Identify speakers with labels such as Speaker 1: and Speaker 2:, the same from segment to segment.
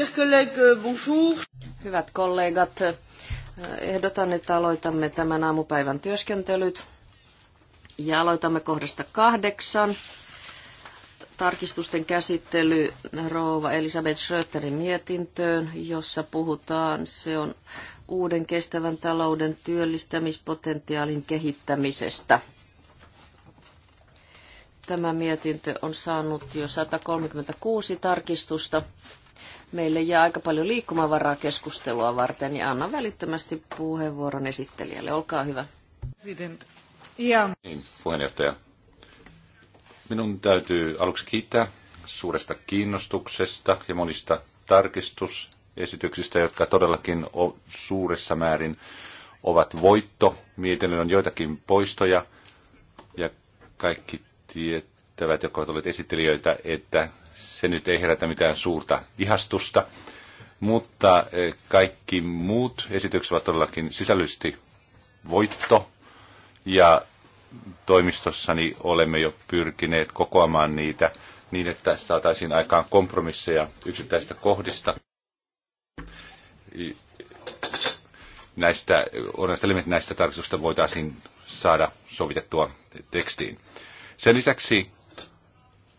Speaker 1: Euh, Hyvät kollegat, äh, ehdotan, että aloitamme tämän aamupäivän työskentelyt. Ja aloitamme kohdasta kahdeksan. Tarkistusten käsittely rouva Elisabeth Schröterin mietintöön, jossa puhutaan, se on uuden kestävän talouden työllistämispotentiaalin kehittämisestä tämä mietintö on saanut jo 136 tarkistusta meille jää aika paljon liikkumavaraa keskustelua varten ja annan välittömästi puheenvuoron esittelijälle. Olkaa hyvä.
Speaker 2: Niin,
Speaker 3: puheenjohtaja. Minun täytyy aluksi kiittää suuresta kiinnostuksesta ja monista tarkistusesityksistä, jotka todellakin suuressa määrin ovat voitto. Mietinnön on joitakin poistoja ja kaikki tietävät, jotka ovat olleet esittelijöitä, että se nyt ei herätä mitään suurta ihastusta, mutta e, kaikki muut esitykset ovat todellakin sisällöllisesti voitto. Ja toimistossani olemme jo pyrkineet kokoamaan niitä niin, että saataisiin aikaan kompromisseja yksittäisistä kohdista. Näistä, näistä, näistä tarkistuksista voitaisiin saada sovitettua tekstiin. Sen lisäksi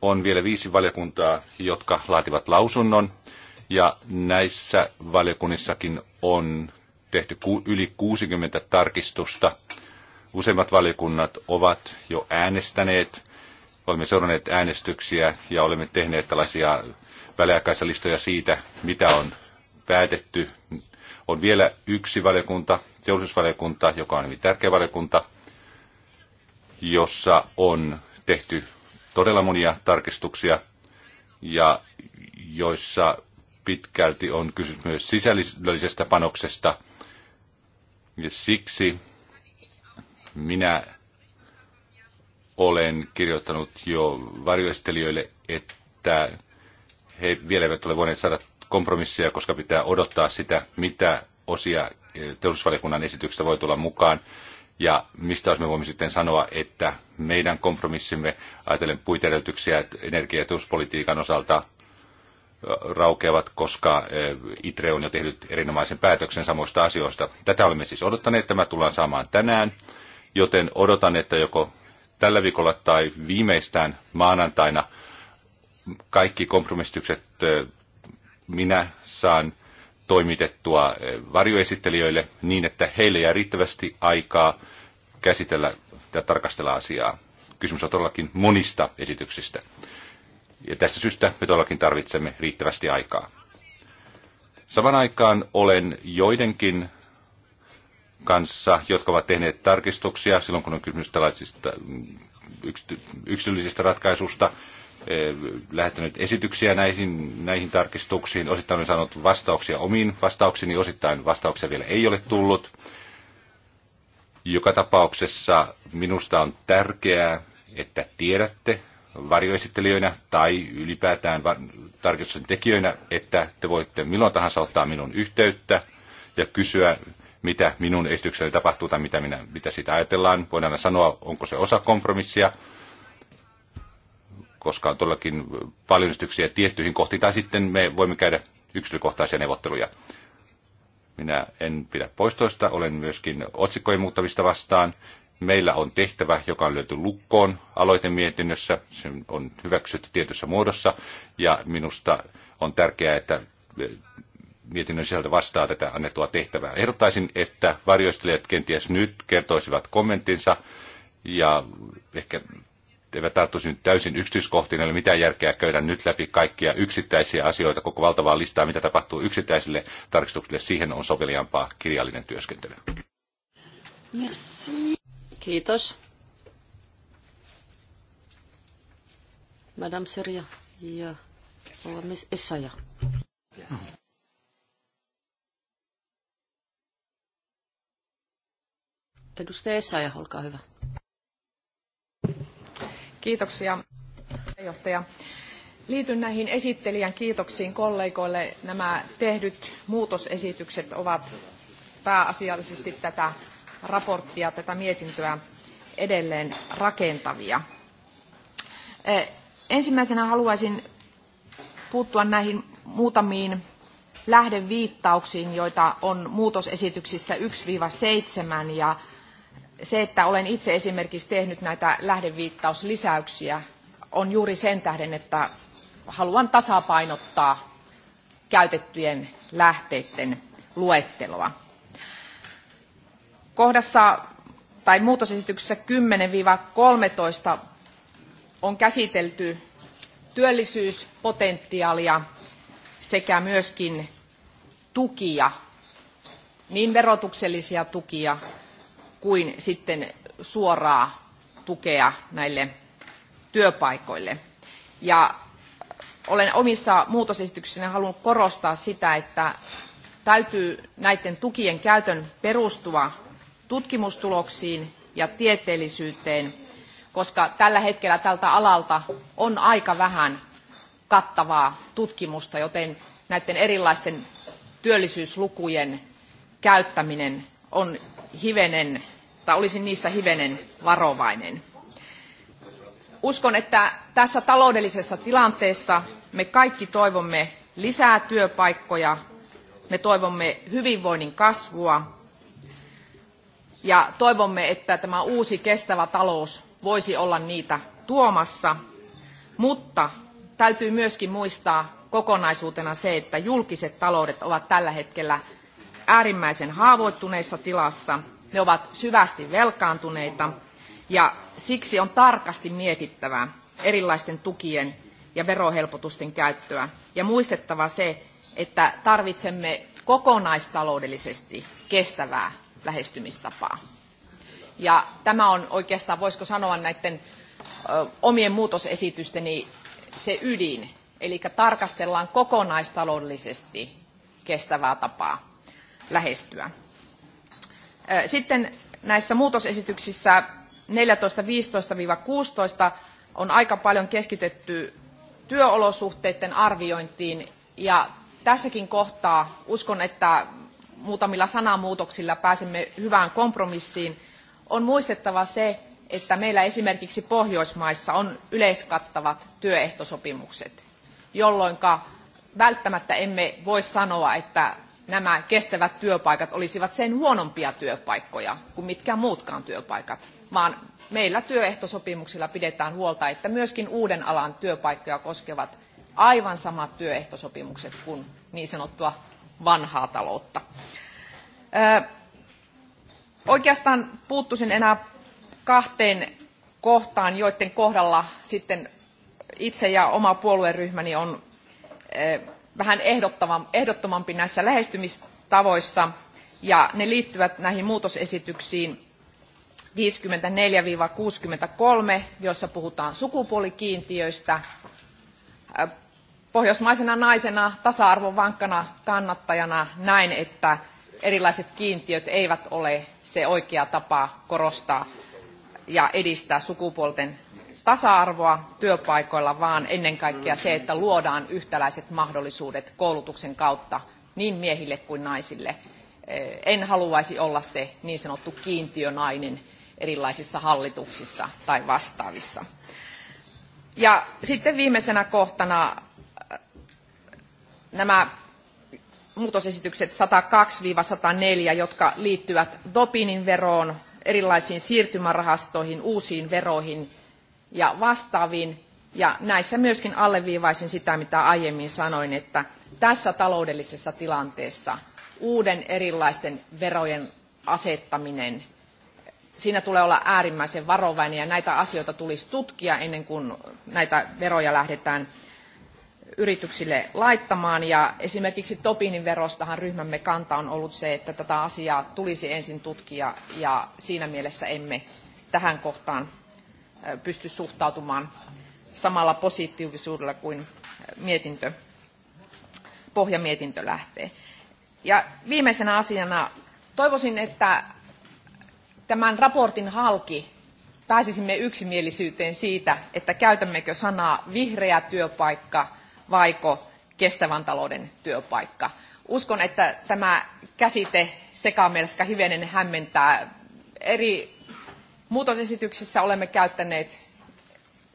Speaker 3: on vielä viisi valiokuntaa, jotka laativat lausunnon. Ja näissä valiokunnissakin on tehty yli 60 tarkistusta. Useimmat valiokunnat ovat jo äänestäneet. Olemme seuranneet äänestyksiä ja olemme tehneet tällaisia väliaikaisia listoja siitä, mitä on päätetty. On vielä yksi valiokunta, teollisuusvaliokunta, joka on hyvin tärkeä valiokunta, jossa on tehty todella monia tarkistuksia ja joissa pitkälti on kysymys myös sisällöllisestä panoksesta. Ja siksi minä olen kirjoittanut jo varjoistelijoille, että he vielä eivät ole voineet saada kompromissia, koska pitää odottaa sitä, mitä osia teollisuusvaliokunnan esityksestä voi tulla mukaan. Ja mistä jos me voimme sitten sanoa, että meidän kompromissimme, ajatellen puiteedellytyksiä energia- ja tuuspolitiikan osalta, raukeavat, koska ITRE on jo tehnyt erinomaisen päätöksen samoista asioista. Tätä olemme siis odottaneet, tämä tullaan saamaan tänään, joten odotan, että joko tällä viikolla tai viimeistään maanantaina kaikki kompromissitykset minä saan toimitettua eh, varjoesittelijöille niin, että heille jää riittävästi aikaa käsitellä ja tarkastella asiaa. Kysymys on todellakin monista esityksistä. Ja tästä syystä me todellakin tarvitsemme riittävästi aikaa. Saman aikaan olen joidenkin kanssa, jotka ovat tehneet tarkistuksia silloin, kun on kysymys tällaisista mm, yksity- yksilöllisistä ratkaisusta, Eh, lähettänyt esityksiä näihin, näihin tarkistuksiin. Osittain olen saanut vastauksia omiin vastauksiini, osittain vastauksia vielä ei ole tullut. Joka tapauksessa minusta on tärkeää, että tiedätte varjoesittelijöinä tai ylipäätään tarkistuksen tekijöinä, että te voitte milloin tahansa ottaa minun yhteyttä ja kysyä, mitä minun esitykselle tapahtuu tai mitä, minä, mitä siitä ajatellaan. Voidaan sanoa, onko se osa kompromissia koska on todellakin paljon yhdistyksiä tiettyihin kohtiin, tai sitten me voimme käydä yksilökohtaisia neuvotteluja. Minä en pidä poistoista, olen myöskin otsikkojen muuttamista vastaan. Meillä on tehtävä, joka on löyty lukkoon aloitemietinnössä. Se on hyväksytty tietyssä muodossa ja minusta on tärkeää, että mietinnön sisältö vastaa tätä annettua tehtävää. Ehdottaisin, että varjoistelijat kenties nyt kertoisivat kommenttinsa ja ehkä eivät tarttuisi nyt täysin yksityiskohtiin, ei ole mitään järkeä käydä nyt läpi kaikkia yksittäisiä asioita, koko valtavaa listaa, mitä tapahtuu yksittäisille tarkistuksille. Siihen on soveliaampaa kirjallinen työskentely.
Speaker 1: Merci. Kiitos. Madame Seria ja Miss Essaja.
Speaker 4: Edustaja Essaja, olkaa hyvä. Kiitoksia, johtaja. Liityn näihin esittelijän kiitoksiin kollegoille. Nämä tehdyt muutosesitykset ovat pääasiallisesti tätä raporttia, tätä mietintöä edelleen rakentavia. Eh, ensimmäisenä haluaisin puuttua näihin muutamiin lähdeviittauksiin, joita on muutosesityksissä 1-7 ja se, että olen itse esimerkiksi tehnyt näitä lähdeviittauslisäyksiä, on juuri sen tähden, että haluan tasapainottaa käytettyjen lähteiden luetteloa. Kohdassa tai muutosesityksessä 10-13 on käsitelty työllisyyspotentiaalia sekä myöskin tukia, niin verotuksellisia tukia kuin sitten suoraa tukea näille työpaikoille. Ja olen omissa muutosesityksissäni halunnut korostaa sitä, että täytyy näiden tukien käytön perustua tutkimustuloksiin ja tieteellisyyteen, koska tällä hetkellä tältä alalta on aika vähän kattavaa tutkimusta, joten näiden erilaisten työllisyyslukujen käyttäminen on hivenen, tai olisin niissä hivenen varovainen. Uskon, että tässä taloudellisessa tilanteessa me kaikki toivomme lisää työpaikkoja, me toivomme hyvinvoinnin kasvua ja toivomme, että tämä uusi kestävä talous voisi olla niitä tuomassa, mutta täytyy myöskin muistaa kokonaisuutena se, että julkiset taloudet ovat tällä hetkellä äärimmäisen haavoittuneessa tilassa, ne ovat syvästi velkaantuneita ja siksi on tarkasti mietittävä erilaisten tukien ja verohelpotusten käyttöä ja muistettava se, että tarvitsemme kokonaistaloudellisesti kestävää lähestymistapaa. Ja tämä on oikeastaan, voisiko sanoa, näiden omien muutosesitysteni se ydin. Eli tarkastellaan kokonaistaloudellisesti kestävää tapaa lähestyä. Sitten näissä muutosesityksissä 14, 15 16 on aika paljon keskitetty työolosuhteiden arviointiin ja tässäkin kohtaa uskon, että muutamilla sanamuutoksilla pääsemme hyvään kompromissiin. On muistettava se, että meillä esimerkiksi Pohjoismaissa on yleiskattavat työehtosopimukset, jolloin välttämättä emme voi sanoa, että nämä kestävät työpaikat olisivat sen huonompia työpaikkoja kuin mitkään muutkaan työpaikat, vaan meillä työehtosopimuksilla pidetään huolta, että myöskin uuden alan työpaikkoja koskevat aivan samat työehtosopimukset kuin niin sanottua vanhaa taloutta. Oikeastaan puuttuisin enää kahteen kohtaan, joiden kohdalla sitten itse ja oma puolueryhmäni on vähän ehdottomampi näissä lähestymistavoissa ja ne liittyvät näihin muutosesityksiin 54-63, jossa puhutaan sukupuolikiintiöistä. Pohjoismaisena naisena tasa-arvon vankkana kannattajana näin, että erilaiset kiintiöt eivät ole se oikea tapa korostaa ja edistää sukupuolten tasa-arvoa työpaikoilla, vaan ennen kaikkea se, että luodaan yhtäläiset mahdollisuudet koulutuksen kautta niin miehille kuin naisille. Eh, en haluaisi olla se niin sanottu kiintiönainen erilaisissa hallituksissa tai vastaavissa. Ja sitten viimeisenä kohtana eh, nämä muutosesitykset 102-104, jotka liittyvät Dopinin veroon, erilaisiin siirtymärahastoihin, uusiin veroihin ja vastaaviin. Ja näissä myöskin alleviivaisin sitä, mitä aiemmin sanoin, että tässä taloudellisessa tilanteessa uuden erilaisten verojen asettaminen, siinä tulee olla äärimmäisen varovainen ja näitä asioita tulisi tutkia ennen kuin näitä veroja lähdetään yrityksille laittamaan. Ja esimerkiksi Topinin verostahan ryhmämme kanta on ollut se, että tätä asiaa tulisi ensin tutkia ja siinä mielessä emme tähän kohtaan pysty suhtautumaan samalla positiivisuudella kuin mietintö, pohjamietintö lähtee. Ja viimeisenä asiana toivoisin, että tämän raportin halki pääsisimme yksimielisyyteen siitä, että käytämmekö sanaa vihreä työpaikka vaiko kestävän talouden työpaikka. Uskon, että tämä käsite sekamelska hivenen hämmentää eri Muutosesityksissä olemme käyttäneet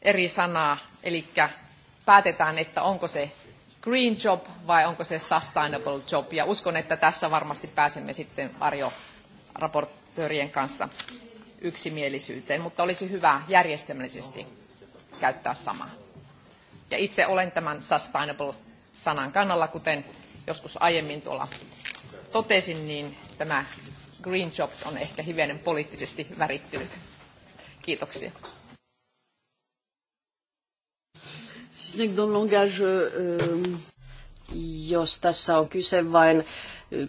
Speaker 4: eri sanaa, eli päätetään, että onko se green job vai onko se sustainable job. Ja uskon, että tässä varmasti pääsemme sitten varjoraportöörien kanssa yksimielisyyteen, mutta olisi hyvä järjestelmällisesti käyttää samaa. Ja itse olen tämän sustainable-sanan kannalla, kuten joskus aiemmin tuolla totesin, niin tämä Green Jobs on ehkä hivenen poliittisesti värittynyt. Kiitoksia.
Speaker 1: Euh, Jos tässä on kyse vain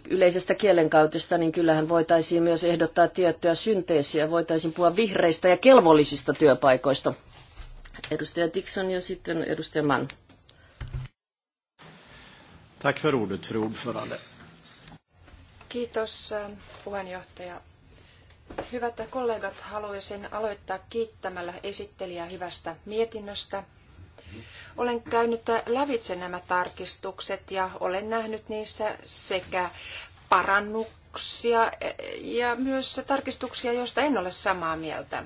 Speaker 1: yleisestä kielenkäytöstä, niin kyllähän voitaisiin myös ehdottaa tiettyä synteesiä. Voitaisiin puhua vihreistä ja kelvollisista työpaikoista. Edustaja Dixon ja sitten edustaja Mann. Tack för ordet, fru ordförande.
Speaker 5: Kiitos ähm, puheenjohtaja. Hyvät kollegat, haluaisin aloittaa kiittämällä esittelijää hyvästä mietinnöstä. Olen käynyt lävitse nämä tarkistukset ja olen nähnyt niissä sekä parannuksia e, ja myös tarkistuksia, joista en ole samaa mieltä.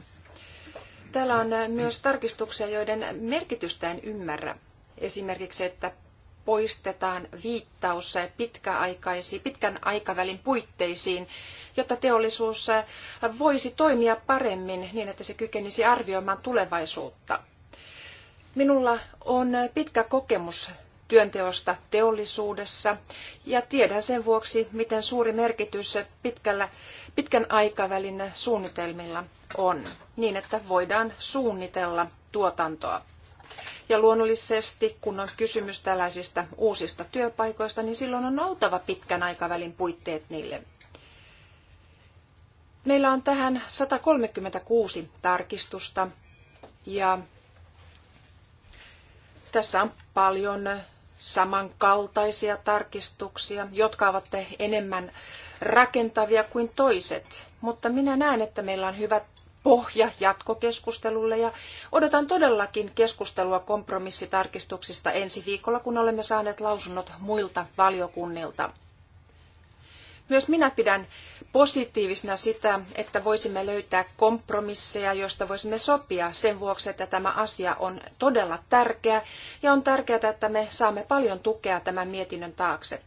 Speaker 5: Täällä on myös tarkistuksia, joiden merkitystä en ymmärrä. Esimerkiksi, että poistetaan viittaus pitkäaikaisiin, pitkän aikavälin puitteisiin, jotta teollisuus voisi toimia paremmin niin, että se kykenisi arvioimaan tulevaisuutta. Minulla on pitkä kokemus työnteosta teollisuudessa ja tiedän sen vuoksi, miten suuri merkitys pitkällä, pitkän aikavälin suunnitelmilla on, niin että voidaan suunnitella tuotantoa. Ja luonnollisesti, kun on kysymys tällaisista uusista työpaikoista, niin silloin on oltava pitkän aikavälin puitteet niille. Meillä on tähän 136 tarkistusta ja tässä on paljon samankaltaisia tarkistuksia, jotka ovat enemmän rakentavia kuin toiset. Mutta minä näen, että meillä on hyvät pohja jatkokeskustelulle ja odotan todellakin keskustelua kompromissitarkistuksista ensi viikolla, kun olemme saaneet lausunnot muilta valiokunnilta. Myös minä pidän positiivisena sitä, että voisimme löytää kompromisseja, joista voisimme sopia sen vuoksi, että tämä asia on todella tärkeä ja on tärkeää, että me saamme paljon tukea tämän mietinnön taakse.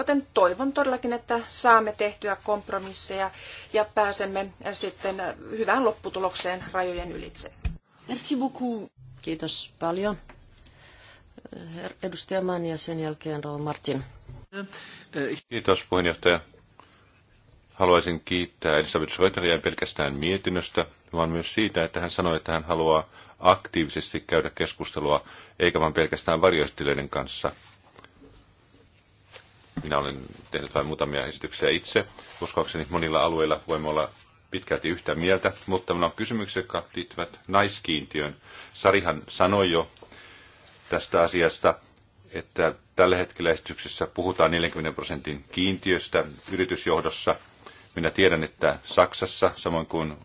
Speaker 5: Joten toivon todellakin, että saamme tehtyä kompromisseja ja pääsemme sitten hyvään lopputulokseen rajojen ylitse.
Speaker 1: Merci beaucoup. Kiitos paljon. Edustaja Mann ja sen jälkeen Roo Martin.
Speaker 3: Kiitos puheenjohtaja. Haluaisin kiittää Elisabeth Schroederia pelkästään mietinnöstä, vaan myös siitä, että hän sanoi, että hän haluaa aktiivisesti käydä keskustelua, eikä vain pelkästään varjoistelijoiden kanssa. Minä olen tehnyt vain muutamia esityksiä itse. Uskoakseni monilla alueilla voimme olla pitkälti yhtä mieltä, mutta minulla on kysymyksiä, jotka liittyvät naiskiintiön. Sarihan sanoi jo tästä asiasta, että tällä hetkellä esityksessä puhutaan 40 prosentin kiintiöstä yritysjohdossa. Minä tiedän, että Saksassa, samoin kuin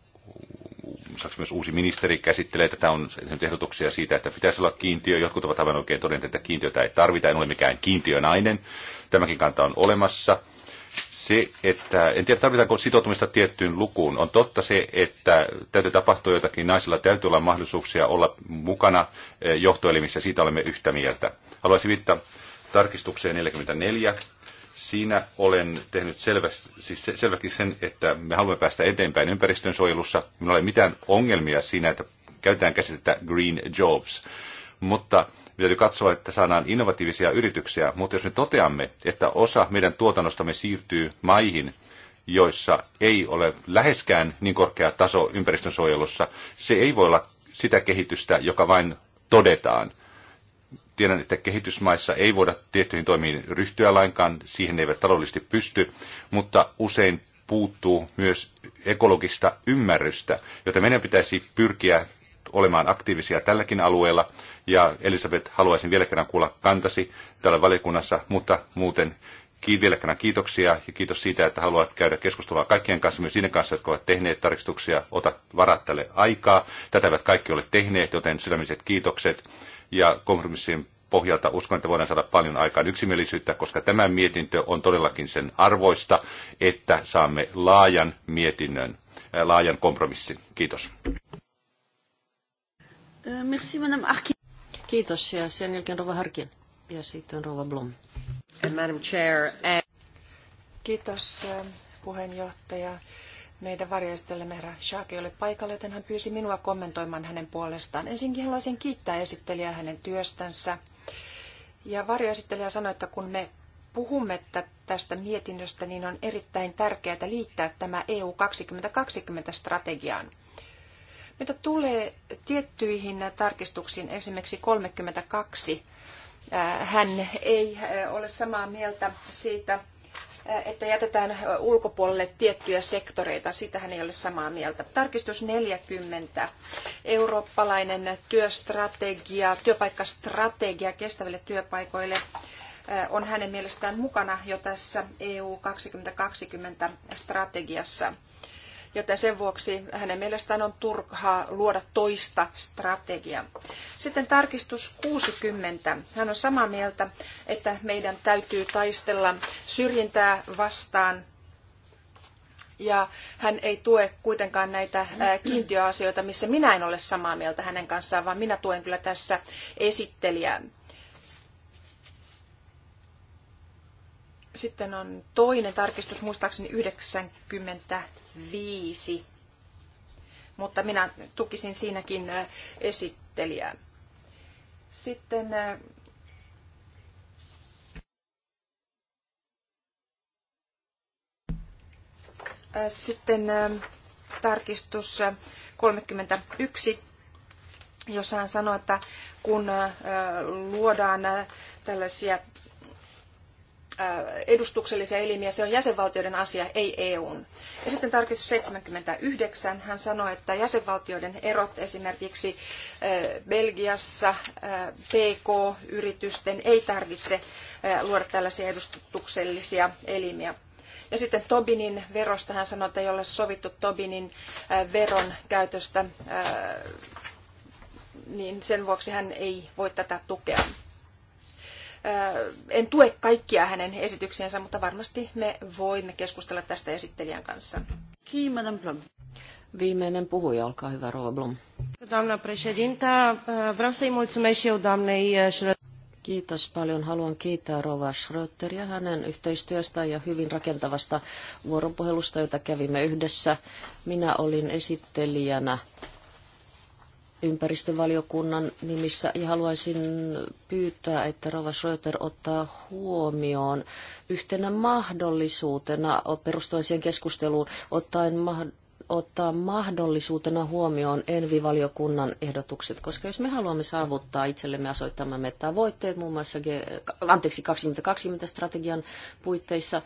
Speaker 3: Saksi myös uusi ministeri käsittelee tätä, on nyt ehdotuksia siitä, että pitäisi olla kiintiö. Jotkut ovat aivan oikein todenneet, että kiintiötä ei tarvita, en ole mikään kiintiönainen. Tämäkin kanta on olemassa. Se, että, en tiedä tarvitaanko sitoutumista tiettyyn lukuun. On totta se, että täytyy tapahtua jotakin, naisilla täytyy olla mahdollisuuksia olla mukana eh, johtoelimissä, siitä olemme yhtä mieltä. Haluaisin viittaa tarkistukseen 44, Siinä olen tehnyt siis selväksi sen, että me haluamme päästä eteenpäin ympäristön suojelussa. Minulla ei ole mitään ongelmia siinä, että käytetään käsitettä green jobs. Mutta täytyy katsoa, että saadaan innovatiivisia yrityksiä. Mutta jos me toteamme, että osa meidän tuotannostamme siirtyy maihin, joissa ei ole läheskään niin korkea taso ympäristönsuojelussa, se ei voi olla sitä kehitystä, joka vain todetaan – Tiedän, että kehitysmaissa ei voida tiettyihin toimiin ryhtyä lainkaan, siihen ne eivät taloudellisesti pysty, mutta usein puuttuu myös ekologista ymmärrystä, joten meidän pitäisi pyrkiä olemaan aktiivisia tälläkin alueella. Ja Elisabeth, haluaisin vielä kerran kuulla kantasi täällä valiokunnassa, mutta muuten vielä kerran kiitoksia ja kiitos siitä, että haluat käydä keskustelua kaikkien kanssa, myös niiden kanssa, jotka ovat tehneet tarkistuksia. Ota varat tälle aikaa. Tätä eivät kaikki ole tehneet, joten sydämiset kiitokset ja kompromissin pohjalta uskon, että voidaan saada paljon aikaan yksimielisyyttä, koska tämä mietintö on todellakin sen arvoista, että saamme laajan mietinnön, äh, laajan kompromissin. Kiitos.
Speaker 1: Merci, Madame Arkin. Kiitos. Ja sen jälkeen Rova Harkin ja sitten Rova Blom. Madam Chair. Eh- Kiitos eh,
Speaker 5: puheenjohtaja. Meidän varjoistelemme herra Schaak ei ole paikalla, joten hän pyysi minua kommentoimaan hänen puolestaan. Ensinnäkin haluaisin kiittää esittelijää hänen työstänsä. Ja varjoesittelijä sanoi, että kun me puhumme tästä mietinnöstä, niin on erittäin tärkeää liittää tämä EU 2020-strategiaan. Mitä tulee tiettyihin tarkistuksiin, esimerkiksi 32, hän ei ole samaa mieltä siitä, että jätetään ulkopuolelle tiettyjä sektoreita. Sitähän ei ole samaa mieltä. Tarkistus 40. Eurooppalainen työstrategia, työpaikkastrategia kestäville työpaikoille eh, on hänen mielestään mukana jo tässä EU 2020 strategiassa. Joten sen vuoksi hänen mielestään on turhaa luoda toista strategiaa. Sitten tarkistus 60. Hän on samaa mieltä, että meidän täytyy taistella syrjintää vastaan ja hän ei tue kuitenkaan näitä kiintiöasioita, missä minä en ole samaa mieltä hänen kanssaan, vaan minä tuen kyllä tässä esittelijää. Sitten on toinen tarkistus, muistaakseni 95, mutta minä tukisin siinäkin esittelijää. Sitten Sitten tarkistus 31, jossa hän sanoi, että kun luodaan tällaisia Äh, edustuksellisia elimiä, se on jäsenvaltioiden asia, ei EUn. Ja sitten tarkistus 79, hän sanoi, että jäsenvaltioiden erot esimerkiksi äh, Belgiassa äh, PK-yritysten ei tarvitse luoda tällaisia edustuksellisia elimiä. Ja sitten Tobinin verosta hän sanoi, että ei ole sovittu Tobinin veron käytöstä, niin sen vuoksi hän ei voi tätä tukea en tue kaikkia hänen esityksiensä, mutta varmasti me voimme keskustella tästä esittelijän
Speaker 1: kanssa. Blom. Viimeinen puhuja, olkaa hyvä, Rova Blom. Doamna președinta, vreau să-i mulțumesc și eu doamnei Kiitos paljon. Haluan kiittää Rova Schröteria hänen yhteistyöstään ja hyvin rakentavasta vuoropuhelusta, jota kävimme yhdessä. Minä olin esittelijänä ympäristövaliokunnan nimissä ja haluaisin pyytää, että Rova Schröter ottaa huomioon yhtenä mahdollisuutena perustuen siihen keskusteluun ottaen ottaa mahdollisuutena huomioon Envi-valiokunnan ehdotukset, koska jos me haluamme saavuttaa itsellemme asoittamamme tavoitteet, muun muassa G, anteeksi, 2020-strategian puitteissa,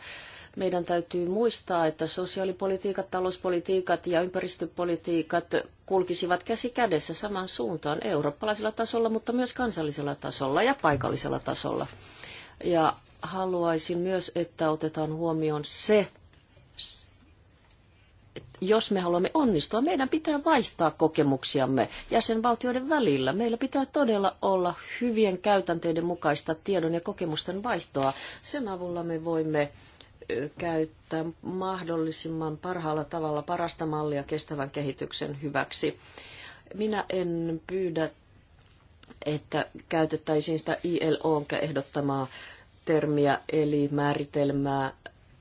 Speaker 1: meidän täytyy muistaa, että sosiaalipolitiikat, talouspolitiikat ja ympäristöpolitiikat kulkisivat käsi kädessä samaan suuntaan eurooppalaisella tasolla, mutta myös kansallisella tasolla ja paikallisella tasolla. Ja haluaisin myös, että otetaan huomioon se, että jos me haluamme onnistua, meidän pitää vaihtaa kokemuksiamme jäsenvaltioiden välillä. Meillä pitää todella olla hyvien käytänteiden mukaista tiedon ja kokemusten vaihtoa. Sen avulla me voimme käyttää mahdollisimman parhaalla tavalla parasta mallia kestävän kehityksen hyväksi. Minä en pyydä, että käytettäisiin sitä ilo ehdottamaa termiä eli määritelmää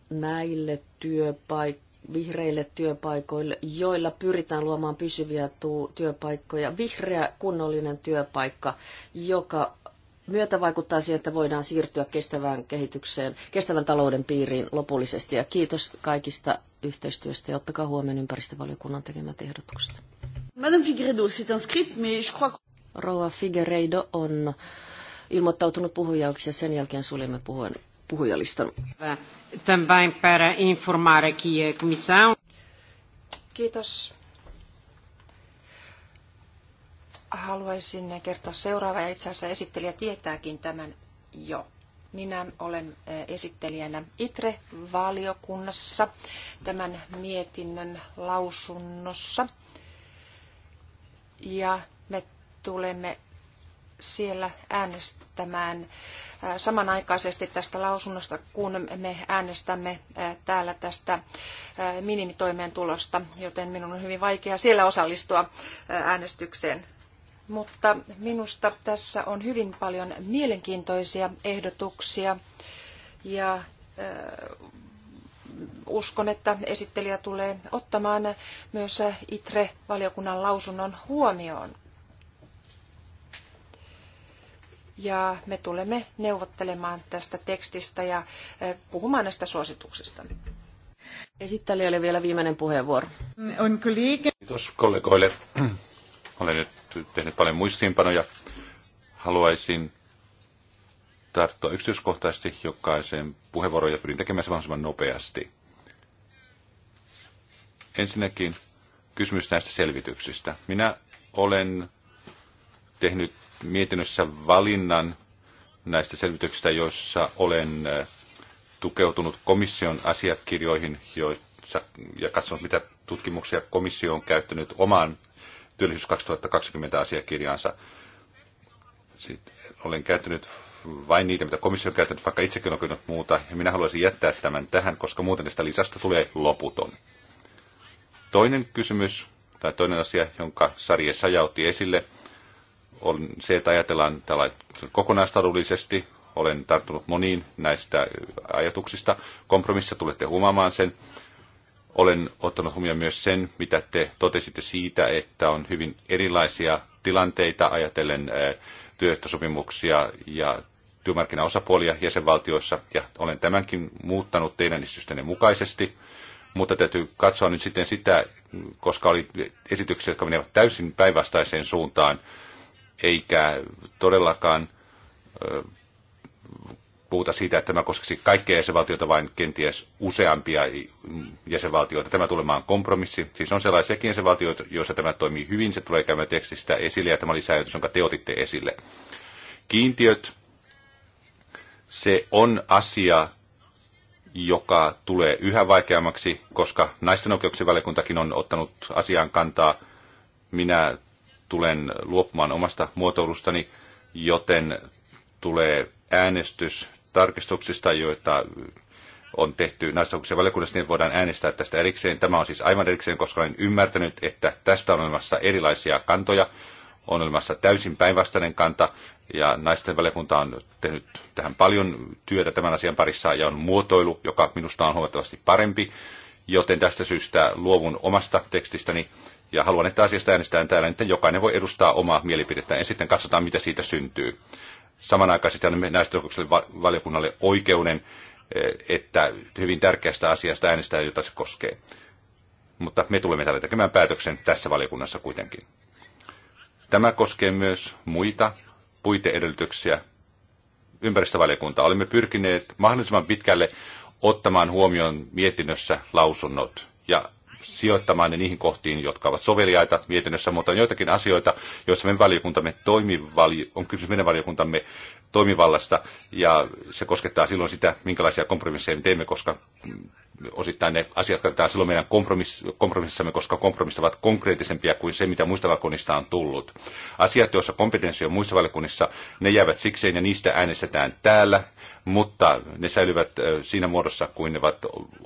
Speaker 1: näille työpaikoille vihreille työpaikoille, joilla pyritään luomaan pysyviä työpaikkoja. Vihreä kunnollinen työpaikka, joka myötä vaikuttaa siihen, että voidaan siirtyä kestävään kehitykseen, kestävän talouden piiriin lopullisesti. Ja kiitos kaikista yhteistyöstä ja ottakaa huomioon ympäristövaliokunnan tekemät ehdotukset. Madame Figueredo mais je crois... Rouva Figueiredo on ilmoittautunut puhujaksi ja sen jälkeen suljemme puhuen puhujalistan. Também para Kiitos.
Speaker 5: haluaisin kertoa seuraava, ja itse asiassa esittelijä tietääkin tämän jo. Minä olen esittelijänä ITRE-valiokunnassa tämän mietinnön lausunnossa. Ja me tulemme siellä äänestämään samanaikaisesti tästä lausunnosta, kun me äänestämme täällä tästä minimitoimeentulosta, joten minun on hyvin vaikea siellä osallistua äänestykseen mutta minusta tässä on hyvin paljon mielenkiintoisia ehdotuksia ja uskon, että esittelijä tulee ottamaan myös ITRE-valiokunnan lausunnon huomioon. Ja me tulemme neuvottelemaan tästä tekstistä ja puhumaan näistä suosituksista. Esittelijälle
Speaker 1: vielä viimeinen puheenvuoro. On
Speaker 3: kollegoille olen nyt tehnyt paljon muistiinpanoja. Haluaisin tarttua yksityiskohtaisesti jokaiseen puheenvuoroon ja pyrin tekemään se mahdollisimman nopeasti. Ensinnäkin kysymys näistä selvityksistä. Minä olen tehnyt mietinnössä valinnan näistä selvityksistä, joissa olen tukeutunut komission asiakirjoihin joissa, ja katsonut, mitä tutkimuksia komissio on käyttänyt oman työllisyys 2020 asiakirjaansa. Sitten olen käyttänyt vain niitä, mitä komissio on käyttänyt, vaikka itsekin on käynyt muuta, ja minä haluaisin jättää tämän tähän, koska muuten tästä lisästä tulee loputon. Toinen kysymys, tai toinen asia, jonka Sarje Saja otti esille, on se, että ajatellaan tällä kokonaistaloudullisesti. Olen tarttunut moniin näistä ajatuksista. Kompromissa tulette huomaamaan sen. Olen ottanut huomioon myös sen, mitä te totesitte siitä, että on hyvin erilaisia tilanteita ajatellen työehtosopimuksia ja työmarkkinaosapuolia jäsenvaltioissa, ja olen tämänkin muuttanut teidän esitystenne mukaisesti. Mutta täytyy katsoa nyt sitten sitä, koska oli esityksiä, jotka menevät täysin päinvastaiseen suuntaan, eikä todellakaan puhuta siitä, että tämä koskisi kaikkia jäsenvaltioita, vain kenties useampia jäsenvaltioita. Tämä tulee maan kompromissi. Siis on sellaisiakin jäsenvaltioita, joissa tämä toimii hyvin, se tulee käymään tekstistä esille, ja tämä oli säädös, jonka te otitte esille. Kiintiöt, se on asia, joka tulee yhä vaikeammaksi, koska naisten oikeuksien valiokuntakin on ottanut asiaan kantaa. Minä tulen luopumaan omasta muotoilustani, joten tulee äänestys tarkistuksista, joita on tehty naistauksen valiokunnassa, niin voidaan äänestää tästä erikseen. Tämä on siis aivan erikseen, koska olen ymmärtänyt, että tästä on olemassa erilaisia kantoja. On olemassa täysin päinvastainen kanta, ja naisten valiokunta on tehnyt tähän paljon työtä tämän asian parissa, ja on muotoilu, joka minusta on huomattavasti parempi, joten tästä syystä luovun omasta tekstistäni, ja haluan, että asiasta äänestetään täällä, että jokainen voi edustaa omaa mielipidettään, ja sitten katsotaan, mitä siitä syntyy. Samanaikaisesti annamme näistä valiokunnalle oikeuden, eh, että hyvin tärkeästä asiasta äänestää, jota se koskee. Mutta me tulemme tällä tekemään päätöksen tässä valiokunnassa kuitenkin. Tämä koskee myös muita puiteedellytyksiä. Ympäristövaliokuntaa olemme pyrkineet mahdollisimman pitkälle ottamaan huomioon mietinnössä lausunnot ja sijoittamaan ne niihin kohtiin, jotka ovat soveliaita mietinnössä, mutta on joitakin asioita, joissa meidän valiokuntamme toimivali, on kysymys meidän valiokuntamme toimivallasta, ja se koskettaa silloin sitä, minkälaisia kompromisseja me teemme, koska osittain ne asiat katsotaan silloin meidän kompromiss, kompromississamme, koska kompromissit ovat konkreettisempia kuin se, mitä muista valiokunnista on tullut. Asiat, joissa kompetenssi on muissa valiokunnissa, ne jäävät sikseen ja niistä äänestetään täällä, mutta ne säilyvät siinä muodossa, kuin ne ovat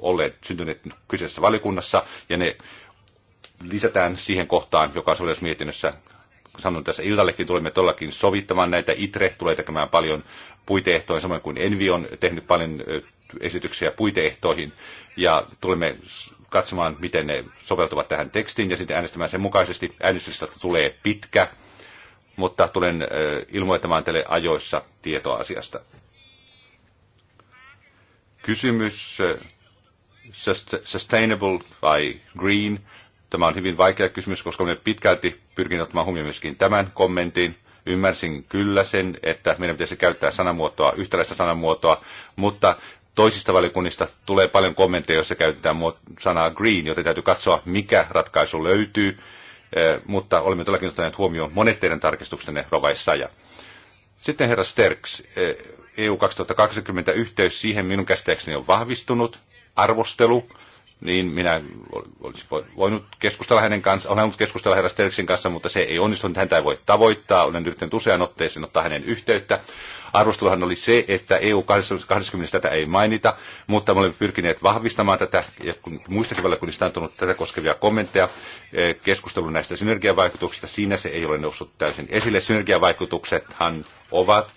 Speaker 3: olleet syntyneet kyseisessä valiokunnassa, ja ne lisätään siihen kohtaan, joka on mietinnössä sanon tässä iltallekin, tulemme todellakin sovittamaan näitä. ITRE tulee tekemään paljon puiteehtoja, samoin kuin Envi on tehnyt paljon esityksiä puiteehtoihin ja tulemme katsomaan, miten ne soveltuvat tähän tekstiin ja sitten äänestämään sen mukaisesti. Äänestyslista tulee pitkä, mutta tulen ilmoittamaan teille ajoissa tietoa asiasta. Kysymys sustainable vai green? Tämä on hyvin vaikea kysymys, koska me pitkälti pyrkin ottamaan huomioon myöskin tämän kommentin. Ymmärsin kyllä sen, että meidän pitäisi käyttää sanamuotoa, yhtäläistä sanamuotoa, mutta toisista valiokunnista tulee paljon kommentteja, joissa käytetään sanaa green, joten täytyy katsoa, mikä ratkaisu löytyy. Eh, mutta olemme todellakin ottaneet huomioon monet teidän tarkistuksenne, rovaissa. Ja Sitten herra Sterks, EU eh, e 2020 yhteys siihen minun käsittääkseni on vahvistunut. Arvostelu niin minä olisin voinut keskustella hänen kanssa, olen halunnut keskustella herra Sterksin kanssa, mutta se ei onnistunut, häntä ei voi tavoittaa, olen yrittänyt usean otteeseen ottaa hänen yhteyttä. Arvosteluhan oli se, että EU-20 tätä ei mainita, mutta me olemme pyrkineet vahvistamaan tätä, ja kun muistakin valiokunnista on tullut tätä koskevia kommentteja, eh, keskustelun näistä synergiavaikutuksista, siinä se ei ole noussut täysin esille. Synergiavaikutuksethan ovat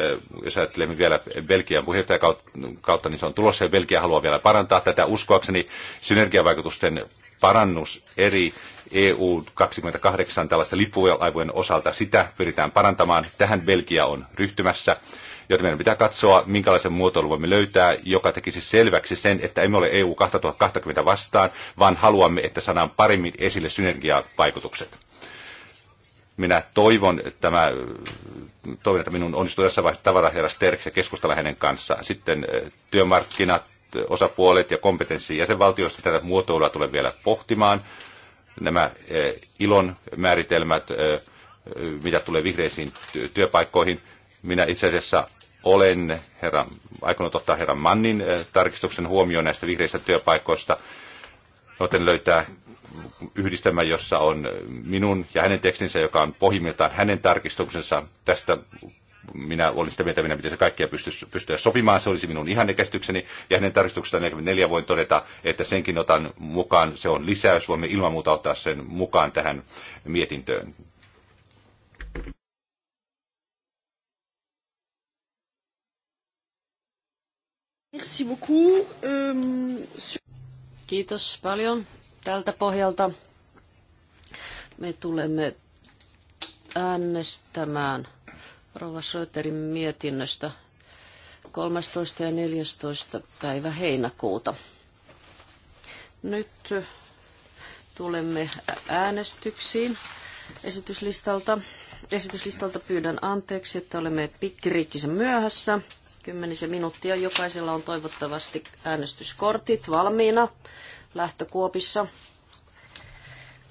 Speaker 3: Äh, jos ajattelemme vielä Belgian kautta niin se on tulossa ja Belgia haluaa vielä parantaa tätä. Uskoakseni synergiavaikutusten parannus eri EU 28 tällaista lippulaivojen osalta, sitä pyritään parantamaan. Tähän Belgia on ryhtymässä, joten meidän pitää katsoa, minkälaisen muotoilun voimme löytää, joka tekisi selväksi sen, että emme ole EU 2020 vastaan, vaan haluamme, että saadaan paremmin esille synergiavaikutukset minä toivon, että, tämä, toivon, että minun onnistuu jossain vaiheessa tavata herra Sterks ja keskustella hänen kanssa. Sitten eh, työmarkkinat, osapuolet ja kompetenssi jäsenvaltioista tätä muotoilua tulee vielä pohtimaan. Nämä eh, ilon määritelmät, eh, mitä tulee vihreisiin työpaikkoihin. Minä itse asiassa olen herra, aikonut ottaa herran Mannin tarkistuksen huomioon näistä vihreistä työpaikoista, joten löytää yhdistelmä, jossa on minun ja hänen tekstinsä, joka on pohjimmiltaan hänen tarkistuksensa. Tästä minä olin sitä mieltä, minä pitäisi kaikkia pystyä, pystyä sopimaan, se olisi minun ihan käsitykseni. Ja hänen tarkistuksesta 44 voin todeta, että senkin otan mukaan, se on lisäys, voimme ilman muuta ottaa sen mukaan tähän mietintöön.
Speaker 1: Euh, Kiitos paljon. Tältä pohjalta me tulemme äänestämään Rova Schröterin mietinnöstä 13. ja 14. päivä heinäkuuta. Nyt tulemme äänestyksiin esityslistalta. Esityslistalta pyydän anteeksi, että olemme pikkiriikkisen myöhässä. Kymmenisen minuuttia. Jokaisella on toivottavasti äänestyskortit valmiina lähtökuopissa.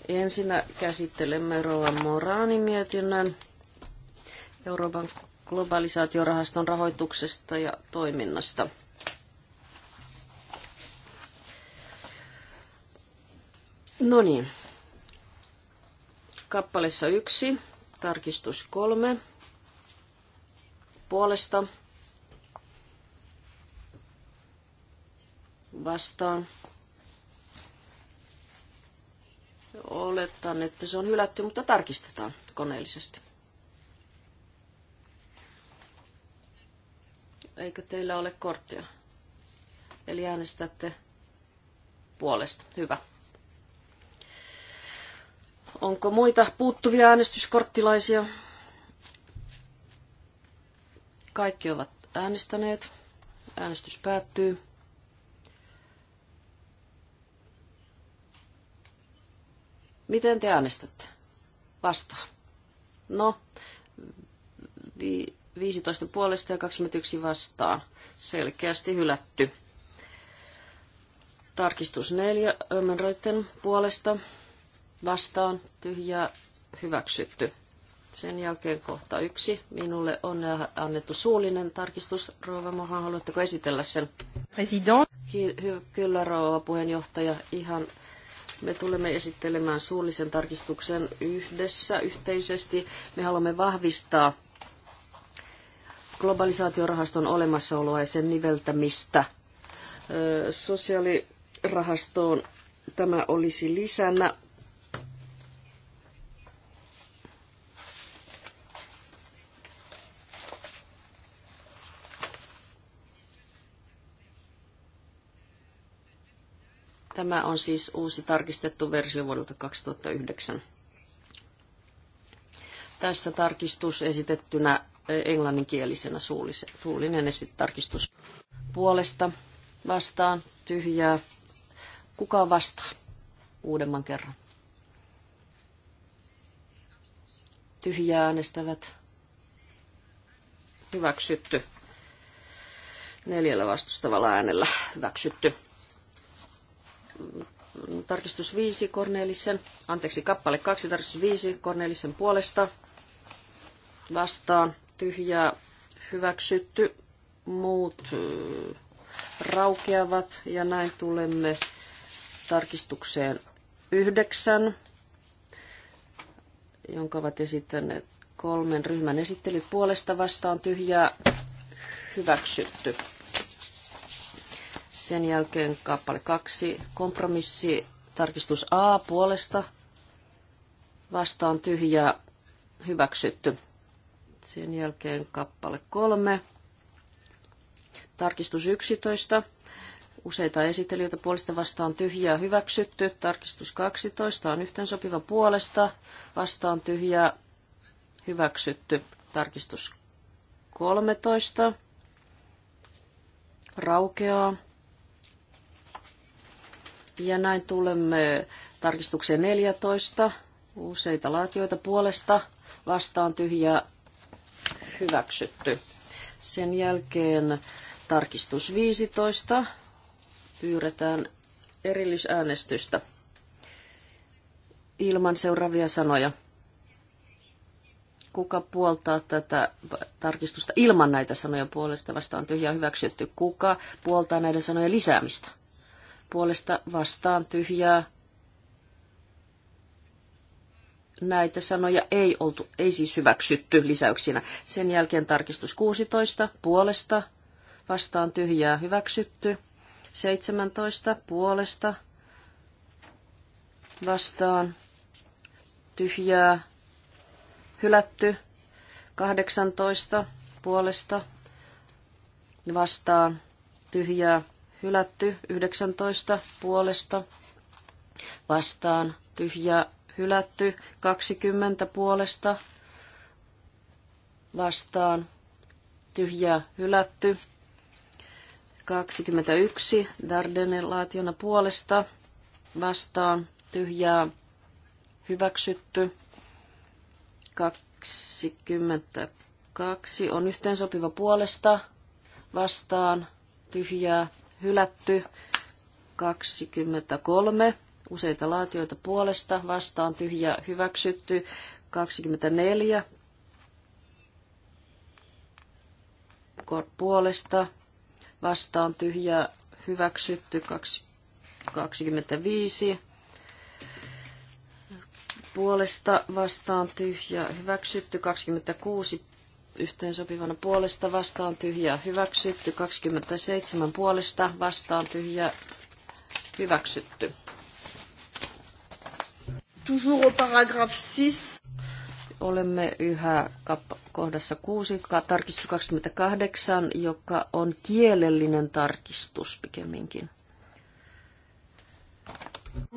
Speaker 1: Ensinnä käsittelemme Rovan Moranin mietinnön Euroopan globalisaatiorahaston rahoituksesta ja toiminnasta. No niin. Kappaleessa yksi, tarkistus kolme, puolesta, vastaan, Oletan, että se on hylätty, mutta tarkistetaan koneellisesti. Eikö teillä ole korttia? Eli äänestätte puolesta. Hyvä. Onko muita puuttuvia äänestyskorttilaisia? Kaikki ovat äänestäneet. Äänestys päättyy. Miten te äänestätte? Vastaa. No, vi, 15 puolesta ja 21 vastaan. Selkeästi hylätty. Tarkistus 4 Ömenroitten puolesta vastaan tyhjää hyväksytty. Sen jälkeen kohta yksi. Minulle on annettu suullinen tarkistus. Rouva Mohan, haluatteko esitellä sen? President. Kyllä, rouva puheenjohtaja. Ihan me tulemme esittelemään suullisen tarkistuksen yhdessä yhteisesti. Me haluamme vahvistaa globalisaatiorahaston olemassaoloa ja sen niveltämistä sosiaalirahastoon. Tämä olisi lisänä Tämä on siis uusi tarkistettu versio vuodelta 2009. Tässä tarkistus esitettynä englanninkielisenä suullinen esitarkistus. Puolesta vastaan tyhjää. Kuka vastaa? Uudemman kerran. Tyhjää äänestävät. Hyväksytty. Neljällä vastustavalla äänellä hyväksytty tarkistus 5 Kornelissen, anteeksi, kappale 2, tarkistus 5 Kornelissen puolesta vastaan, tyhjää hyväksytty, muut raukeavat ja näin tulemme tarkistukseen 9, jonka ovat esittäneet kolmen ryhmän esittelyt puolesta vastaan tyhjää hyväksytty. Sen jälkeen kappale kaksi, kompromissi, tarkistus A puolesta, vastaan tyhjää, hyväksytty. Sen jälkeen kappale kolme, tarkistus 11, useita esittelijöitä puolesta vastaan tyhjää, hyväksytty. Tarkistus 12 on sopiva puolesta, vastaan tyhjää, hyväksytty. Tarkistus 13 raukeaa. Ja näin tulemme tarkistukseen 14. Useita laatioita puolesta vastaan tyhjä hyväksytty. Sen jälkeen tarkistus 15. Pyydetään erillisäänestystä ilman seuraavia sanoja. Kuka puoltaa tätä tarkistusta ilman näitä sanoja puolesta vastaan tyhjä hyväksytty? Kuka puoltaa näiden sanojen lisäämistä? puolesta vastaan tyhjää. Näitä sanoja ei, oltu, ei siis hyväksytty lisäyksinä. Sen jälkeen tarkistus 16 puolesta vastaan tyhjää hyväksytty. 17 puolesta vastaan tyhjää hylätty. 18 puolesta vastaan tyhjää hylätty, 19 puolesta vastaan tyhjä hylätty, 20 puolesta vastaan tyhjä hylätty, 21 Dardenelaationa puolesta vastaan tyhjää hyväksytty, 22 on yhteensopiva puolesta vastaan tyhjää hylätty. 23, useita laatioita puolesta, vastaan tyhjä hyväksytty. 24, puolesta, vastaan tyhjä hyväksytty. 25, puolesta vastaan tyhjä hyväksytty 26 yhteensopivana puolesta vastaan tyhjää hyväksytty. 27 puolesta vastaan tyhjää hyväksytty. Toujours au paragraphe 6. Olemme yhä kohdassa 6, tarkistus 28, joka on kielellinen tarkistus pikemminkin.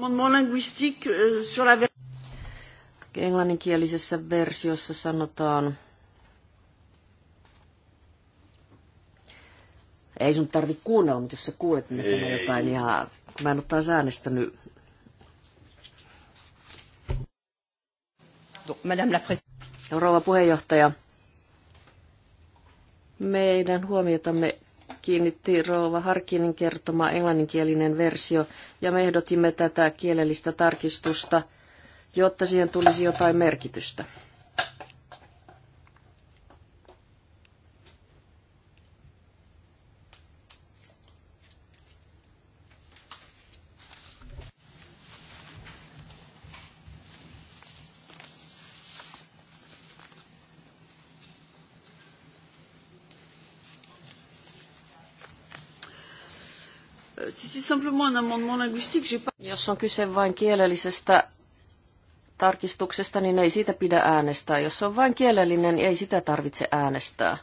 Speaker 1: Euh, Englanninkielisessä versiossa sanotaan Ei sun tarvi kuunnella, mutta jos sä kuulet, niin sanoo jotain ihan... Mä en ole taas äänestänyt. Madame Rouva puheenjohtaja, meidän huomiotamme kiinnitti Rouva Harkinin kertoma englanninkielinen versio ja me ehdotimme tätä kielellistä tarkistusta, jotta siihen tulisi jotain merkitystä. Jos on kyse vain kielellisestä tarkistuksesta, niin ei siitä pidä äänestää. Jos on vain kielellinen, niin ei sitä tarvitse äänestää.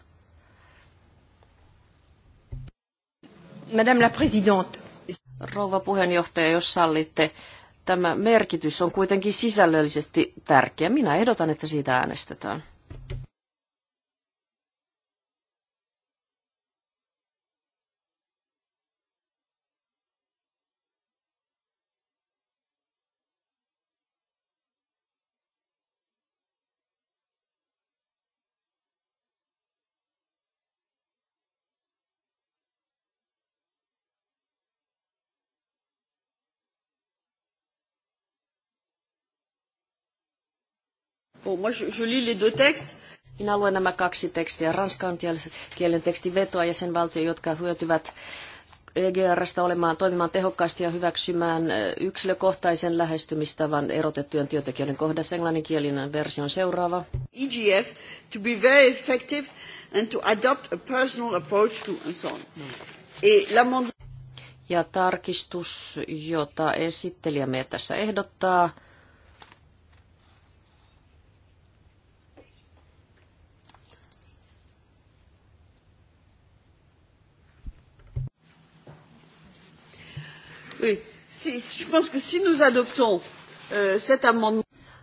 Speaker 1: Madame la Présidente. Rouva puheenjohtaja, jos sallitte, tämä merkitys on kuitenkin sisällöllisesti tärkeä. Minä ehdotan, että siitä äänestetään.
Speaker 2: bon, moi je, je lis
Speaker 1: les deux textes. Minä luen nämä kaksi tekstiä, ranskan kielen teksti vetoa ja sen valtio, jotka hyötyvät EGRstä olemaan, toimimaan tehokkaasti ja hyväksymään yksilökohtaisen lähestymistavan erotettujen työntekijöiden kohdassa. Englanninkielinen versio on seuraava. EGF to be very effective and to adopt a personal approach to and so on. Ja tarkistus, jota esittelijämme tässä ehdottaa, Euh,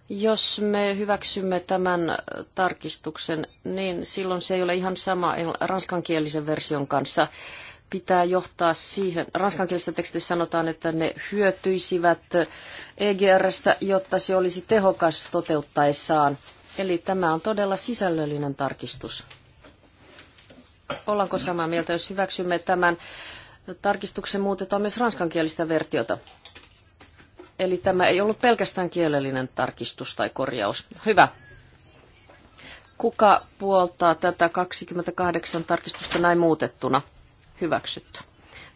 Speaker 1: jos me hyväksymme tämän äh, tarkistuksen, niin silloin se ei ole ihan sama ranskankielisen version kanssa. Pitää johtaa siihen, ranskankielisessä tekstissä sanotaan, että ne hyötyisivät äh, EGRstä, jotta se olisi tehokas toteuttaessaan. Eli tämä on todella sisällöllinen tarkistus. Ollaanko samaa mieltä, jos hyväksymme tämän tarkistuksen muutetaan myös ranskankielistä vertiota. Eli tämä ei ollut pelkästään kielellinen tarkistus tai korjaus. Hyvä. Kuka puoltaa tätä 28 tarkistusta näin muutettuna? Hyväksytty.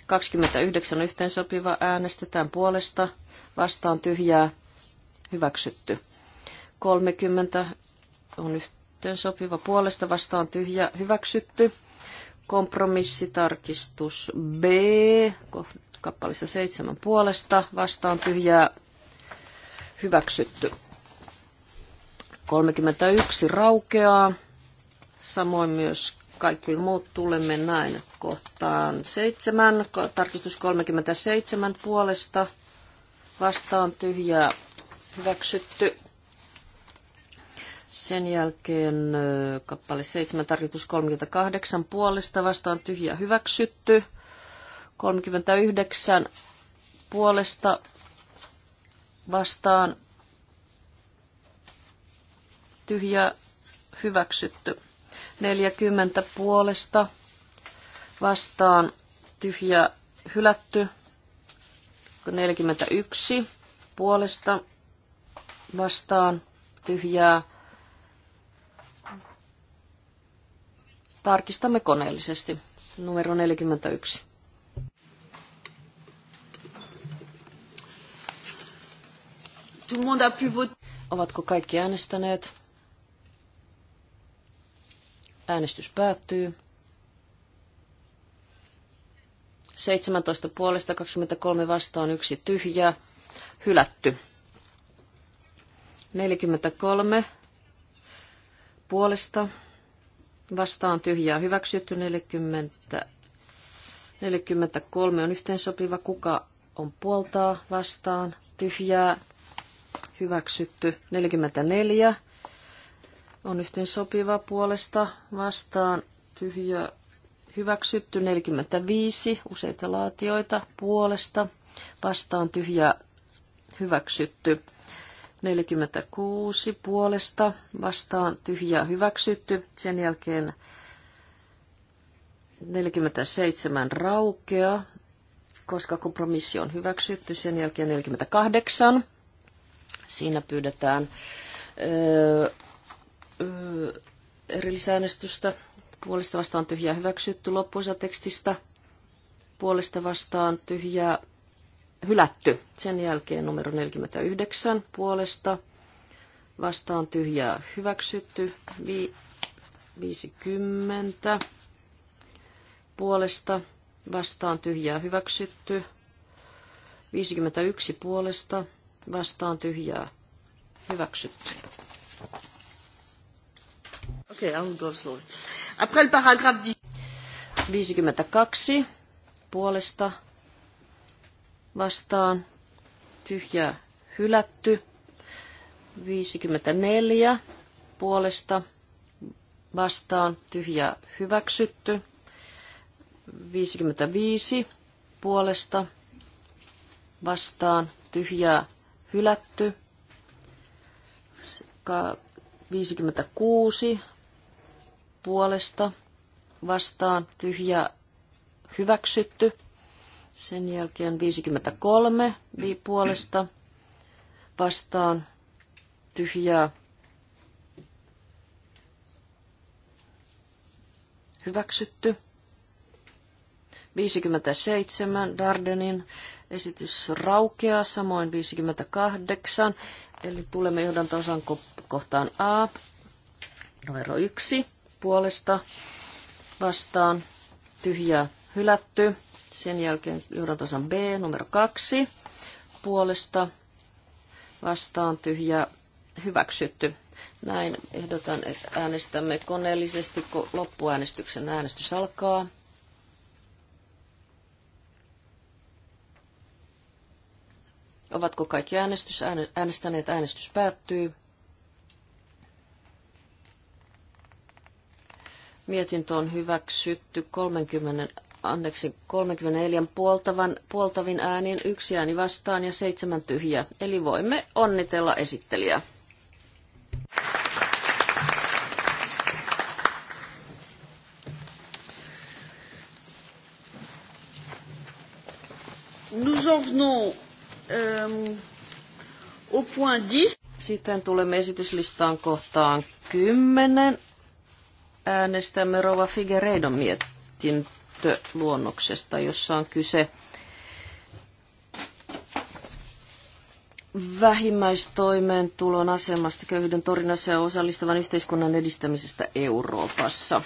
Speaker 1: 29 yhteensopiva äänestetään puolesta, vastaan tyhjää, hyväksytty. 30 on yhteensopiva puolesta, vastaan tyhjä, hyväksytty. Kompromissitarkistus B, kappalissa seitsemän puolesta, vastaan tyhjää, hyväksytty. 31 raukeaa, samoin myös kaikki muut tulemme näin kohtaan seitsemän, tarkistus 37 puolesta, vastaan tyhjää, hyväksytty. Sen jälkeen kappale 7, tarkoitus 38 puolesta vastaan tyhjä hyväksytty. 39 puolesta vastaan tyhjä hyväksytty. 40 puolesta vastaan tyhjä hylätty. 41 puolesta vastaan tyhjää Tarkistamme koneellisesti. Numero 41. Ovatko kaikki äänestäneet? Äänestys päättyy. 17 puolesta 23 vastaan yksi tyhjä. Hylätty. 43 puolesta vastaan tyhjää hyväksytty 40, 43 on yhteensopiva, kuka on puoltaa vastaan tyhjää hyväksytty 44 on yhteensopiva puolesta vastaan tyhjää hyväksytty 45 useita laatioita puolesta vastaan tyhjää hyväksytty 46 puolesta vastaan tyhjä hyväksytty. Sen jälkeen 47 raukea, koska kompromissi on hyväksytty. Sen jälkeen 48. Siinä pyydetään öö, öö, erillisäänestystä. Puolesta vastaan tyhjä hyväksytty loppuosa tekstistä. Puolesta vastaan tyhjää hylätty. Sen jälkeen numero 49 puolesta vastaan tyhjää hyväksytty. Vi, 50 puolesta vastaan tyhjää hyväksytty. 51 puolesta vastaan tyhjää hyväksytty. Okei, okay, on tuossa Après le paragraphe 52 puolesta vastaan tyhjä hylätty. 54 puolesta vastaan tyhjä hyväksytty. 55 puolesta vastaan tyhjä hylätty. 56 puolesta vastaan tyhjä hyväksytty. Sen jälkeen 53 viipuolesta puolesta vastaan tyhjää. Hyväksytty. 57 Dardenin esitys raukeaa, samoin 58. Eli tulemme johdantosan kohtaan A, numero 1 puolesta vastaan, tyhjää hylätty. Sen jälkeen johdantosan B, numero kaksi puolesta vastaan tyhjä hyväksytty. Näin ehdotan, että äänestämme koneellisesti, kun loppuäänestyksen äänestys alkaa. Ovatko kaikki äänestys, äänestäneet? Äänestys päättyy. Mietintö on hyväksytty 30 anteeksi, 34 puoltavan, puoltavin äänin, yksi ääni vastaan ja seitsemän tyhjää. Eli voimme onnitella esittelijää. Nous en venons euh, au point 10. Sitten tulemme esityslistaan kohtaan 10. Äänestämme Rova Figueiredon mietintöä mietintöluonnoksesta, jossa on kyse vähimmäistoimeentulon asemasta köyhyyden torinassa ja osallistavan yhteiskunnan edistämisestä Euroopassa.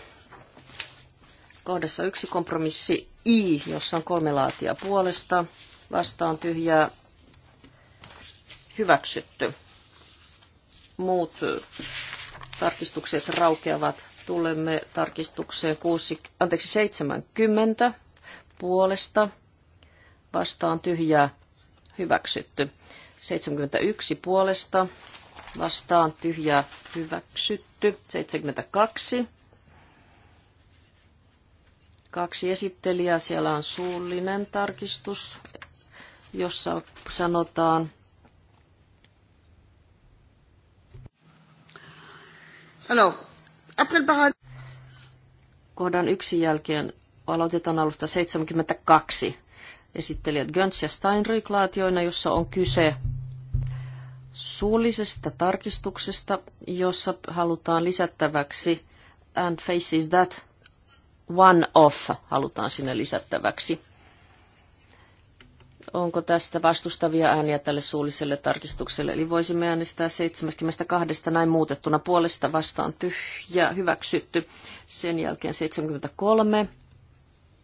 Speaker 1: Kohdassa yksi kompromissi I, jossa on kolme laatia puolesta. Vastaan tyhjää hyväksytty. Muut tarkistukset raukeavat tulemme tarkistukseen 6, anteeksi, 70 puolesta vastaan tyhjää hyväksytty. 71 puolesta vastaan tyhjää hyväksytty. 72. Kaksi esittelijää. Siellä on suullinen tarkistus, jossa sanotaan Hello. Kohdan yksi jälkeen aloitetaan alusta 72. Esittelijät Göns ja Steinrich laatioina, jossa on kyse suullisesta tarkistuksesta, jossa halutaan lisättäväksi and faces that one off halutaan sinne lisättäväksi. Onko tästä vastustavia ääniä tälle suulliselle tarkistukselle? Eli voisimme äänestää 72 näin muutettuna puolesta vastaan tyhjä hyväksytty. Sen jälkeen 73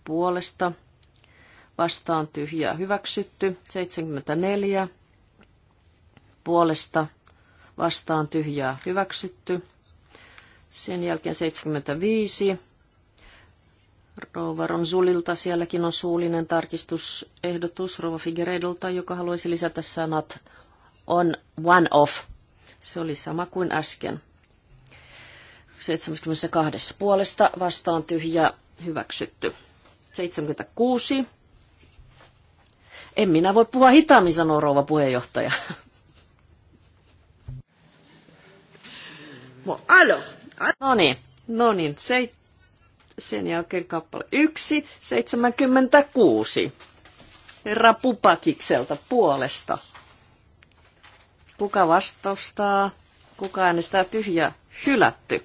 Speaker 1: puolesta vastaan tyhjä hyväksytty. 74 puolesta vastaan tyhjää hyväksytty. Sen jälkeen 75 Rouva Ronsulilta sielläkin on suullinen tarkistusehdotus Rouva Figueredolta, joka haluaisi lisätä sanat on one off. Se oli sama kuin äsken. 72 puolesta vastaan tyhjä hyväksytty. 76. En minä voi puhua hitaammin, sanoo rouva puheenjohtaja. No niin, no niin, seit. Sen jälkeen kappale 1, 76. Herra Pupakikselta puolesta. Kuka vastustaa? Kuka äänestää tyhjä Hylätty.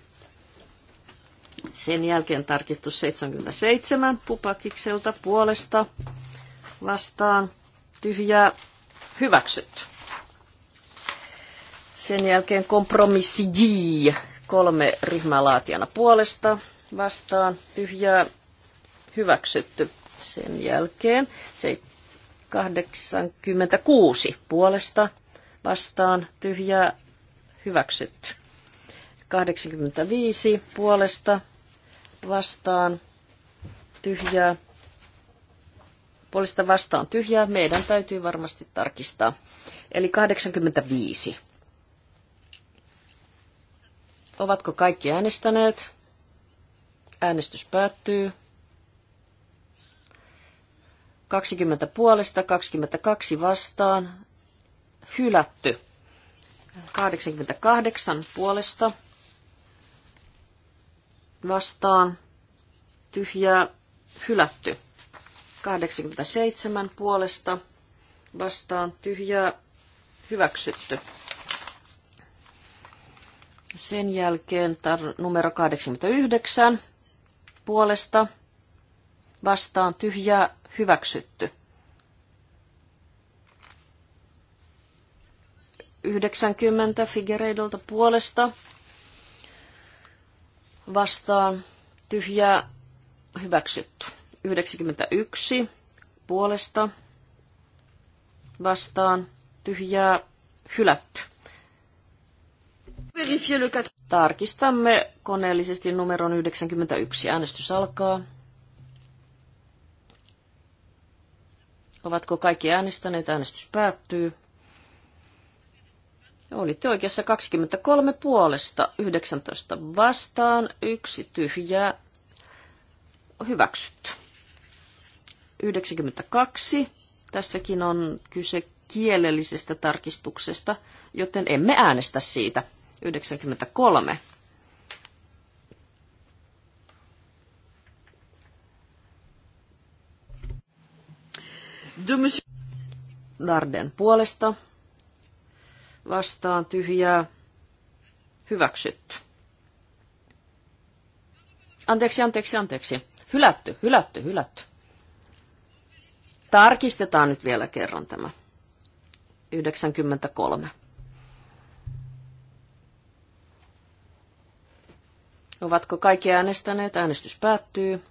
Speaker 1: Sen jälkeen tarkistus 77 Pupakikselta puolesta vastaan tyhjää hyväksytty. Sen jälkeen kompromissi J kolme ryhmää laatijana puolesta vastaan tyhjää hyväksytty. Sen jälkeen 86 puolesta vastaan tyhjää hyväksytty. 85 puolesta vastaan tyhjää. Puolesta vastaan tyhjää. Meidän täytyy varmasti tarkistaa. Eli 85. Ovatko kaikki äänestäneet? Äänestys päättyy. 20 puolesta, 22 vastaan. Hylätty. 88 puolesta vastaan. Tyhjää hylätty. 87 puolesta vastaan tyhjää hyväksytty. Sen jälkeen tar- numero 89 puolesta vastaan tyhjää hyväksytty. 90 Figereidolta puolesta vastaan tyhjää hyväksytty. 91 puolesta vastaan tyhjää hylätty. Verifiez le Tarkistamme koneellisesti numeron 91. Äänestys alkaa. Ovatko kaikki äänestäneet? Äänestys päättyy. Olitte oikeassa 23 puolesta, 19 vastaan, yksi tyhjää. Hyväksytty. 92. Tässäkin on kyse kielellisestä tarkistuksesta, joten emme äänestä siitä. 93. Darden puolesta vastaan tyhjää hyväksytty. Anteeksi, anteeksi, anteeksi. Hylätty, hylätty, hylätty. Tarkistetaan nyt vielä kerran tämä. 93. Ovatko kaikki äänestäneet? Äänestys päättyy.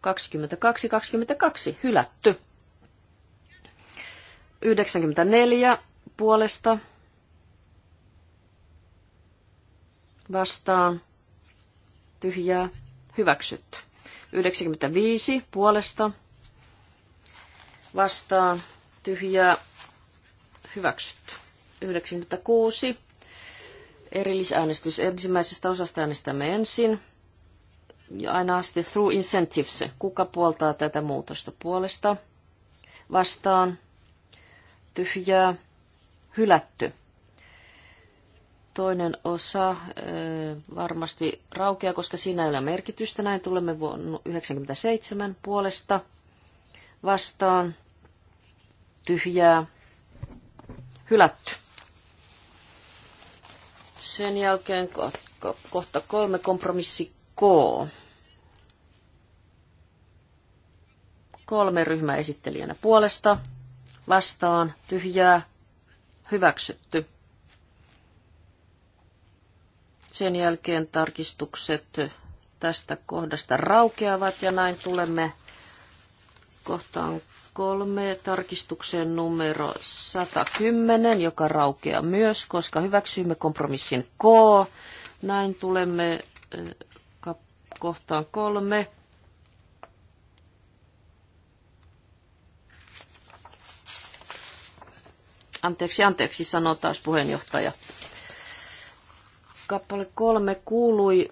Speaker 1: 22, 22, hylätty. 94 puolesta vastaan tyhjää hyväksytty. 95 puolesta vastaan tyhjää hyväksytty. 96 erillisäänestys. Ensimmäisestä osasta äänestämme ensin. Ja aina asti through incentives. Kuka puoltaa tätä muutosta puolesta? Vastaan. Tyhjää. Hylätty. Toinen osa äh, varmasti raukea, koska siinä ei ole merkitystä. Näin tulemme vuonna 97 puolesta vastaan. Tyhjää. Hylätty. Sen jälkeen kohta kolme kompromissi K. Kolme ryhmää esittelijänä puolesta, vastaan, tyhjää, hyväksytty. Sen jälkeen tarkistukset tästä kohdasta raukeavat ja näin tulemme kohtaan 3 tarkistuksen numero 110, joka raukeaa myös, koska hyväksyimme kompromissin K. Näin tulemme eh, kohtaan kolme. Anteeksi, anteeksi, sanoo taas puheenjohtaja. Kappale kolme kuului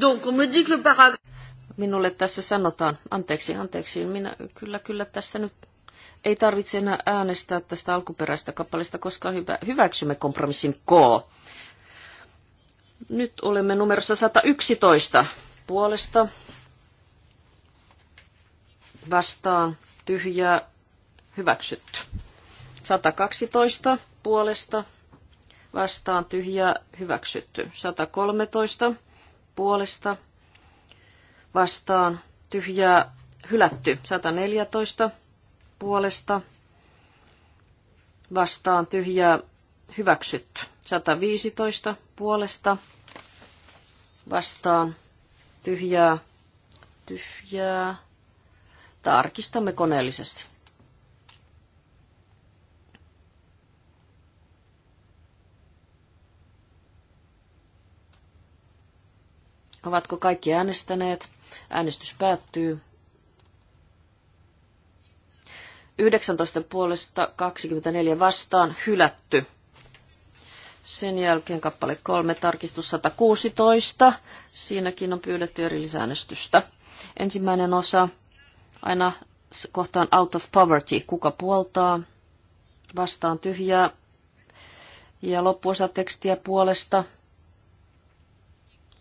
Speaker 1: Donc, on me dit que le paragraphe... Minulle tässä sanotaan, anteeksi, anteeksi, minä kyllä, kyllä tässä nyt ei tarvitse enää äänestää tästä alkuperäistä kappaleesta, koska hyvä, hyväksymme kompromissin K. Nyt olemme numerossa 111 puolesta vastaan tyhjää hyväksytty. 112 puolesta vastaan tyhjää hyväksytty. 113 puolesta vastaan tyhjää hylätty. 114 puolesta vastaan tyhjää hyväksytty. 115 puolesta vastaan tyhjää tyhjää. Tarkistamme koneellisesti. Ovatko kaikki äänestäneet? Äänestys päättyy. 19 puolesta 24 vastaan hylätty. Sen jälkeen kappale 3, tarkistus 116. Siinäkin on pyydetty erillisäänestystä. Ensimmäinen osa aina kohtaan out of poverty. Kuka puoltaa? Vastaan tyhjää. Ja loppuosa tekstiä puolesta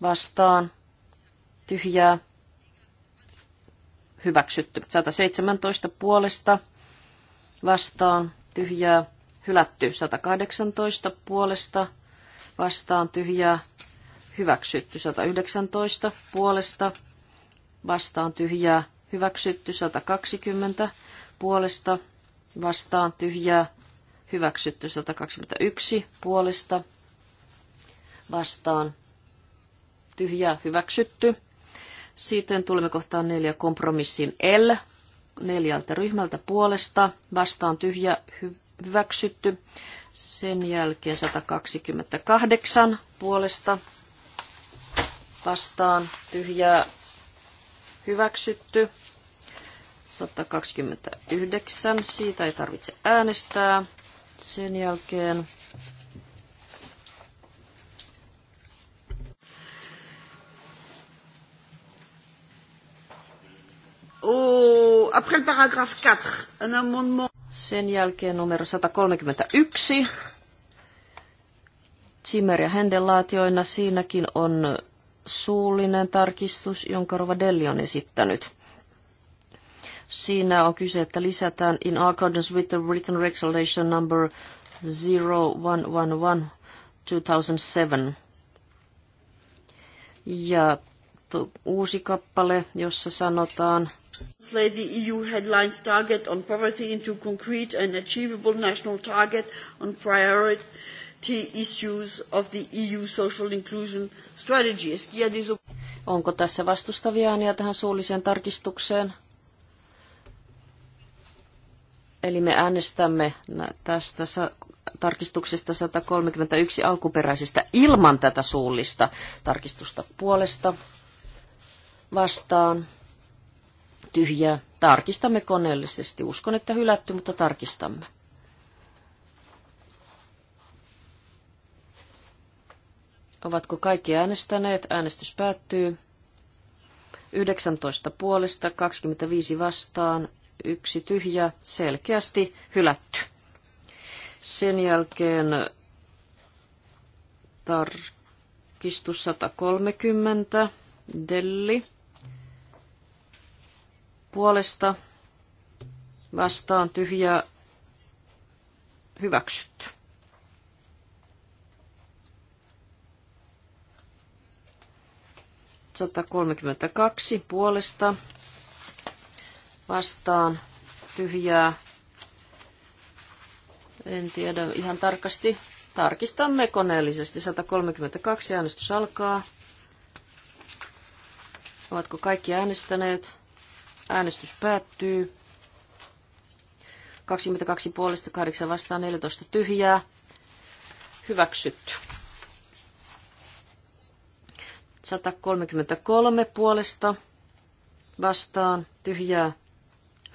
Speaker 1: vastaan, tyhjää, hyväksytty. 117 puolesta vastaan, tyhjää, hylätty. 118 puolesta vastaan, tyhjää, hyväksytty. 119 puolesta vastaan, tyhjää, hyväksytty. 120 puolesta vastaan, tyhjää, hyväksytty. 121 puolesta vastaan, tyhjää hyväksytty. Sitten tulemme kohtaan neljä kompromissin L neljältä ryhmältä puolesta. Vastaan tyhjä hy- hyväksytty. Sen jälkeen 128 puolesta vastaan tyhjä hyväksytty. 129, siitä ei tarvitse äänestää. Sen jälkeen au, après le paragraphe 4, un amendement. Sen jälkeen numero 131. Zimmer ja Händel laatioina siinäkin on suullinen tarkistus, jonka Rovadelli on esittänyt. Siinä on kyse, että lisätään in accordance with the written regulation number 0111 2007. Ja uusi kappale, jossa sanotaan, Translate the EU headlines target on poverty into concrete and achievable national target on priority issues of the EU social inclusion strategy. Onko tässä vastustavia ääniä tähän suulliseen tarkistukseen? Eli me äänestämme tästä tarkistuksesta 131 alkuperäisestä ilman tätä suullista tarkistusta puolesta vastaan tyhjää. Tarkistamme koneellisesti. Uskon, että hylätty, mutta tarkistamme. Ovatko kaikki äänestäneet? Äänestys päättyy. 19 puolesta, 25 vastaan, yksi tyhjä, selkeästi hylätty. Sen jälkeen tarkistus 130, Delli puolesta vastaan tyhjää hyväksytty. Sata kolmekymmentäkaksi puolesta vastaan tyhjää. En tiedä ihan tarkasti. Tarkistamme koneellisesti. 132 äänestys alkaa. Ovatko kaikki äänestäneet? Äänestys päättyy. 22 puolesta 8 vastaan 14 tyhjää. Hyväksytty. 133 puolesta vastaan tyhjää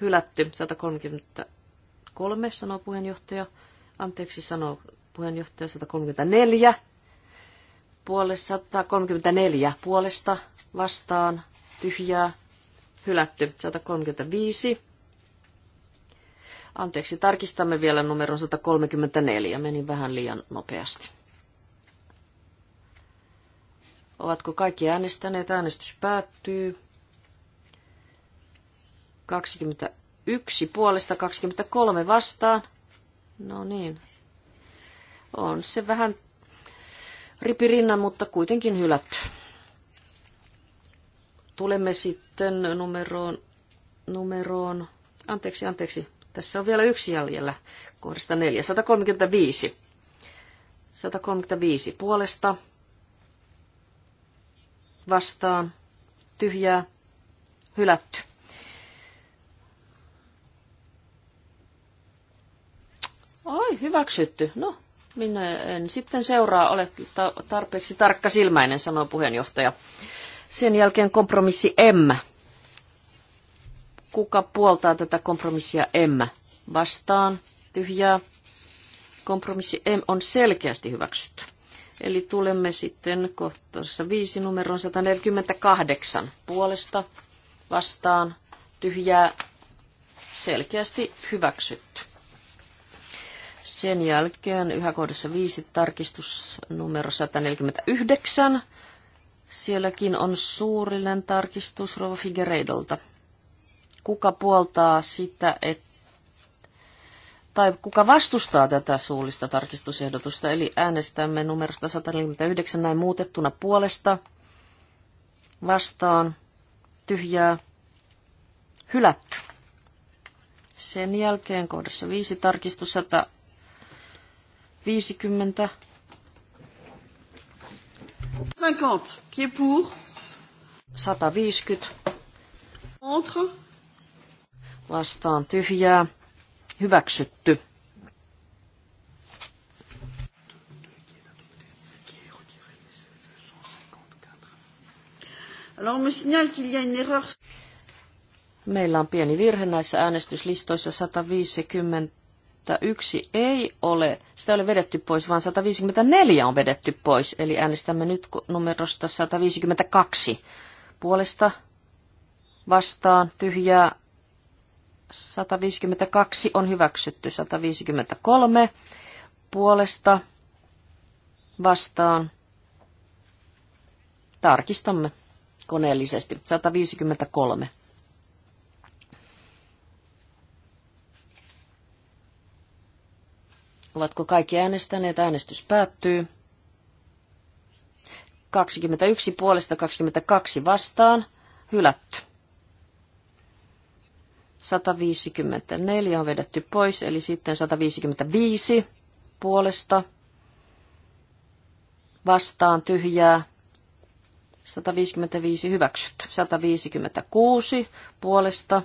Speaker 1: hylätty. 133 sanoo puheenjohtaja. Anteeksi sanoo puheenjohtaja 134 puolesta, 134 puolesta vastaan tyhjää hylätty. 135. Anteeksi, tarkistamme vielä numeron 134. Menin vähän liian nopeasti. Ovatko kaikki äänestäneet? Äänestys päättyy. 21 puolesta 23 vastaan. No niin. On se vähän ripirinnan, mutta kuitenkin hylätty. Tulemme sitten numeroon, numeroon, anteeksi, anteeksi, tässä on vielä yksi jäljellä, kohdasta 4, 135. 135 puolesta, vastaan, tyhjää, hylätty. Ai hyväksytty. No, minä en sitten seuraa, ole tarpeeksi tarkka silmäinen sanoo puheenjohtaja. Sen jälkeen kompromissi M. Kuka puoltaa tätä kompromissia M? Vastaan. Tyhjää. Kompromissi M on selkeästi hyväksytty. Eli tulemme sitten kohtaisessa viisi numeron 148 puolesta vastaan tyhjää selkeästi hyväksytty. Sen jälkeen yhä kohdassa viisi tarkistus numero 149 Sielläkin on suurinen tarkistus Rova Figueredolta. Kuka puoltaa sitä, että tai kuka vastustaa tätä suullista tarkistusehdotusta, eli äänestämme numerosta 149 näin muutettuna puolesta, vastaan, tyhjää, hylätty. Sen jälkeen kohdassa 5 tarkistus 150 50. Qui est pour? 150. Contre. Vastaan tyhjää. Hyväksytty. Alors, me signale qu'il y a une erreur. Meillä on pieni virhe näissä äänestyslistoissa 150 151 ei ole, sitä ei ole vedetty pois, vaan 154 on vedetty pois. Eli äänestämme nyt numerosta 152 puolesta vastaan tyhjää 152 on hyväksytty, 153 puolesta vastaan tarkistamme koneellisesti 153. Ovatko kaikki äänestäneet? Äänestys päättyy. 21 puolesta 22 vastaan. Hylätty. 154 on vedetty pois, eli sitten 155 puolesta vastaan tyhjää. 155 hyväksytty. 156 puolesta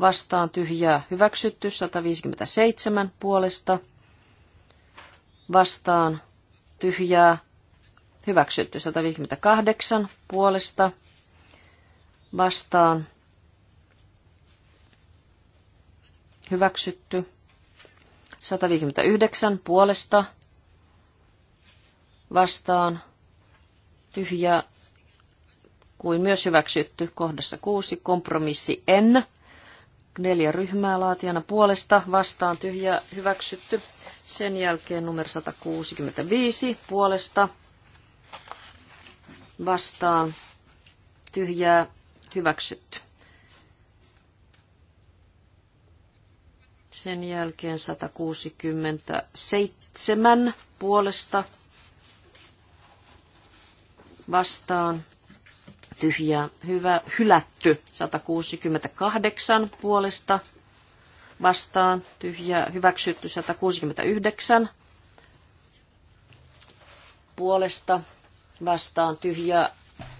Speaker 1: vastaan tyhjää hyväksytty. 157 puolesta vastaan tyhjää hyväksytty. 158 puolesta vastaan hyväksytty. 159 puolesta vastaan tyhjää kuin myös hyväksytty kohdassa 6 kompromissi N. Neljä ryhmää laatijana puolesta vastaan tyhjää hyväksytty. Sen jälkeen numero 165 puolesta vastaan tyhjää hyväksytty. Sen jälkeen 167 puolesta vastaan tyhjää hyvä, hylätty. 168 puolesta vastaan, tyhjää hyväksytty 169 puolesta vastaan, tyhjää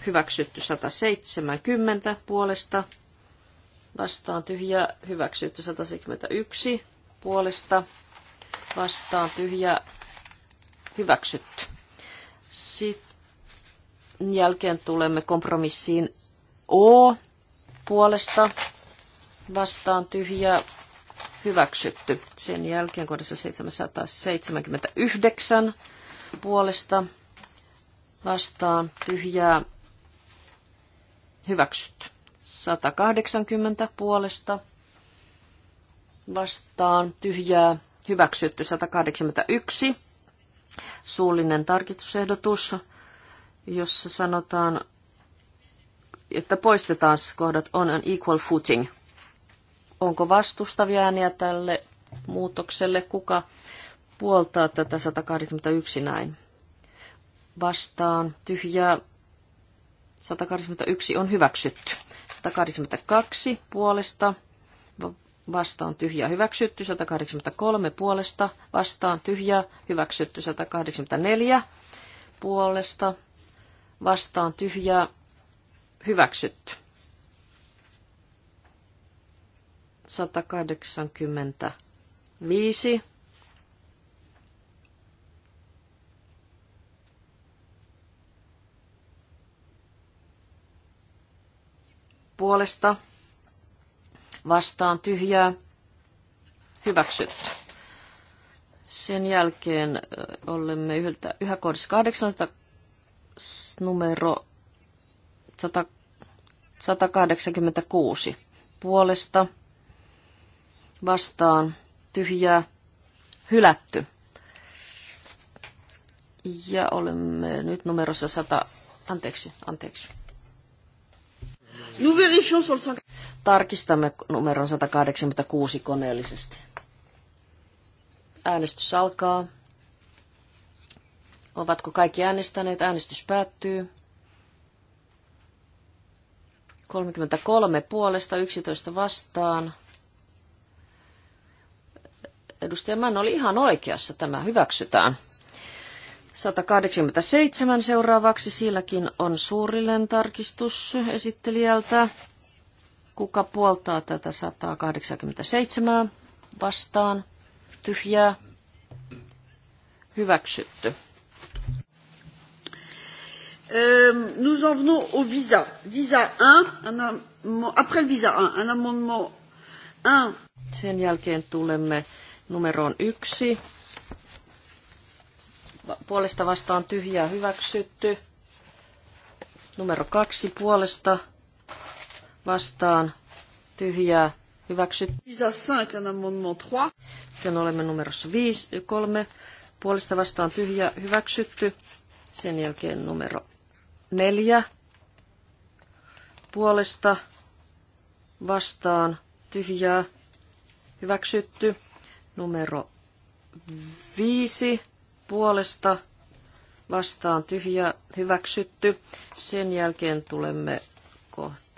Speaker 1: hyväksytty 170 puolesta vastaan, tyhjää hyväksytty 171 puolesta vastaan, tyhjää hyväksytty. Sitten jälkeen tulemme kompromissiin O puolesta vastaan tyhjää hyväksytty. Sen jälkeen kohdassa 779 puolesta vastaan tyhjää hyväksytty. 180 puolesta vastaan tyhjää hyväksytty. 181 suullinen tarkistusehdotus, jossa sanotaan, että poistetaan kohdat on an equal footing – Onko vastustavia ääniä tälle muutokselle? Kuka puoltaa tätä 181 näin? Vastaan tyhjää 181 on hyväksytty. 182 puolesta vastaan tyhjä. hyväksytty, 183 puolesta vastaan tyhjä. hyväksytty, 184 puolesta vastaan tyhjä. hyväksytty. 185. Puolesta vastaan tyhjää hyväksytty. Sen jälkeen olemme yhdeltä, yhä kohdassa 800 numero 100, 186 puolesta vastaan tyhjää hylätty. Ja olemme nyt numerossa 100. Anteeksi, anteeksi. Tarkistamme numeron 186 koneellisesti. Äänestys alkaa. Ovatko kaikki äänestäneet? Äänestys päättyy. 33 puolesta, 11 vastaan, Edustaja Mann oli ihan oikeassa, tämä hyväksytään. 187 seuraavaksi, silläkin on suurilleen tarkistus esittelijältä. Kuka puoltaa tätä 187 vastaan? Tyhjää. Hyväksytty. Euh, nous en venons au visa. Visa 1, après le visa 1, un amendement 1. Sen jälkeen tulemme numeroon yksi. Puolesta vastaan tyhjää hyväksytty. Numero kaksi puolesta vastaan tyhjää hyväksytty. Sitten olemme numerossa viisi, kolme. Puolesta vastaan tyhjä hyväksytty. Sen jälkeen numero neljä. Puolesta vastaan tyhjää hyväksytty. Numero viisi puolesta vastaan tyhjä hyväksytty. Sen jälkeen tulemme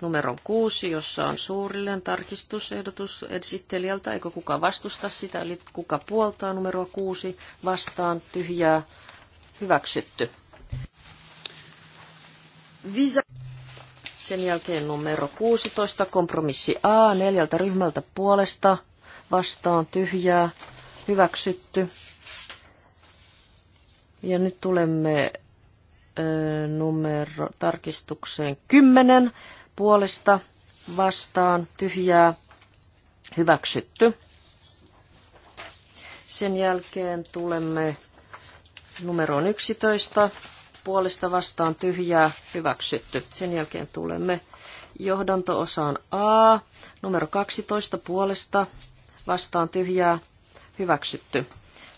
Speaker 1: numero kuusi, jossa on suurilleen tarkistusehdotus esittelijältä. Eikö kuka vastusta sitä, eli kuka puoltaa numero kuusi vastaan tyhjää hyväksytty. Visa. Sen jälkeen numero 16, kompromissi A, neljältä ryhmältä puolesta vastaan tyhjää hyväksytty. Ja nyt tulemme ö, numero, tarkistukseen 10 puolesta vastaan tyhjää hyväksytty. Sen jälkeen tulemme numeroon 11 puolesta vastaan tyhjää hyväksytty. Sen jälkeen tulemme johdanto-osaan A, numero 12 puolesta vastaan tyhjää hyväksytty.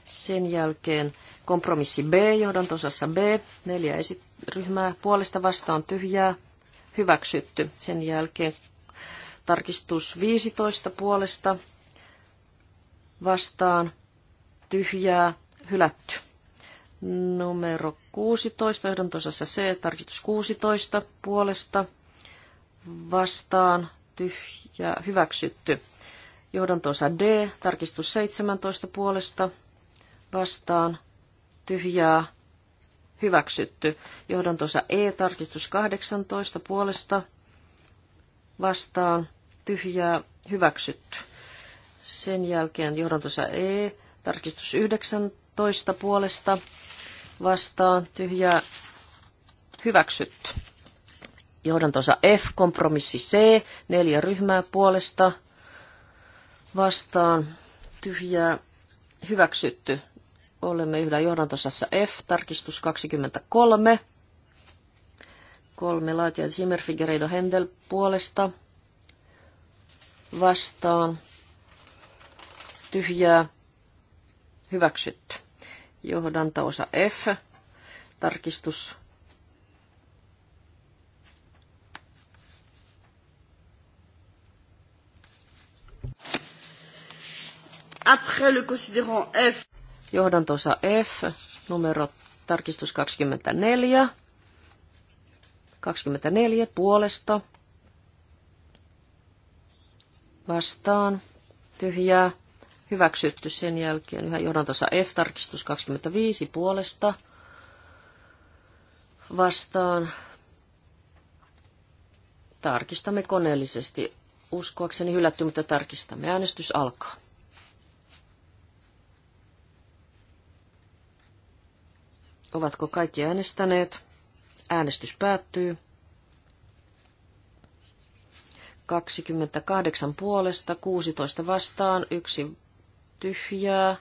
Speaker 1: Sen jälkeen kompromissi B, johdantosassa B, neljä esiryhmää puolesta vastaan tyhjää hyväksytty. Sen jälkeen tarkistus 15 puolesta vastaan tyhjää hylätty. Numero 16, johdantosassa C, tarkistus 16 puolesta vastaan tyhjää hyväksytty. Johdantosa D, tarkistus 17 puolesta vastaan, tyhjää, hyväksytty. Johdantosa E, tarkistus 18 puolesta vastaan, tyhjää, hyväksytty. Sen jälkeen johdantosa E, tarkistus 19 puolesta vastaan, tyhjää, hyväksytty. Johdantosa F, kompromissi C, neljä ryhmää puolesta vastaan tyhjää hyväksytty. Olemme yhdellä johdantosassa F, tarkistus 23. Kolme laatia Zimmer, Figueiredo, Händel puolesta vastaan tyhjää hyväksytty. Johdantaosa F, tarkistus après le considérant F. Johdantosa F, numero tarkistus 24. 24 puolesta. Vastaan. Tyhjää. Hyväksytty sen jälkeen. Yhä johdantosa F, tarkistus 25 puolesta. Vastaan. Tarkistamme koneellisesti. Uskoakseni hylätty, mutta tarkistamme. Äänestys alkaa. Ovatko kaikki äänestäneet? Äänestys päättyy. 28 puolesta, 16 vastaan, yksi tyhjää.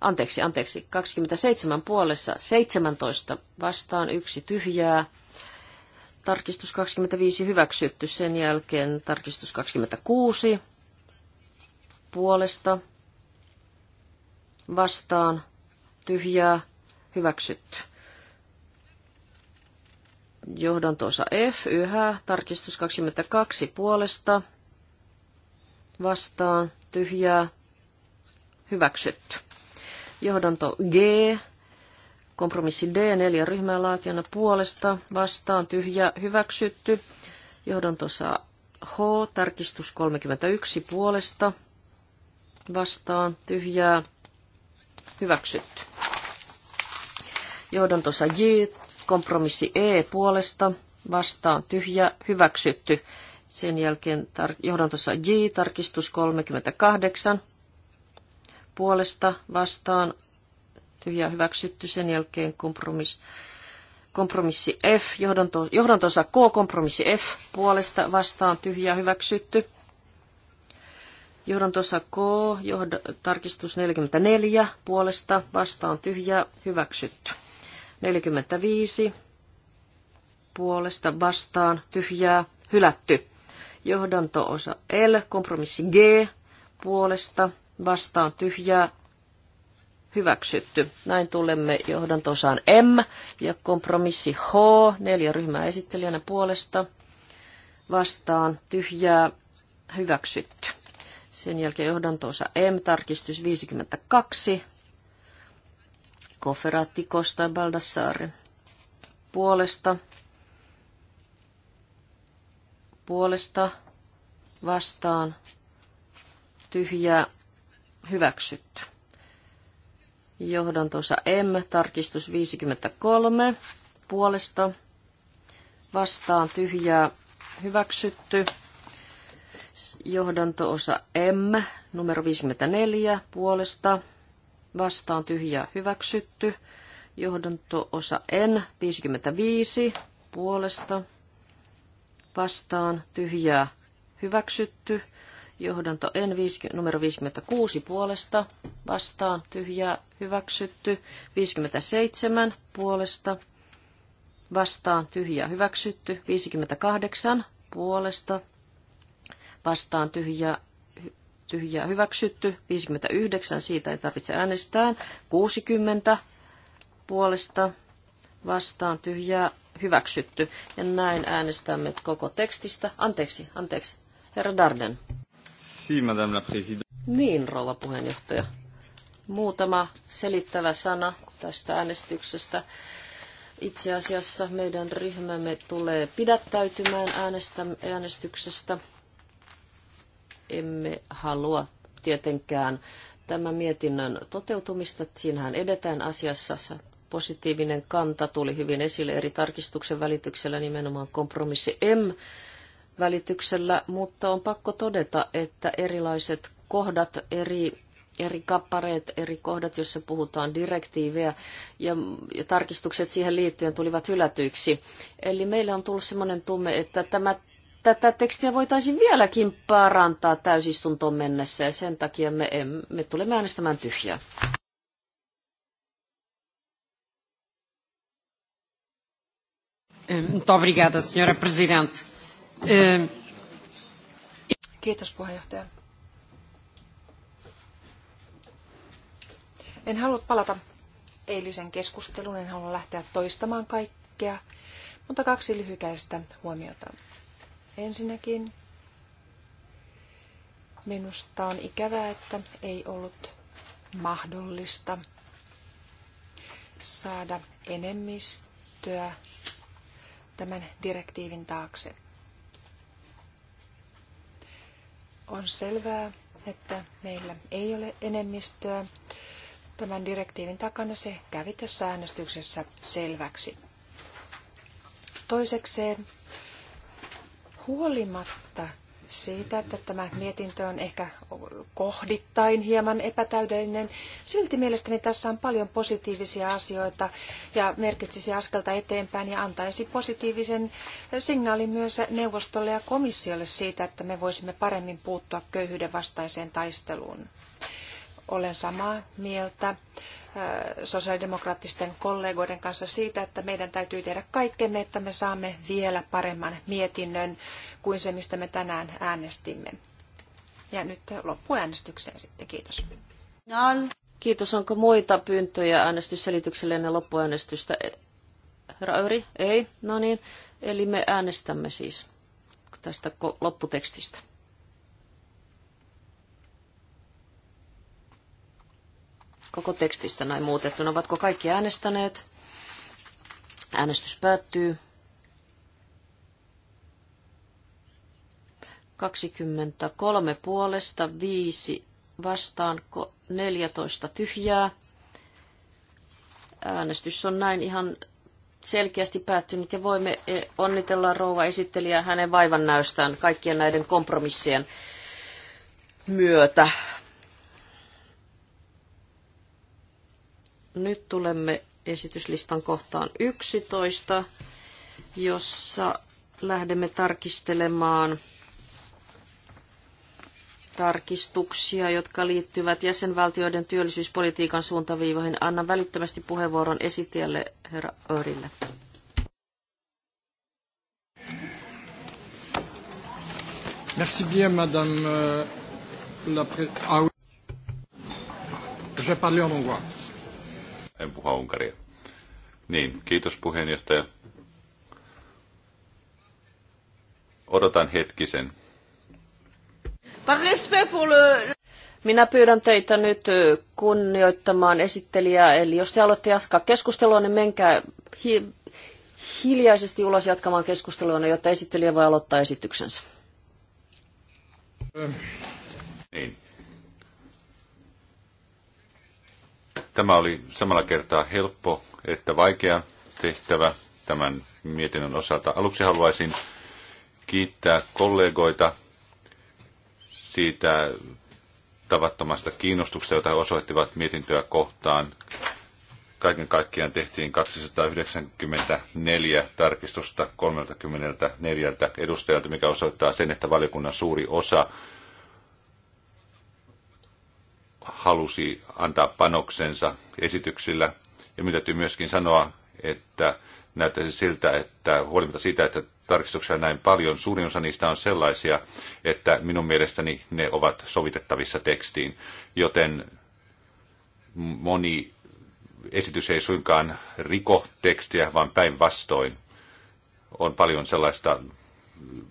Speaker 1: Anteeksi, anteeksi, 27 puolessa, 17 vastaan, yksi tyhjää. Tarkistus 25 hyväksytty, sen jälkeen tarkistus 26 puolesta, vastaan, tyhjää, hyväksytty. Johdantoosa F, yhä, tarkistus 22 puolesta, vastaan, tyhjää, hyväksytty. Johdanto G, kompromissi D, neljä ryhmää laatijana puolesta, vastaan, tyhjä, hyväksytty. Johdantoosa H, tarkistus 31 puolesta, vastaan, tyhjää, hyväksytty. Johdantosa J, kompromissi E puolesta, vastaan tyhjä, hyväksytty. Sen jälkeen tar- johdantossa J, tarkistus 38, puolesta, vastaan, tyhjä, hyväksytty. Sen jälkeen kompromissi kompromissi F, johdanto, johdantonsa K, kompromissi F, puolesta vastaan tyhjä hyväksytty. Johdantonsa K, johd, tarkistus 44, puolesta vastaan tyhjä hyväksytty. 45 puolesta vastaan tyhjää hylätty. Johdanto-osa L, kompromissi G puolesta vastaan tyhjää hyväksytty. Näin tulemme johdantosaan M ja kompromissi H, neljä ryhmää esittelijänä puolesta, vastaan tyhjää hyväksytty. Sen jälkeen johdantoosa M, tarkistus 52 Koferatti Costa Baldassare puolesta, puolesta, vastaan, tyhjää, hyväksytty. Johdantonsa M, tarkistus 53, puolesta, vastaan, tyhjää, hyväksytty. Johdanto-osa M, numero 54, puolesta, vastaan tyhjää hyväksytty. Johdanto-osa N 55 puolesta vastaan tyhjää hyväksytty. Johdanto N 5, numero 56 puolesta vastaan tyhjää hyväksytty. 57 puolesta vastaan tyhjää hyväksytty. 58 puolesta vastaan tyhjää tyhjää hyväksytty, 59 siitä ei tarvitse äänestää, 60 puolesta vastaan tyhjää hyväksytty. Ja näin äänestämme koko tekstistä. Anteeksi, anteeksi. Herra Darden.
Speaker 3: Si, madame la présidente.
Speaker 1: Niin, rouva
Speaker 3: puheenjohtaja.
Speaker 1: Muutama selittävä sana tästä äänestyksestä. Itse asiassa meidän ryhmämme tulee pidättäytymään äänestä, äänestyksestä emme halua tietenkään tämän mietinnön toteutumista. Siinähän edetään asiassa. Positiivinen kanta tuli hyvin esille eri tarkistuksen välityksellä, nimenomaan kompromissi M välityksellä, mutta on pakko todeta, että erilaiset kohdat, eri, eri kappareet, eri kohdat, joissa puhutaan direktiivejä ja, ja tarkistukset siihen liittyen tulivat hylätyiksi. Eli meillä on tullut sellainen tunne, että tämä tätä tekstiä voitaisiin vieläkin parantaa täysistuntoon mennessä ja sen takia me, me tulemme äänestämään tyhjää. Obrigada,
Speaker 5: Kiitos puheenjohtaja. En halua palata eilisen keskusteluun, en halua lähteä toistamaan kaikkea, mutta kaksi lyhykäistä huomiota. Ensinnäkin minusta on ikävää, että ei ollut mahdollista saada enemmistöä tämän direktiivin taakse. On selvää, että meillä ei ole enemmistöä. Tämän direktiivin takana se kävi tässä äänestyksessä selväksi. Toisekseen Huolimatta siitä, että tämä mietintö on ehkä kohdittain hieman epätäydellinen. Silti mielestäni tässä on paljon positiivisia asioita ja merkitsisi askelta eteenpäin ja antaisi positiivisen signaalin myös neuvostolle ja komissiolle siitä, että me voisimme paremmin puuttua köyhyyden vastaiseen taisteluun. Olen samaa mieltä sosiaalidemokraattisten kollegoiden kanssa siitä, että meidän täytyy tehdä kaikkemme, että me saamme vielä paremman mietinnön kuin se, mistä me tänään äänestimme. Ja nyt loppuäänestykseen sitten.
Speaker 1: Kiitos. Kiitos. Onko muita pyyntöjä äänestysselitykselle ennen loppuäänestystä? Herra Ei? No niin. Eli me äänestämme siis tästä lopputekstistä. koko tekstistä näin muutettuna. Ovatko kaikki äänestäneet? Äänestys päättyy. 23 puolesta, 5 vastaan, 14 tyhjää. Äänestys on näin ihan selkeästi päättynyt ja voimme e, onnitella rouva esittelijää hänen vaivannäystään kaikkien näiden kompromissien myötä. Nyt tulemme esityslistan kohtaan 11, jossa lähdemme tarkistelemaan tarkistuksia, jotka liittyvät jäsenvaltioiden työllisyyspolitiikan suuntaviivoihin. Annan välittömästi puheenvuoron esitielle herra Örille. Merci bien, madame euh, la Présidente. ah, oui. Je parle en anglais
Speaker 3: en puhu Unkaria. Niin, kiitos puheenjohtaja. Odotan hetkisen.
Speaker 1: Minä pyydän teitä nyt kunnioittamaan esittelijää, eli jos te aloitte jatkaa keskustelua, niin menkää hi- hiljaisesti ulos jatkamaan keskustelua, jotta esittelijä voi aloittaa
Speaker 3: esityksensä. Niin. Tämä oli samalla kertaa helppo että vaikea tehtävä tämän mietinnön osalta. Aluksi haluaisin kiittää kollegoita siitä tavattomasta kiinnostuksesta, jota he osoittivat mietintöä kohtaan. Kaiken kaikkiaan tehtiin 294 tarkistusta 34 edustajalta, mikä osoittaa sen, että valiokunnan suuri osa halusi antaa panoksensa esityksillä. Ja minun täytyy myöskin sanoa, että näyttäisi siltä, että huolimatta siitä, että tarkistuksia näin paljon, suurin osa niistä on sellaisia, että minun mielestäni ne ovat sovitettavissa tekstiin. Joten moni esitys ei suinkaan riko tekstiä, vaan päinvastoin on paljon sellaista,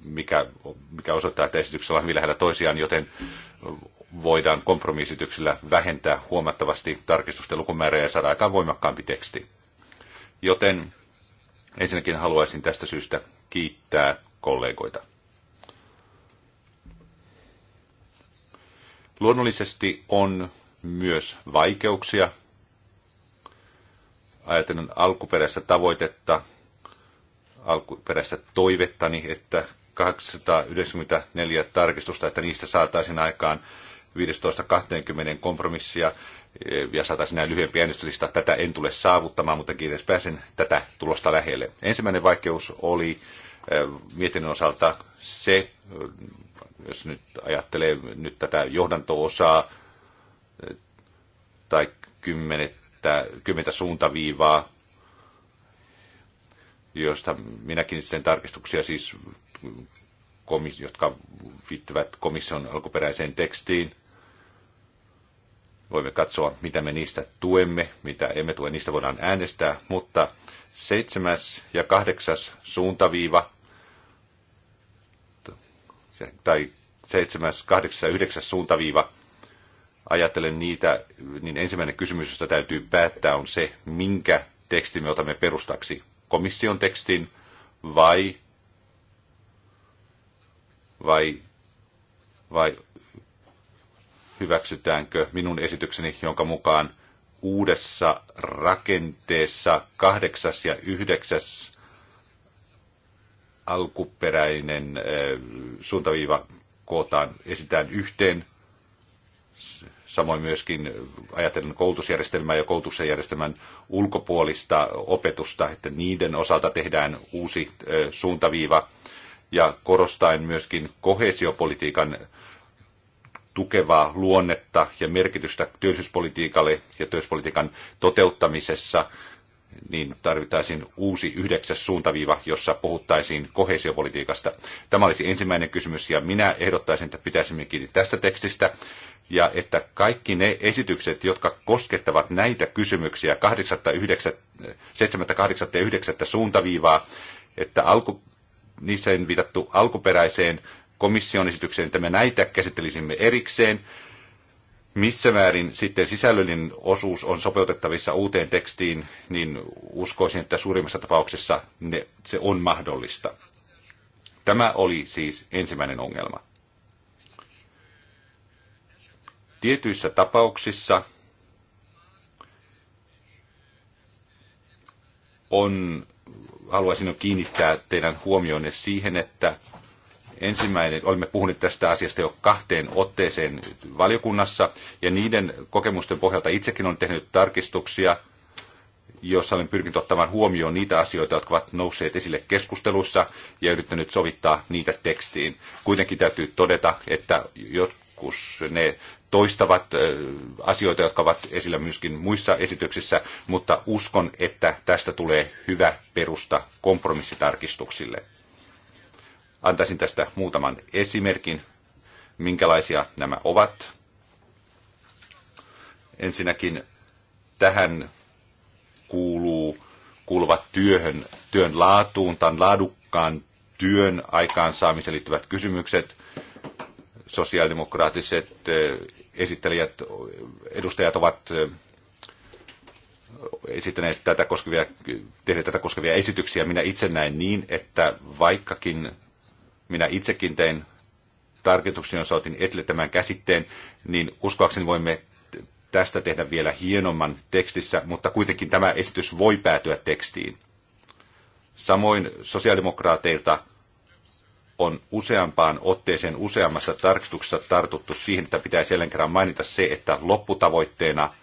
Speaker 3: mikä, mikä osoittaa, että esityksellä on hyvin lähellä toisiaan, joten voidaan kompromissityksillä vähentää huomattavasti tarkistusten lukumäärää ja saada aikaan voimakkaampi teksti. Joten ensinnäkin haluaisin tästä syystä kiittää kollegoita. Luonnollisesti on myös vaikeuksia. Ajatellen alkuperäistä tavoitetta, alkuperäistä toivettani, että 294 tarkistusta, että niistä saataisiin aikaan 15.20 kompromissia eh, ja saataisiin näin lyhyempi äänestyslista. Tätä en tule saavuttamaan, mutta kiitos pääsen tätä tulosta lähelle. Ensimmäinen vaikeus oli eh, mietinnön osalta se, eh, jos nyt ajattelee nyt tätä johdanto-osaa tai kymmenettä, kymmentä suuntaviivaa, josta minäkin sen tarkistuksia siis, jotka viittyvät komission alkuperäiseen tekstiin, voimme katsoa, mitä me niistä tuemme, mitä emme tue, niistä voidaan äänestää, mutta seitsemäs ja kahdeksas suuntaviiva tai seitsemäs, kahdeksas ja yhdeksäs suuntaviiva, ajattelen niitä, niin ensimmäinen kysymys, josta täytyy päättää, on se, minkä tekstin me otamme perustaksi. Komission tekstin vai, vai, vai hyväksytäänkö minun esitykseni, jonka mukaan uudessa rakenteessa kahdeksas ja yhdeksäs alkuperäinen suuntaviiva kootaan, esitään yhteen. Samoin myöskin ajatellen koulutusjärjestelmää ja koulutuksen järjestelmän ulkopuolista opetusta, että niiden osalta tehdään uusi suuntaviiva. Ja korostaen myöskin kohesiopolitiikan tukevaa luonnetta ja merkitystä työllisyyspolitiikalle ja työllisyyspolitiikan toteuttamisessa, niin tarvittaisiin uusi yhdeksäs suuntaviiva, jossa puhuttaisiin kohesiopolitiikasta. Tämä olisi ensimmäinen kysymys, ja minä ehdottaisin, että pitäisimme kiinni tästä tekstistä, ja että kaikki ne esitykset, jotka koskettavat näitä kysymyksiä 8, 9, 7, 8 ja 9 suuntaviivaa, että alku, niissä viitattu alkuperäiseen komission esitykseen, että me näitä käsittelisimme erikseen. Missä määrin sitten sisällöllinen osuus on sopeutettavissa uuteen tekstiin, niin uskoisin, että suurimmassa tapauksessa ne, se on mahdollista. Tämä oli siis ensimmäinen ongelma. Tietyissä tapauksissa on, haluaisin kiinnittää teidän huomioonne siihen, että Ensimmäinen, olimme puhuneet tästä asiasta jo kahteen otteeseen valiokunnassa, ja niiden kokemusten pohjalta itsekin olen tehnyt tarkistuksia, jossa olen pyrkinyt ottamaan huomioon niitä asioita, jotka ovat nousseet esille keskusteluissa ja yrittänyt sovittaa niitä tekstiin. Kuitenkin täytyy todeta, että joskus ne toistavat asioita, jotka ovat esillä myöskin muissa esityksissä, mutta uskon, että tästä tulee hyvä perusta kompromissitarkistuksille. Antaisin tästä muutaman esimerkin, minkälaisia nämä ovat. Ensinnäkin tähän kuuluu, kuuluvat työhön, työn laatuun tai laadukkaan työn aikaansaamiseen liittyvät kysymykset. Sosiaalidemokraattiset eh, esittelijät, edustajat ovat eh, esittäneet tätä koskevia, tehneet tätä koskevia esityksiä. Minä itse näen niin, että vaikkakin minä itsekin tein tarkoituksen, jossa otin etille tämän käsitteen, niin uskoakseni voimme tästä tehdä vielä hienomman tekstissä, mutta kuitenkin tämä esitys voi päätyä tekstiin. Samoin sosiaalidemokraateilta on useampaan otteeseen useammassa tarkistuksessa tartuttu siihen, että pitäisi jälleen kerran mainita se, että lopputavoitteena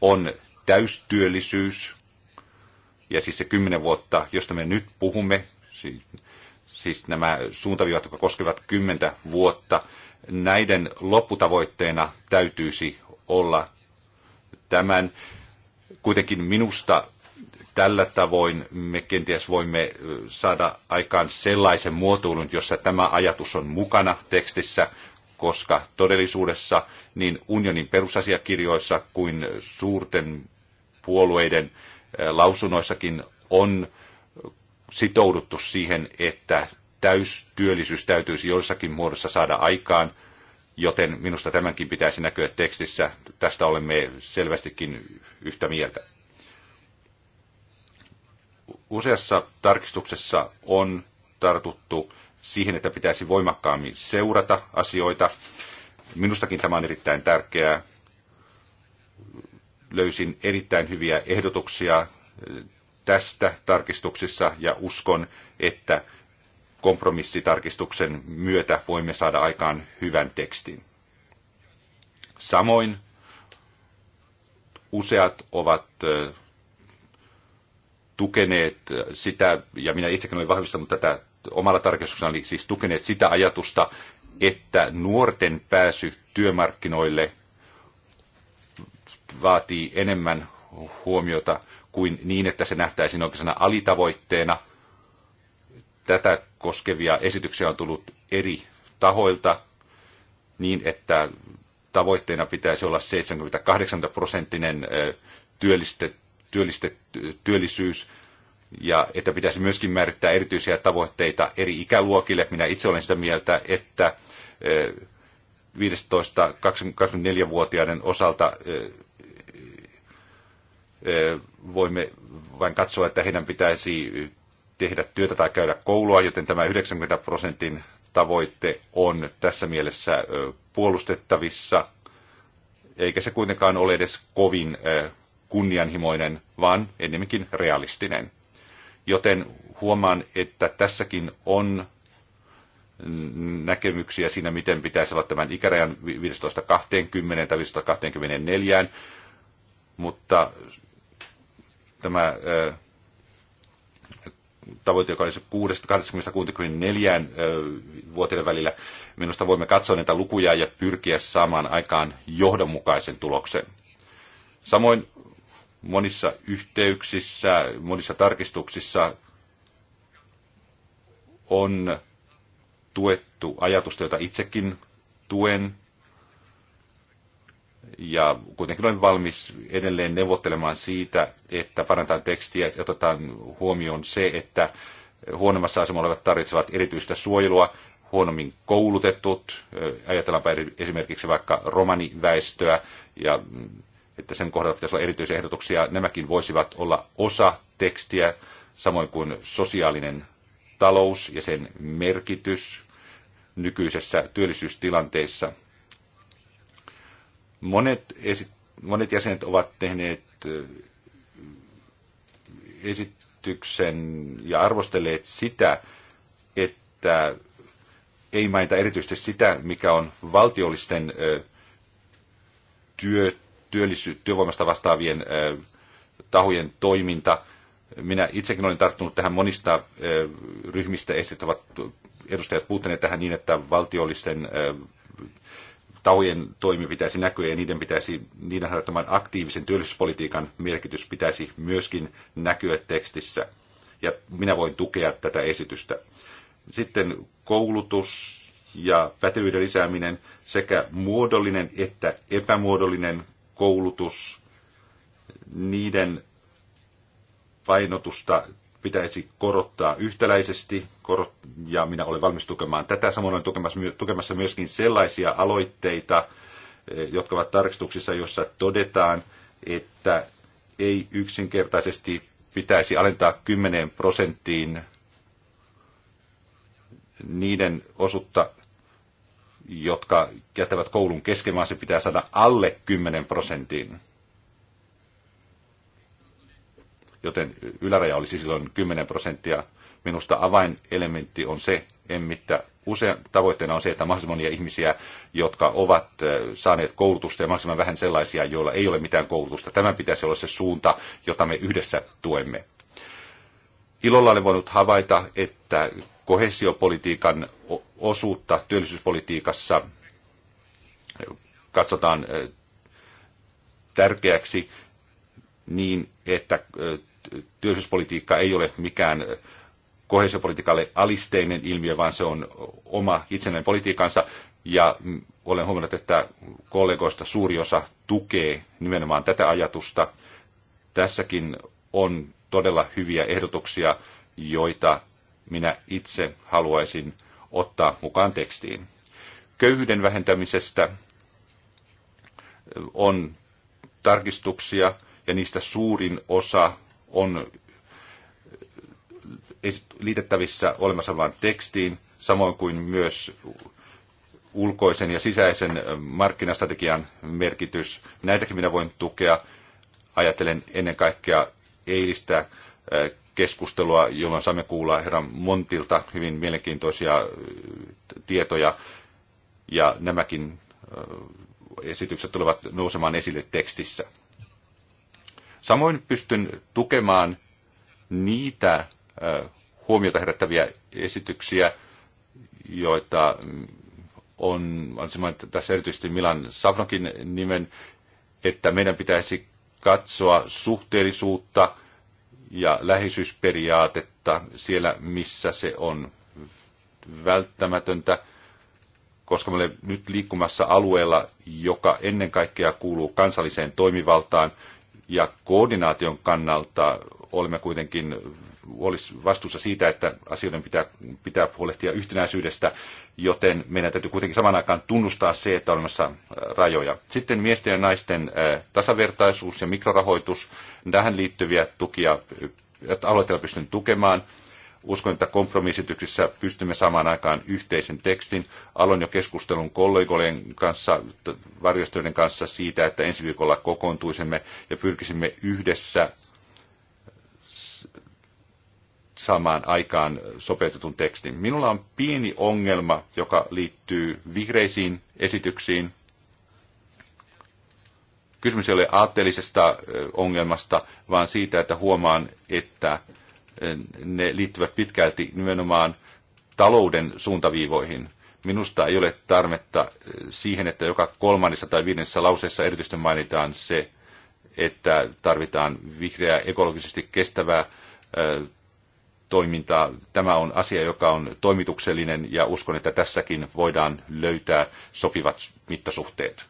Speaker 3: on täystyöllisyys, ja siis se kymmenen vuotta, josta me nyt puhumme, siis siis nämä suuntaviivat, jotka koskevat kymmentä vuotta, näiden lopputavoitteena täytyisi olla tämän. Kuitenkin minusta tällä tavoin me kenties voimme saada aikaan sellaisen muotoilun, jossa tämä ajatus on mukana tekstissä, koska todellisuudessa niin unionin perusasiakirjoissa kuin suurten puolueiden lausunnoissakin on sitouduttu siihen, että täystyöllisyys täytyisi jossakin muodossa saada aikaan, joten minusta tämänkin pitäisi näkyä tekstissä. Tästä olemme selvästikin yhtä mieltä. Useassa tarkistuksessa on tartuttu siihen, että pitäisi voimakkaammin seurata asioita. Minustakin tämä on erittäin tärkeää. Löysin erittäin hyviä ehdotuksia tästä tarkistuksissa ja uskon, että kompromissitarkistuksen myötä voimme saada aikaan hyvän tekstin. Samoin useat ovat tukeneet sitä, ja minä itsekin olen vahvistanut tätä omalla tarkistuksena, eli siis tukeneet sitä ajatusta, että nuorten pääsy työmarkkinoille vaatii enemmän huomiota kuin niin, että se nähtäisiin oikeastaan alitavoitteena. Tätä koskevia esityksiä on tullut eri tahoilta niin, että tavoitteena pitäisi olla 78 prosenttinen työllistet, työllistet, työllisyys ja että pitäisi myöskin määrittää erityisiä tavoitteita eri ikäluokille. Minä itse olen sitä mieltä, että 15-24-vuotiaiden osalta voimme vain katsoa, että heidän pitäisi tehdä työtä tai käydä koulua, joten tämä 90 prosentin tavoitte on tässä mielessä puolustettavissa, eikä se kuitenkaan ole edes kovin kunnianhimoinen, vaan ennemminkin realistinen. Joten huomaan, että tässäkin on näkemyksiä siinä, miten pitäisi olla tämän ikärajan 15-20 tai 15-24, mutta tämä tavoite, joka olisi 24 vuoteen välillä. Minusta voimme katsoa niitä lukuja ja pyrkiä saamaan aikaan johdonmukaisen tuloksen. Samoin monissa yhteyksissä, monissa tarkistuksissa on tuettu ajatusta, jota itsekin tuen, ja kuitenkin olen valmis edelleen neuvottelemaan siitä, että parantaa tekstiä ja otetaan huomioon se, että huonommassa asemassa olevat tarvitsevat erityistä suojelua, huonommin koulutetut, ajatellaanpa esimerkiksi vaikka romaniväestöä, ja mm, että sen kohdalla pitäisi olla erityisiä ehdotuksia. Nämäkin voisivat olla osa tekstiä, samoin kuin sosiaalinen talous ja sen merkitys nykyisessä työllisyystilanteessa. Monet, monet jäsenet ovat tehneet esityksen ja arvostelleet sitä, että ei mainita erityisesti sitä, mikä on valtiollisten työ, työllisy- työvoimasta vastaavien tahojen toiminta. Minä itsekin olen tarttunut tähän monista ryhmistä, esittävät ovat edustajat puuttuneet tähän niin, että valtiollisten tahojen toimi pitäisi näkyä ja niiden pitäisi, niiden harjoittaman aktiivisen työllisyyspolitiikan merkitys pitäisi myöskin näkyä tekstissä. Ja minä voin tukea tätä esitystä. Sitten koulutus ja pätevyyden lisääminen sekä muodollinen että epämuodollinen koulutus, niiden painotusta pitäisi korottaa yhtäläisesti, korot, ja minä olen valmis tukemaan tätä. Samoin olen tukemassa, tukemassa myöskin sellaisia aloitteita, eh, jotka ovat tarkistuksissa, jossa todetaan, että ei yksinkertaisesti pitäisi alentaa 10 prosenttiin niiden osuutta, jotka jättävät koulun kesken, vaan se pitää saada alle 10 prosentin joten yläraja olisi silloin 10 prosenttia. Minusta avainelementti on se, että usein tavoitteena on se, että mahdollisimman monia ihmisiä, jotka ovat saaneet koulutusta ja mahdollisimman vähän sellaisia, joilla ei ole mitään koulutusta. Tämä pitäisi olla se suunta, jota me yhdessä tuemme. Ilolla olen voinut havaita, että kohesiopolitiikan osuutta työllisyyspolitiikassa katsotaan tärkeäksi niin, että työllisyyspolitiikka ei ole mikään kohesiopolitiikalle alisteinen ilmiö, vaan se on oma itsenäinen politiikansa. Ja mm, olen huomannut, että kollegoista suuri osa tukee nimenomaan tätä ajatusta. Tässäkin on todella hyviä ehdotuksia, joita minä itse haluaisin ottaa mukaan tekstiin. Köyhyyden vähentämisestä on tarkistuksia, ja niistä suurin osa on liitettävissä olemassa vain tekstiin, samoin kuin myös ulkoisen ja sisäisen markkinastrategian merkitys. Näitäkin minä voin tukea. Ajattelen ennen kaikkea eilistä keskustelua, jolloin saamme kuulla herran Montilta hyvin mielenkiintoisia tietoja. Ja nämäkin esitykset tulevat nousemaan esille tekstissä. Samoin pystyn tukemaan niitä huomiota herättäviä esityksiä, joita mm, on, tässä erityisesti Milan Savnokin nimen, että meidän pitäisi katsoa suhteellisuutta ja läheisyysperiaatetta siellä, missä se on välttämätöntä, koska me olemme nyt liikkumassa alueella, joka ennen kaikkea kuuluu kansalliseen toimivaltaan, ja koordinaation kannalta olemme kuitenkin vastuussa siitä, että asioiden pitää, pitää huolehtia yhtenäisyydestä, joten meidän täytyy kuitenkin saman aikaan tunnustaa se, että on olemassa rajoja. Sitten miesten ja naisten tasavertaisuus ja mikrorahoitus, tähän liittyviä tukia, että aloitteella pystyn tukemaan. Uskon, että kompromissityksissä pystymme saamaan aikaan yhteisen tekstin. Aloin jo keskustelun kollegojen kanssa, varjostoiden kanssa siitä, että ensi viikolla kokoontuisimme ja pyrkisimme yhdessä saamaan aikaan sopeutetun tekstin. Minulla on pieni ongelma, joka liittyy vihreisiin esityksiin. Kysymys ei ole aatteellisesta ongelmasta, vaan siitä, että huomaan, että ne liittyvät pitkälti nimenomaan talouden suuntaviivoihin. Minusta ei ole tarvetta eh, siihen, että joka kolmannessa tai viidennessä lauseessa erityisesti mainitaan se, että tarvitaan vihreää ekologisesti kestävää eh, toimintaa. Tämä on asia, joka on toimituksellinen ja uskon, että tässäkin voidaan löytää sopivat mittasuhteet.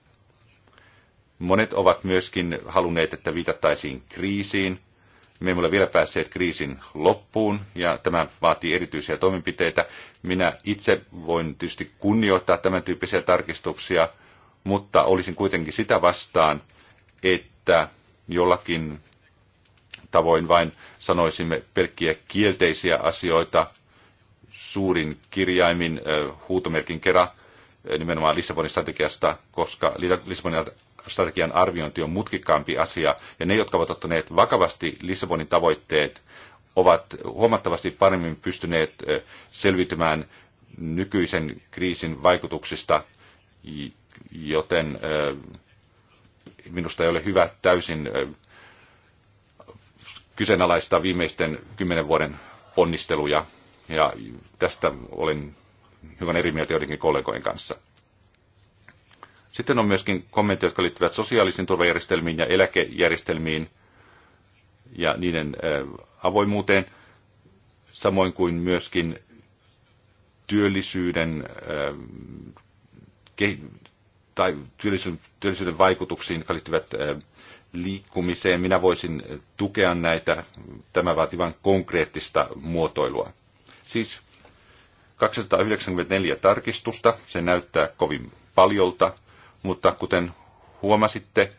Speaker 3: Monet ovat myöskin halunneet, että viitattaisiin kriisiin. Me emme ole vielä päässeet kriisin loppuun ja tämä vaatii erityisiä toimenpiteitä. Minä itse voin tietysti kunnioittaa tämän tyyppisiä tarkistuksia, mutta olisin kuitenkin sitä vastaan, että jollakin tavoin vain sanoisimme pelkkiä kielteisiä asioita suurin kirjaimin huutomerkin kerran nimenomaan Lissabonin strategiasta, koska Lissabonin strategian arviointi on mutkikkaampi asia, ja ne, jotka ovat ottaneet vakavasti Lissabonin tavoitteet, ovat huomattavasti paremmin pystyneet selviytymään nykyisen kriisin vaikutuksista, joten minusta ei ole hyvä täysin kyseenalaistaa viimeisten kymmenen vuoden ponnisteluja, ja tästä olen hyvän eri mieltä joidenkin kollegojen kanssa. Sitten on myöskin kommentteja, jotka liittyvät sosiaalisiin turvajärjestelmiin ja eläkejärjestelmiin ja niiden avoimuuteen, samoin kuin myöskin työllisyyden, tai työllisyyden, työllisyyden vaikutuksiin, jotka liittyvät liikkumiseen. Minä voisin tukea näitä. Tämä vaatii vain konkreettista muotoilua. Siis 294 tarkistusta, se näyttää kovin paljolta mutta kuten huomasitte,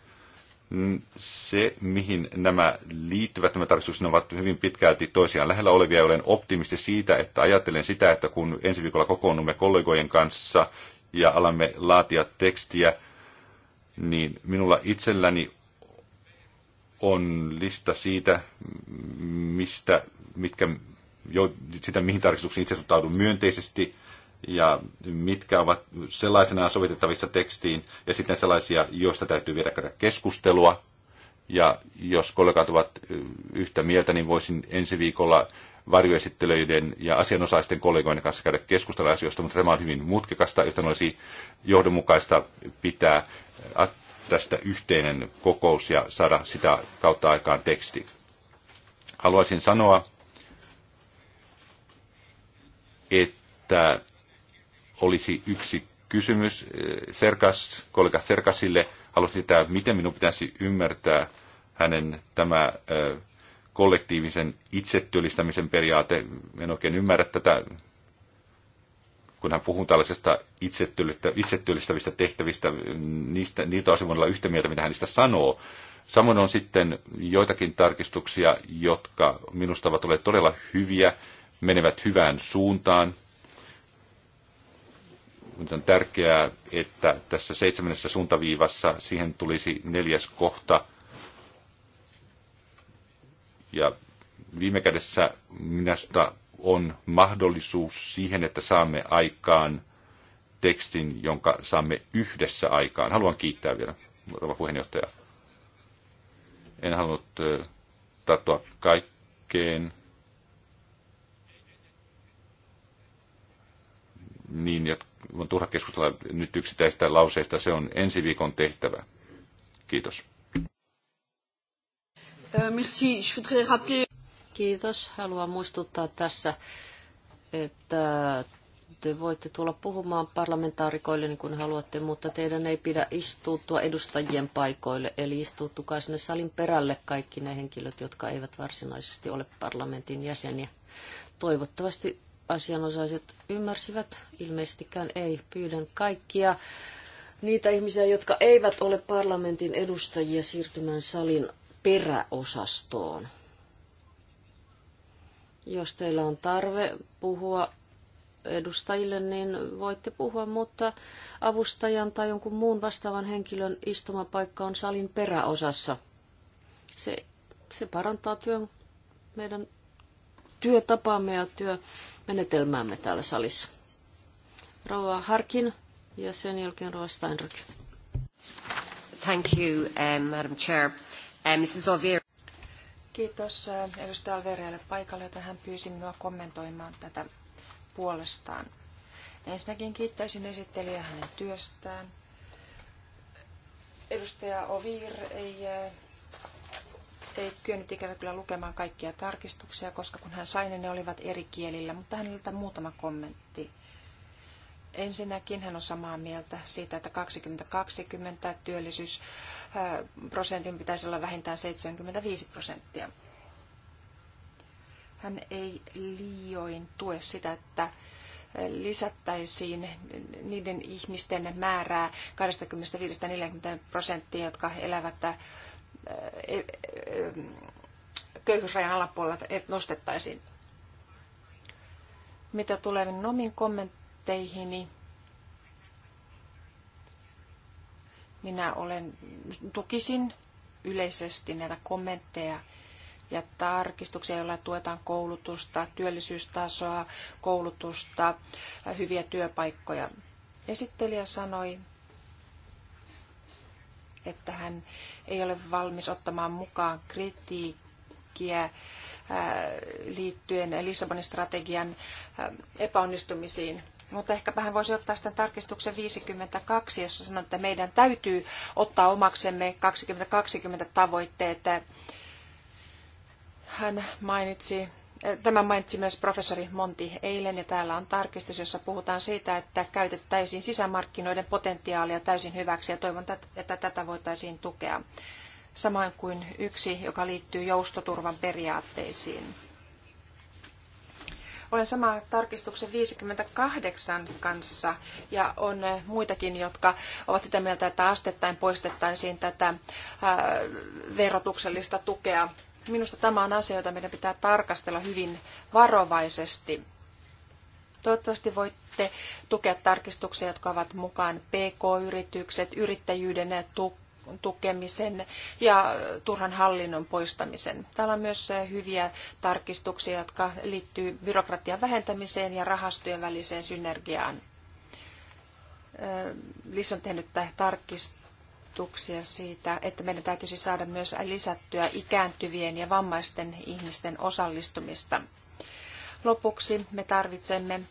Speaker 3: se, mihin nämä liittyvät, nämä tarkistukset ovat hyvin pitkälti toisiaan lähellä olevia. Olen optimisti siitä, että ajattelen sitä, että kun ensi viikolla kokoonnumme kollegojen kanssa ja alamme laatia tekstiä, niin minulla itselläni on lista siitä, mistä, mitkä, jo, sitä, mihin tarkistuksiin itse suhtaudun myönteisesti – ja mitkä ovat sellaisenaan sovitettavissa tekstiin, ja sitten sellaisia, joista täytyy vielä käydä keskustelua. Ja jos kollegat ovat yhtä mieltä, niin voisin ensi viikolla varjoesittelyiden ja asianosaisten kollegoiden kanssa käydä keskustelua asioista, mutta tämä on hyvin mutkikasta, joten olisi johdonmukaista pitää tästä yhteinen kokous ja saada sitä kautta aikaan teksti. Haluaisin sanoa, että olisi yksi kysymys Serkas, kollega Serkasille. Haluaisin sitä, miten minun pitäisi ymmärtää hänen tämä kollektiivisen itsetyöllistämisen periaate. En oikein ymmärrä tätä, kun hän puhuu tällaisesta itsetyöllistävistä tehtävistä, niistä, niiltä osin olla yhtä mieltä, mitä hän niistä sanoo. Samoin on sitten joitakin tarkistuksia, jotka minusta ovat olleet todella hyviä, menevät hyvään suuntaan. Nyt on tärkeää, että tässä seitsemännessä suuntaviivassa siihen tulisi neljäs kohta. Ja viime kädessä minusta on mahdollisuus siihen, että saamme aikaan tekstin, jonka saamme yhdessä aikaan. Haluan kiittää vielä, rouva puheenjohtaja. En halunnut tarttua kaikkeen. Niin, jotka on turha keskustella nyt yksittäistä lauseista. Se on ensi viikon tehtävä. Kiitos.
Speaker 1: Äh, Kiitos. Haluan muistuttaa tässä, että te voitte tulla puhumaan parlamentaarikoille niin kuin haluatte, mutta teidän ei pidä istuutua edustajien paikoille. Eli istuuttukaa sinne salin perälle kaikki ne henkilöt, jotka eivät varsinaisesti ole parlamentin jäseniä. Toivottavasti asianosaiset ymmärsivät? Ilmeisestikään ei. Pyydän kaikkia niitä ihmisiä, jotka eivät ole parlamentin edustajia siirtymään salin peräosastoon. Jos teillä on tarve puhua edustajille, niin voitte puhua, mutta avustajan tai jonkun muun vastaavan henkilön istumapaikka on salin peräosassa. Se, se parantaa työn, meidän työtapaamme ja työmenetelmäämme täällä salissa. Rouva Harkin ja sen jälkeen Rouva Steinrück. Thank you, um,
Speaker 2: Madam Chair. Um, Mrs. Alvier.
Speaker 5: Kiitos uh, edustaja Alverialle paikalle, jota hän pyysi minua kommentoimaan tätä puolestaan. Ensinnäkin kiittäisin esittelijää hänen työstään. Edustaja Ovir ei uh, nyt ei kyennyt ikävä kyllä lukemaan kaikkia tarkistuksia, koska kun hän sai ne, niin ne olivat eri kielillä, mutta häneltä muutama kommentti. Ensinnäkin hän on samaa mieltä siitä, että 2020 työllisyysprosentin pitäisi olla vähintään 75 prosenttia. Hän ei liioin tue sitä, että lisättäisiin niiden ihmisten määrää 25-40 prosenttia, jotka elävät köyhyysrajan alapuolella nostettaisiin. Mitä tulee minun omiin kommentteihini, minä olen, tukisin yleisesti näitä kommentteja ja tarkistuksia, joilla tuetaan koulutusta, työllisyystasoa, koulutusta, hyviä työpaikkoja. Esittelijä sanoi, että hän ei ole valmis ottamaan mukaan kritiikkiä äh, liittyen Lissabonin strategian äh, epäonnistumisiin. Mutta ehkäpä hän voisi ottaa sitten tarkistuksen 52, jossa sanoo, että meidän täytyy ottaa omaksemme 2020 tavoitteet. Hän mainitsi Eh, Tämän mainitsi myös professori Monti eilen ja täällä on tarkistus, jossa puhutaan siitä, että käytettäisiin sisämarkkinoiden potentiaalia täysin hyväksi ja toivon, että tätä voitaisiin tukea. Samoin kuin yksi, joka liittyy joustoturvan periaatteisiin. Olen sama tarkistuksen 58 kanssa ja on eh, muitakin, jotka ovat sitä mieltä, että astettain poistettaisiin tätä verotuksellista tukea Minusta tämä on asia, jota meidän pitää tarkastella hyvin varovaisesti. Toivottavasti voitte tukea tarkistuksia, jotka ovat mukaan PK-yritykset, yrittäjyyden tukemisen ja turhan hallinnon poistamisen. Täällä on myös hyviä tarkistuksia, jotka liittyvät byrokratian vähentämiseen ja rahastojen väliseen synergiaan. Lis on tehnyt tarkistuksia ajatuksia siitä, että meidän täytyisi saada myös lisättyä ikääntyvien ja vammaisten ihmisten osallistumista. Lopuksi me tarvitsemme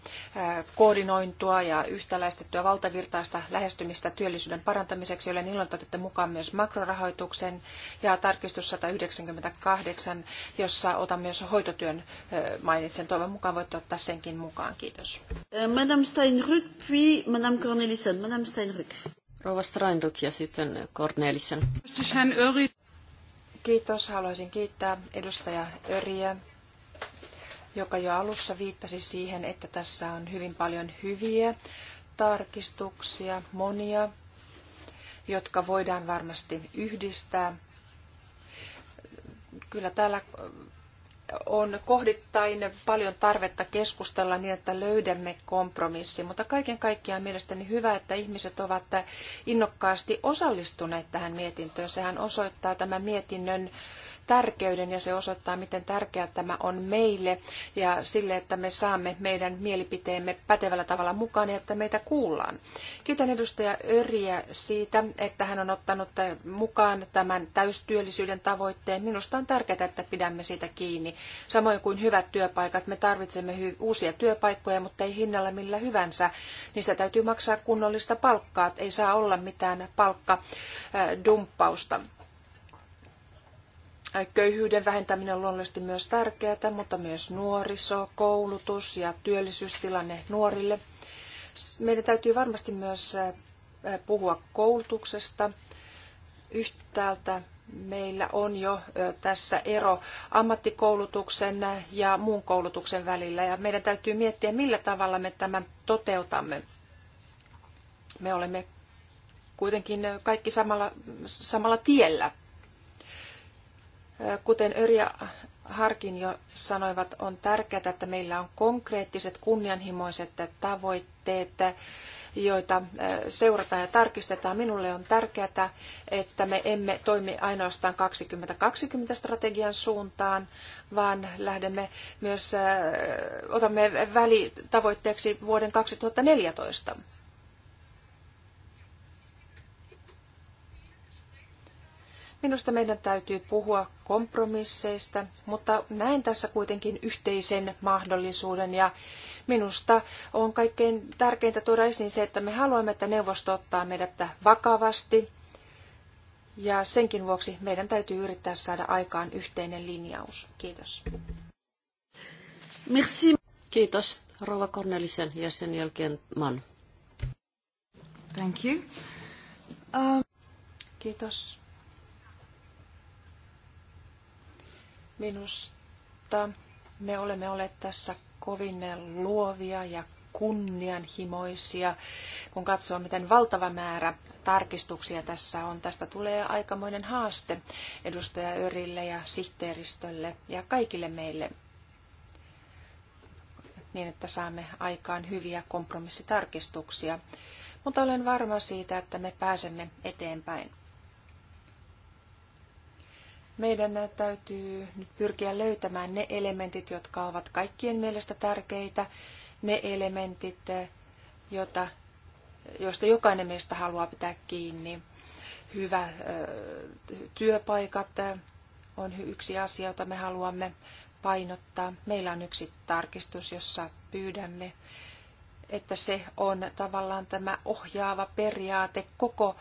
Speaker 5: koordinointua ja yhtäläistettyä valtavirtaista lähestymistä työllisyyden parantamiseksi, jolle ilon otatte mukaan myös makrorahoituksen ja tarkistus 198, jossa otan myös hoitotyön
Speaker 1: mainitsen. Toivon mukaan voitte ottaa senkin mukaan. Kiitos. Madame Steinrück, puis Madame Cornelissen. Madame Steinrück. Rova Steinruck ja sitten Cornelissen.
Speaker 5: Kiitos. Haluaisin kiittää edustaja Öriä, joka jo alussa viittasi siihen, että tässä on hyvin paljon hyviä tarkistuksia, monia, jotka voidaan varmasti yhdistää. Kyllä täällä on kohdittain paljon tarvetta keskustella niin, että löydämme kompromissi, mutta kaiken kaikkiaan mielestäni hyvä, että ihmiset ovat innokkaasti osallistuneet tähän mietintöön. Sehän osoittaa tämän mietinnön äh, tärkeyden ja se osoittaa, miten tärkeää tämä on meille ja sille, että me saamme meidän mielipiteemme pätevällä tavalla mukaan ja että meitä kuullaan. Kiitän edustaja Öriä siitä, että hän on ottanut mukaan tämän täystyöllisyyden tavoitteen. Minusta on tärkeää, että pidämme siitä kiinni. Samoin kuin hyvät työpaikat, me tarvitsemme uusia työpaikkoja, mutta ei hinnalla millä hyvänsä. Niistä täytyy maksaa kunnollista palkkaa, ei saa olla mitään palkkadumppausta. Köyhyyden vähentäminen on luonnollisesti myös tärkeää, mutta myös nuoriso, koulutus ja työllisyystilanne nuorille. Meidän täytyy varmasti myös puhua koulutuksesta. Yhtäältä meillä on jo tässä ero ammattikoulutuksen ja muun koulutuksen välillä ja meidän täytyy miettiä, millä tavalla me tämän toteutamme. Me olemme kuitenkin kaikki samalla, samalla tiellä Kuten Örja Harkin jo sanoivat, on tärkeää, että meillä on konkreettiset kunnianhimoiset tavoitteet, joita seurataan ja tarkistetaan. Minulle on tärkeää, että me emme toimi ainoastaan 2020-strategian suuntaan, vaan lähdemme myös, otamme välitavoitteeksi vuoden 2014. Minusta meidän täytyy puhua kompromisseista, mutta näen tässä kuitenkin yhteisen mahdollisuuden ja minusta on kaikkein tärkeintä tuoda esiin se, että me haluamme, että neuvosto ottaa meidät vakavasti ja senkin vuoksi meidän täytyy yrittää saada aikaan yhteinen linjaus. Kiitos.
Speaker 1: Merci. Kiitos. Rova Cornelisen ja sen jälkeen Man. Thank you. Um... Kiitos.
Speaker 5: Minusta me olemme olleet tässä kovin luovia ja kunnianhimoisia, kun katsoo, miten valtava määrä tarkistuksia tässä on. Tästä tulee aikamoinen haaste edustaja Örille ja sihteeristölle ja kaikille meille niin, että saamme aikaan hyviä kompromissitarkistuksia. Mutta olen varma siitä, että me pääsemme eteenpäin. Meidän täytyy nyt pyrkiä löytämään ne elementit, jotka ovat kaikkien mielestä tärkeitä, ne elementit, joita, joista jokainen meistä haluaa pitää kiinni. Hyvä työpaikat on yksi asia, jota me haluamme painottaa. Meillä on yksi tarkistus, jossa pyydämme, että se on tavallaan tämä ohjaava periaate koko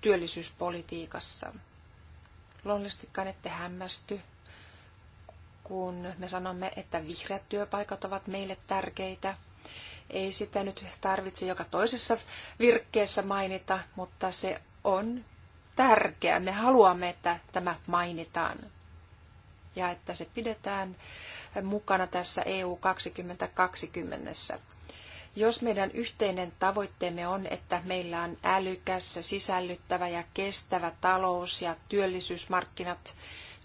Speaker 5: työllisyyspolitiikassa luonnollisestikaan ette hämmästy, kun me sanomme, että vihreät työpaikat ovat meille tärkeitä. Ei sitä nyt tarvitse joka toisessa virkkeessä mainita, mutta se on tärkeää. Me haluamme, että tämä mainitaan ja että se pidetään mukana tässä EU 2020. Jos meidän yhteinen tavoitteemme on, että meillä on älykäs, sisällyttävä ja kestävä talous ja työllisyysmarkkinat,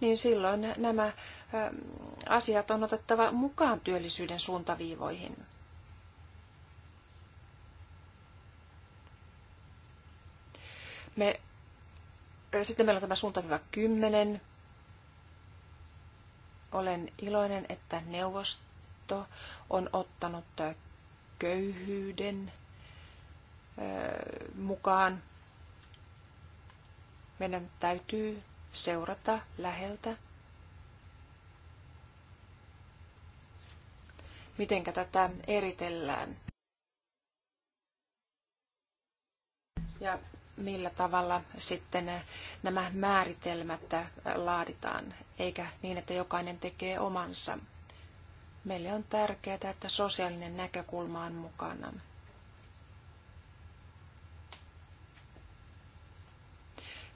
Speaker 5: niin silloin nämä ähm, asiat on otettava mukaan työllisyyden suuntaviivoihin. Me, äh, sitten meillä on tämä suuntaviiva 10. Olen iloinen, että neuvosto on ottanut äh, köyhyyden mukaan. Meidän täytyy seurata läheltä, miten tätä eritellään ja millä tavalla sitten nämä määritelmät laaditaan, eikä niin, että jokainen tekee omansa. Meille on tärkeää, että sosiaalinen näkökulma on mukana.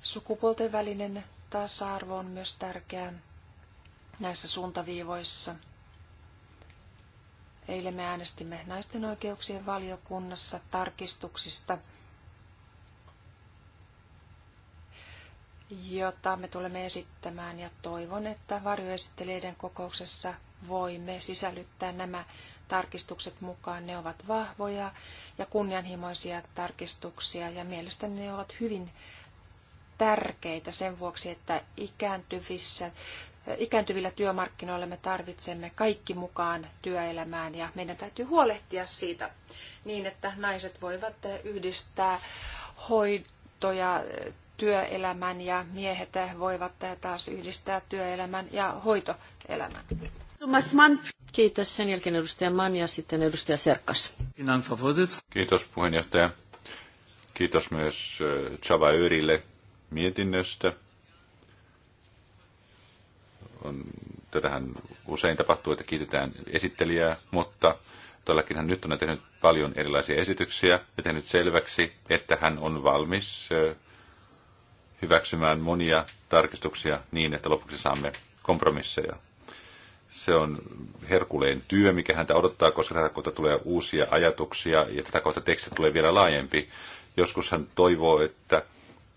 Speaker 5: Sukupuolten välinen tasa-arvo on myös tärkeää näissä suuntaviivoissa. Eilen me äänestimme naisten oikeuksien valiokunnassa tarkistuksista – jota me tulemme esittämään ja toivon, että varjoesittelijöiden kokouksessa voimme sisällyttää nämä tarkistukset mukaan. Ne ovat vahvoja ja kunnianhimoisia tarkistuksia ja mielestäni ne ovat hyvin tärkeitä sen vuoksi, että ikääntyvissä, ikääntyvillä työmarkkinoilla me tarvitsemme kaikki mukaan työelämään ja meidän täytyy huolehtia siitä niin, että naiset voivat yhdistää hoitoja työelämän ja miehet voivat taas yhdistää työelämän ja hoitoelämän.
Speaker 1: Kiitos. Sen jälkeen edustaja Mann ja sitten edustaja Serkas.
Speaker 3: Kiitos puheenjohtaja. Kiitos myös äh, Chava Yrille mietinnöstä. On, tätähän usein tapahtuu, että kiitetään esittelijää, mutta todellakin hän nyt on tehnyt paljon erilaisia esityksiä ja tehnyt selväksi, että hän on valmis äh, hyväksymään monia tarkistuksia niin, että lopuksi saamme kompromisseja. Se on herkuleen työ, mikä häntä odottaa, koska tätä kautta tulee uusia ajatuksia ja tätä kautta teksti tulee vielä laajempi. Joskus hän toivoo, että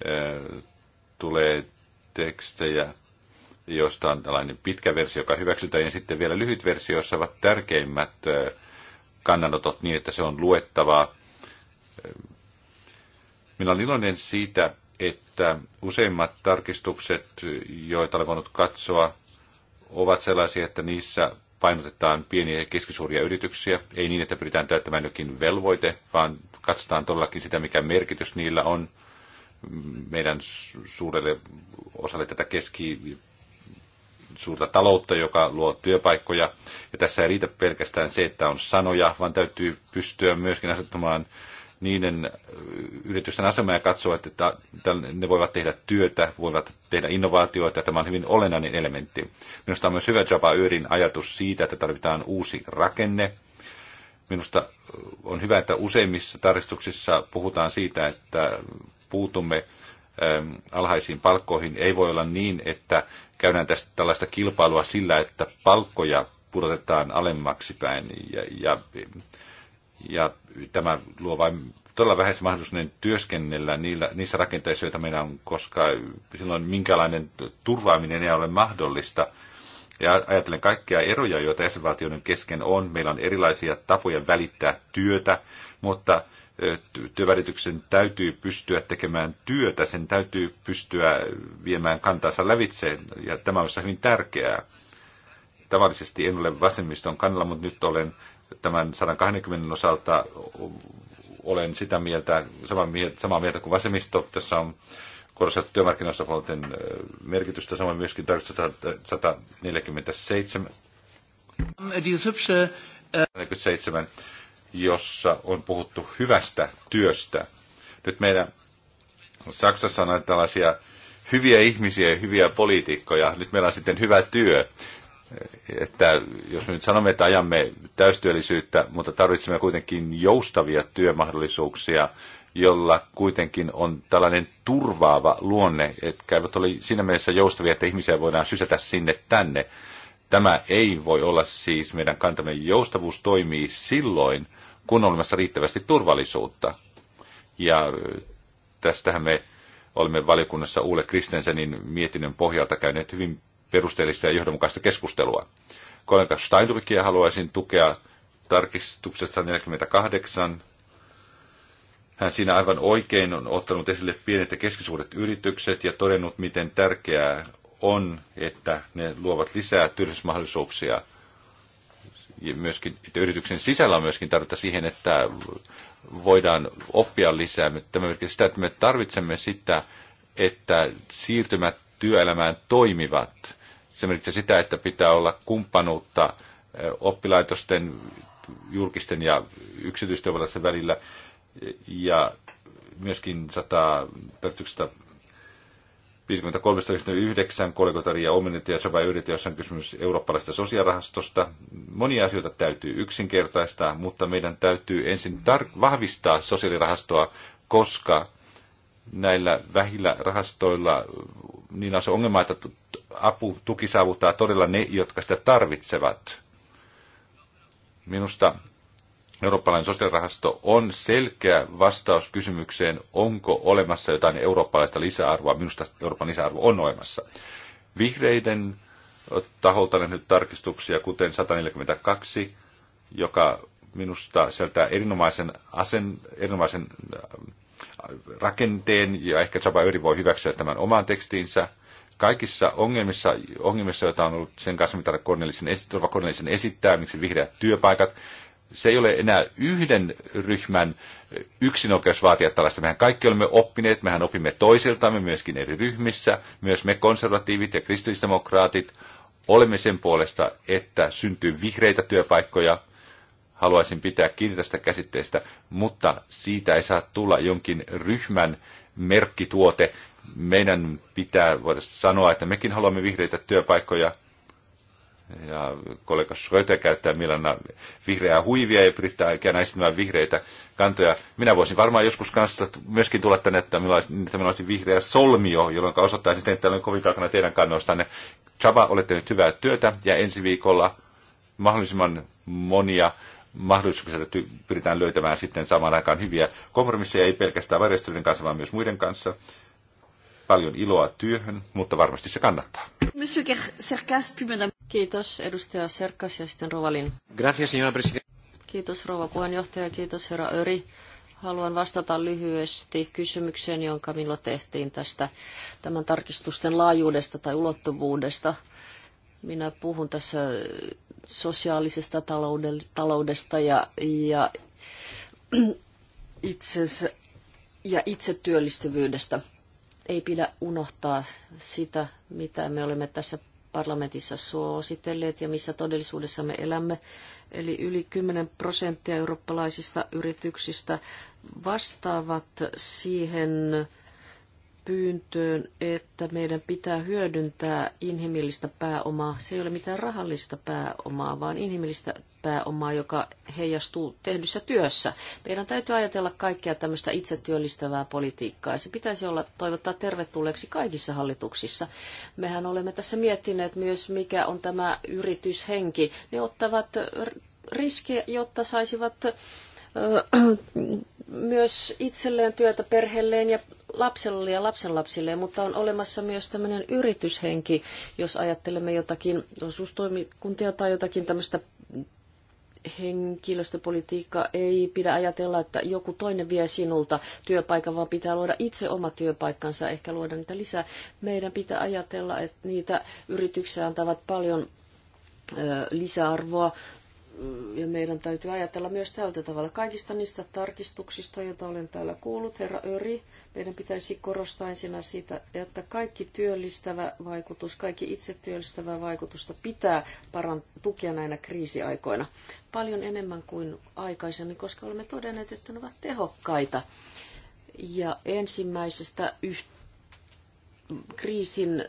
Speaker 3: eh, tulee tekstejä, josta on tällainen pitkä versio, joka hyväksytään, ja sitten vielä lyhyt versio, jossa ovat tärkeimmät eh, kannanotot niin, että se on luettavaa. Minä olen iloinen siitä, että useimmat tarkistukset, joita olen voinut katsoa, ovat sellaisia, että niissä painotetaan pieniä ja keskisuuria yrityksiä. Ei niin, että pyritään täyttämään jokin velvoite, vaan katsotaan todellakin sitä, mikä merkitys niillä on meidän suurelle osalle tätä keski suurta taloutta, joka luo työpaikkoja. Ja tässä ei riitä pelkästään se, että on sanoja, vaan täytyy pystyä myöskin asettamaan niiden yritysten asemaa ja katsoa, että ne voivat tehdä työtä, voivat tehdä innovaatioita. Tämä on hyvin olennainen elementti. Minusta on myös hyvä Java Yrin ajatus siitä, että tarvitaan uusi rakenne. Minusta on hyvä, että useimmissa tarkistuksissa puhutaan siitä, että puutumme alhaisiin palkkoihin. Ei voi olla niin, että käydään tästä tällaista kilpailua sillä, että palkkoja pudotetaan alemmaksi päin ja, ja ja tämä luo vain todella vähäisen mahdollisuuden työskennellä niillä, niissä rakenteissa, joita meillä on, koska silloin minkälainen turvaaminen ei ole mahdollista. Ja ajatellen kaikkia eroja, joita jäsenvaltioiden kesken on, meillä on erilaisia tapoja välittää työtä, mutta työvälityksen täytyy pystyä tekemään työtä, sen täytyy pystyä viemään kantansa lävitse, ja tämä on hyvin tärkeää. Tavallisesti en ole vasemmiston kannalla, mutta nyt olen tämän 120 osalta olen sitä mieltä, samaa mieltä, samaa mieltä kuin vasemmisto. Tässä on korostettu työmarkkinoissapuolten merkitystä, samoin myöskin tarkistetaan 147. Um, jossa on puhuttu hyvästä työstä. Nyt meidän Saksassa on näitä tällaisia hyviä ihmisiä ja hyviä poliitikkoja. Nyt meillä on sitten hyvä työ että jos me nyt sanomme, että ajamme täystyöllisyyttä, mutta tarvitsemme kuitenkin joustavia työmahdollisuuksia, jolla kuitenkin on tällainen turvaava luonne, että eivät ole siinä mielessä joustavia, että ihmisiä voidaan sysätä sinne tänne. Tämä ei voi olla siis meidän kantamme. Joustavuus toimii silloin, kun on olemassa riittävästi turvallisuutta. Ja äh, tästähän me olemme valiokunnassa Uule Kristensenin mietinnön pohjalta käyneet hyvin perusteellista ja johdonmukaista keskustelua. Kollega Steinrückia haluaisin tukea tarkistuksesta 48. Hän siinä aivan oikein on ottanut esille pienet ja keskisuuret yritykset ja todennut, miten tärkeää on, että ne luovat lisää työllisyysmahdollisuuksia. Ja myöskin, että yrityksen sisällä on myöskin tarvetta siihen, että voidaan oppia lisää. Tämä merkitsee sitä, että me tarvitsemme sitä, että siirtymät työelämään toimivat. Se merkitsee sitä, että pitää olla kumppanuutta oppilaitosten, julkisten ja yksityisten välillä. Ja myöskin 100, 53.9 kollegotaria Omenity ja Saba Yritä, jossa on kysymys eurooppalaisesta sosiaalirahastosta. Monia asioita täytyy yksinkertaistaa, mutta meidän täytyy ensin tar- vahvistaa sosiaalirahastoa, koska näillä vähillä rahastoilla niillä on se ongelma, että apu, tuki saavuttaa todella ne, jotka sitä tarvitsevat. Minusta eurooppalainen sosiaalirahasto on selkeä vastaus kysymykseen, onko olemassa jotain eurooppalaista lisäarvoa. Minusta Euroopan lisäarvo on olemassa. Vihreiden taholta nyt tarkistuksia, kuten 142, joka minusta sieltä erinomaisen, asen, erinomaisen rakenteen, ja ehkä Öri voi hyväksyä tämän omaan tekstiinsä. Kaikissa ongelmissa, ongelmissa joita on ollut sen kanssa, mitä Cornelisen, Cornelisen esittää, miksi vihreät työpaikat, se ei ole enää yhden ryhmän yksinoikeus vaatia tällaista. Mehän kaikki olemme oppineet, mehän opimme toisiltamme myöskin eri ryhmissä. Myös me konservatiivit ja kristillisdemokraatit olemme sen puolesta, että syntyy vihreitä työpaikkoja, haluaisin pitää kiinni tästä käsitteestä, mutta siitä ei saa tulla jonkin ryhmän merkkituote. Meidän pitää voida sanoa, että mekin haluamme vihreitä työpaikkoja. Ja kollega Schröter käyttää millana vihreää huivia ja pyrittää ikään esittämään vihreitä kantoja. Minä voisin varmaan joskus kanssa myöskin tulla tänne, että minulla olisi, että minulla olisi vihreä solmio, jolloin osoittaisin, että olen kovin kaukana teidän kannoistanne. Chaba, olette nyt hyvää työtä ja ensi viikolla mahdollisimman monia mahdollisuuksia, että pyritään löytämään sitten samaan aikaan hyviä kompromisseja, ei pelkästään varjostelujen kanssa, vaan myös muiden kanssa. Paljon iloa työhön, mutta varmasti se kannattaa.
Speaker 1: Kiitos, edustaja Serkas ja sitten Rovalin. Kiitos, rouva puheenjohtaja, kiitos, herra Öri. Haluan vastata lyhyesti kysymykseen, jonka minulla tehtiin tästä tämän tarkistusten laajuudesta tai ulottuvuudesta. Minä puhun tässä sosiaalisesta taloudesta ja, ja, itsensä, ja itsetyöllistyvyydestä. Ei pidä unohtaa sitä, mitä me olemme tässä parlamentissa suositelleet ja missä todellisuudessa me elämme. Eli yli 10 prosenttia eurooppalaisista yrityksistä vastaavat siihen pyyntöön, että meidän pitää hyödyntää inhimillistä pääomaa. Se ei ole mitään rahallista pääomaa, vaan inhimillistä pääomaa, joka heijastuu tehdyssä työssä. Meidän täytyy ajatella kaikkea tämmöistä itsetyöllistävää politiikkaa. Se pitäisi olla toivottaa tervetulleeksi kaikissa hallituksissa. Mehän olemme tässä miettineet myös, mikä on tämä yrityshenki. Ne ottavat riskejä, jotta saisivat myös itselleen työtä perheelleen ja lapselle ja lapsenlapsille, mutta on olemassa myös tämmöinen yrityshenki, jos ajattelemme jotakin osuustoimikuntia tai jotakin tämmöistä henkilöstöpolitiikka ei pidä ajatella, että joku toinen vie sinulta työpaikan, vaan pitää luoda itse oma työpaikkansa, ehkä luoda niitä lisää. Meidän pitää ajatella, että niitä yrityksiä antavat paljon lisäarvoa ja meidän täytyy ajatella myös tältä tavalla. Kaikista niistä tarkistuksista, joita olen täällä kuullut, herra Öri, meidän pitäisi korostaa ensin sitä, että kaikki työllistävä vaikutus, kaikki itse työllistävää vaikutusta pitää parant- tukea näinä kriisiaikoina paljon enemmän kuin aikaisemmin, koska olemme todenneet, että ne ovat tehokkaita. Ja ensimmäisestä yhteydestä kriisin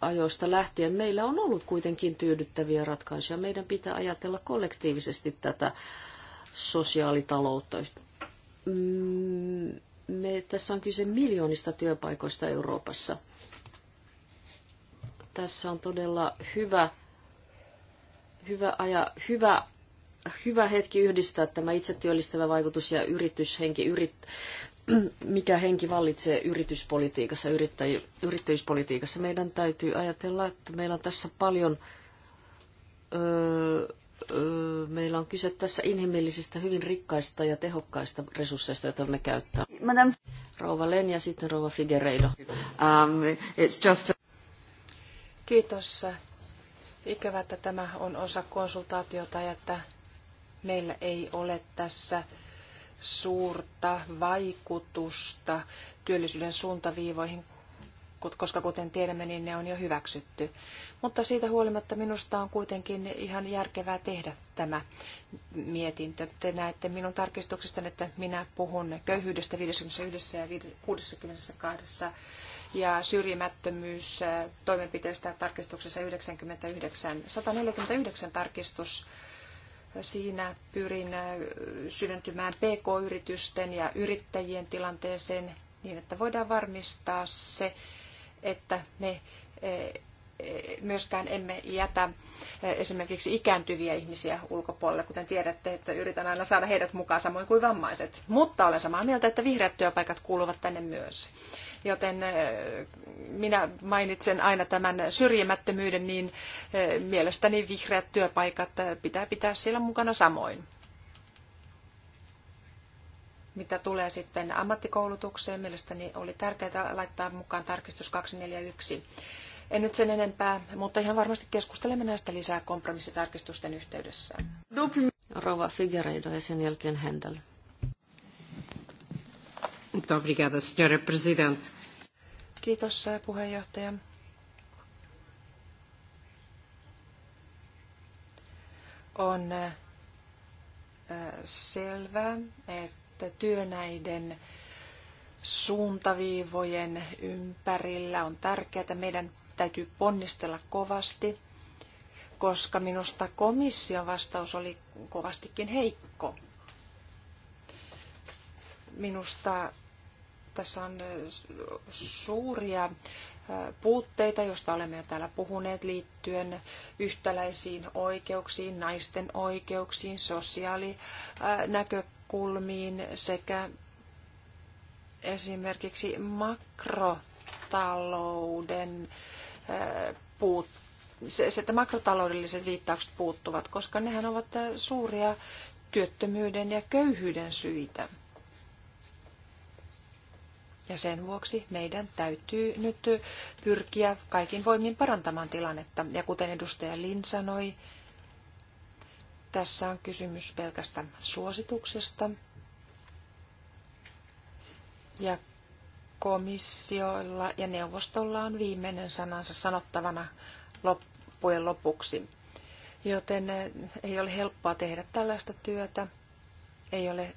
Speaker 1: ajoista lähtien meillä on ollut kuitenkin tyydyttäviä ratkaisuja. Meidän pitää ajatella kollektiivisesti tätä sosiaalitaloutta. Mm, me, tässä on kyse miljoonista työpaikoista Euroopassa. Tässä on todella hyvä, hyvä, aja, hyvä hyvä hetki yhdistää tämä itsetyöllistävä vaikutus ja yrityshenki, yrit, mikä henki vallitsee yrityspolitiikassa, yrittäji, yrittäjyyspolitiikassa. Meidän täytyy ajatella, että meillä on tässä paljon, öö, öö, meillä on kyse tässä inhimillisistä, hyvin rikkaista ja tehokkaista resursseista, joita me käyttää. Madam. Rouva Len ja sitten rouva Figueiredo. Um, it's just a... Kiitos.
Speaker 5: Ikävä, että tämä on osa
Speaker 1: konsultaatiota
Speaker 5: ja että meillä ei ole tässä suurta vaikutusta työllisyyden suuntaviivoihin, koska kuten tiedämme, niin ne on jo hyväksytty. Mutta siitä huolimatta minusta on kuitenkin ihan järkevää tehdä tämä mietintö. Te näette minun tarkistuksestani, että minä puhun köyhyydestä 51 ja 62 ja syrjimättömyys toimenpiteestä tarkistuksessa 99, 149 tarkistus Siinä pyrin syventymään pk-yritysten ja yrittäjien tilanteeseen niin, että voidaan varmistaa se, että me myöskään emme jätä esimerkiksi ikääntyviä ihmisiä ulkopuolelle, kuten tiedätte, että yritän aina saada heidät mukaan samoin kuin vammaiset. Mutta olen samaa mieltä, että vihreät työpaikat kuuluvat tänne myös joten eh, minä mainitsen aina tämän syrjimättömyyden, niin eh, mielestäni vihreät työpaikat eh, pitää pitää siellä mukana samoin. Mitä tulee sitten ammattikoulutukseen, mielestäni oli tärkeää laittaa mukaan tarkistus 241. En nyt sen enempää, mutta ihan varmasti keskustelemme näistä lisää kompromissitarkistusten yhteydessä.
Speaker 1: Rova Figueiredo ja sen jälkeen Händel. Muito
Speaker 5: Kiitos eh, puheenjohtaja. On eh, eh, selvää, että työ näiden suuntaviivojen ympärillä on tärkeää. Meidän täytyy ponnistella kovasti, koska minusta komission vastaus oli kovastikin heikko. Minusta tässä on suuria puutteita, joista olemme jo täällä puhuneet liittyen yhtäläisiin oikeuksiin, naisten oikeuksiin, sosiaalinäkökulmiin sekä esimerkiksi makrotalouden puut, se, se, että makrotaloudelliset viittaukset puuttuvat, koska nehän ovat suuria työttömyyden ja köyhyyden syitä. Ja sen vuoksi meidän täytyy nyt pyrkiä kaikin voimin parantamaan tilannetta. Ja kuten edustaja Lin sanoi, tässä on kysymys pelkästä suosituksesta. Ja komissioilla ja neuvostolla on viimeinen sanansa sanottavana loppujen lopuksi. Joten eh, ei ole helppoa tehdä tällaista työtä. Ei ole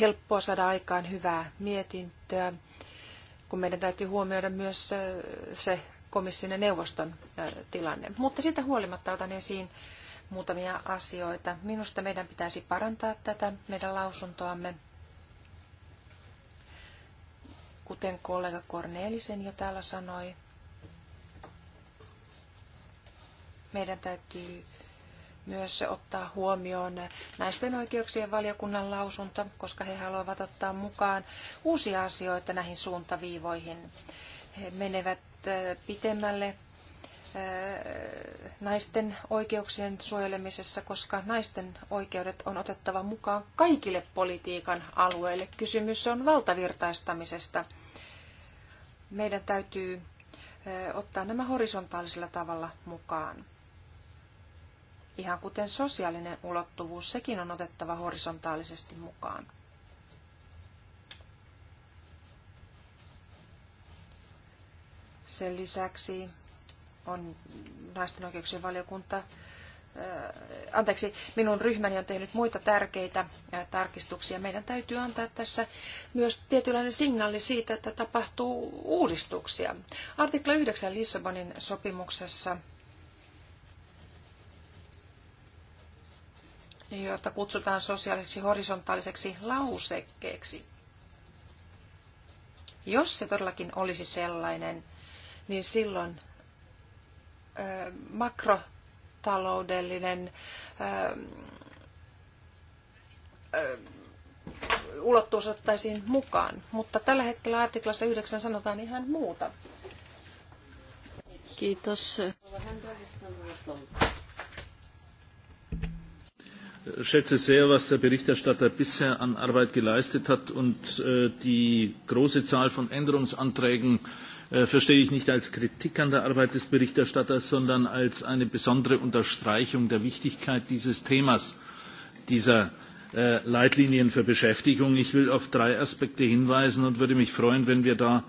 Speaker 5: helppoa saada aikaan hyvää mietintöä, kun meidän täytyy huomioida myös äh, se komission ja neuvoston äh, tilanne. Mutta siitä huolimatta otan esiin muutamia asioita. Minusta meidän pitäisi parantaa tätä meidän lausuntoamme, kuten kollega Kornelisen jo täällä sanoi. Meidän täytyy myös ottaa huomioon naisten oikeuksien valiokunnan lausunto, koska he haluavat ottaa mukaan uusia asioita näihin suuntaviivoihin. He menevät pitemmälle naisten oikeuksien suojelemisessa, koska naisten oikeudet on otettava mukaan kaikille politiikan alueille. Kysymys on valtavirtaistamisesta. Meidän täytyy ottaa nämä horisontaalisella tavalla mukaan. Ihan kuten sosiaalinen ulottuvuus, sekin on otettava horisontaalisesti mukaan. Sen lisäksi on naisten oikeuksien valiokunta, anteeksi, minun ryhmäni on tehnyt muita tärkeitä tarkistuksia. Meidän täytyy antaa tässä myös tietynlainen signaali siitä, että tapahtuu uudistuksia. Artikla 9 Lissabonin sopimuksessa – jota kutsutaan sosiaaliseksi horisontaaliseksi lausekkeeksi. Jos se todellakin olisi sellainen, niin silloin ö, makrotaloudellinen ö, ö, ulottuus ottaisiin mukaan. Mutta tällä hetkellä artiklassa 9 sanotaan ihan muuta.
Speaker 1: Kiitos
Speaker 2: schätze sehr, was der Berichterstatter bisher an Arbeit geleistet hat und äh, die große Zahl von Änderungsanträgen äh, verstehe ich nicht als Kritik an der Arbeit des Berichterstatters, sondern als eine besondere Unterstreichung der Wichtigkeit dieses Themas, dieser äh, Leitlinien für Beschäftigung. Ich will auf drei Aspekte hinweisen und würde mich freuen, wenn wir da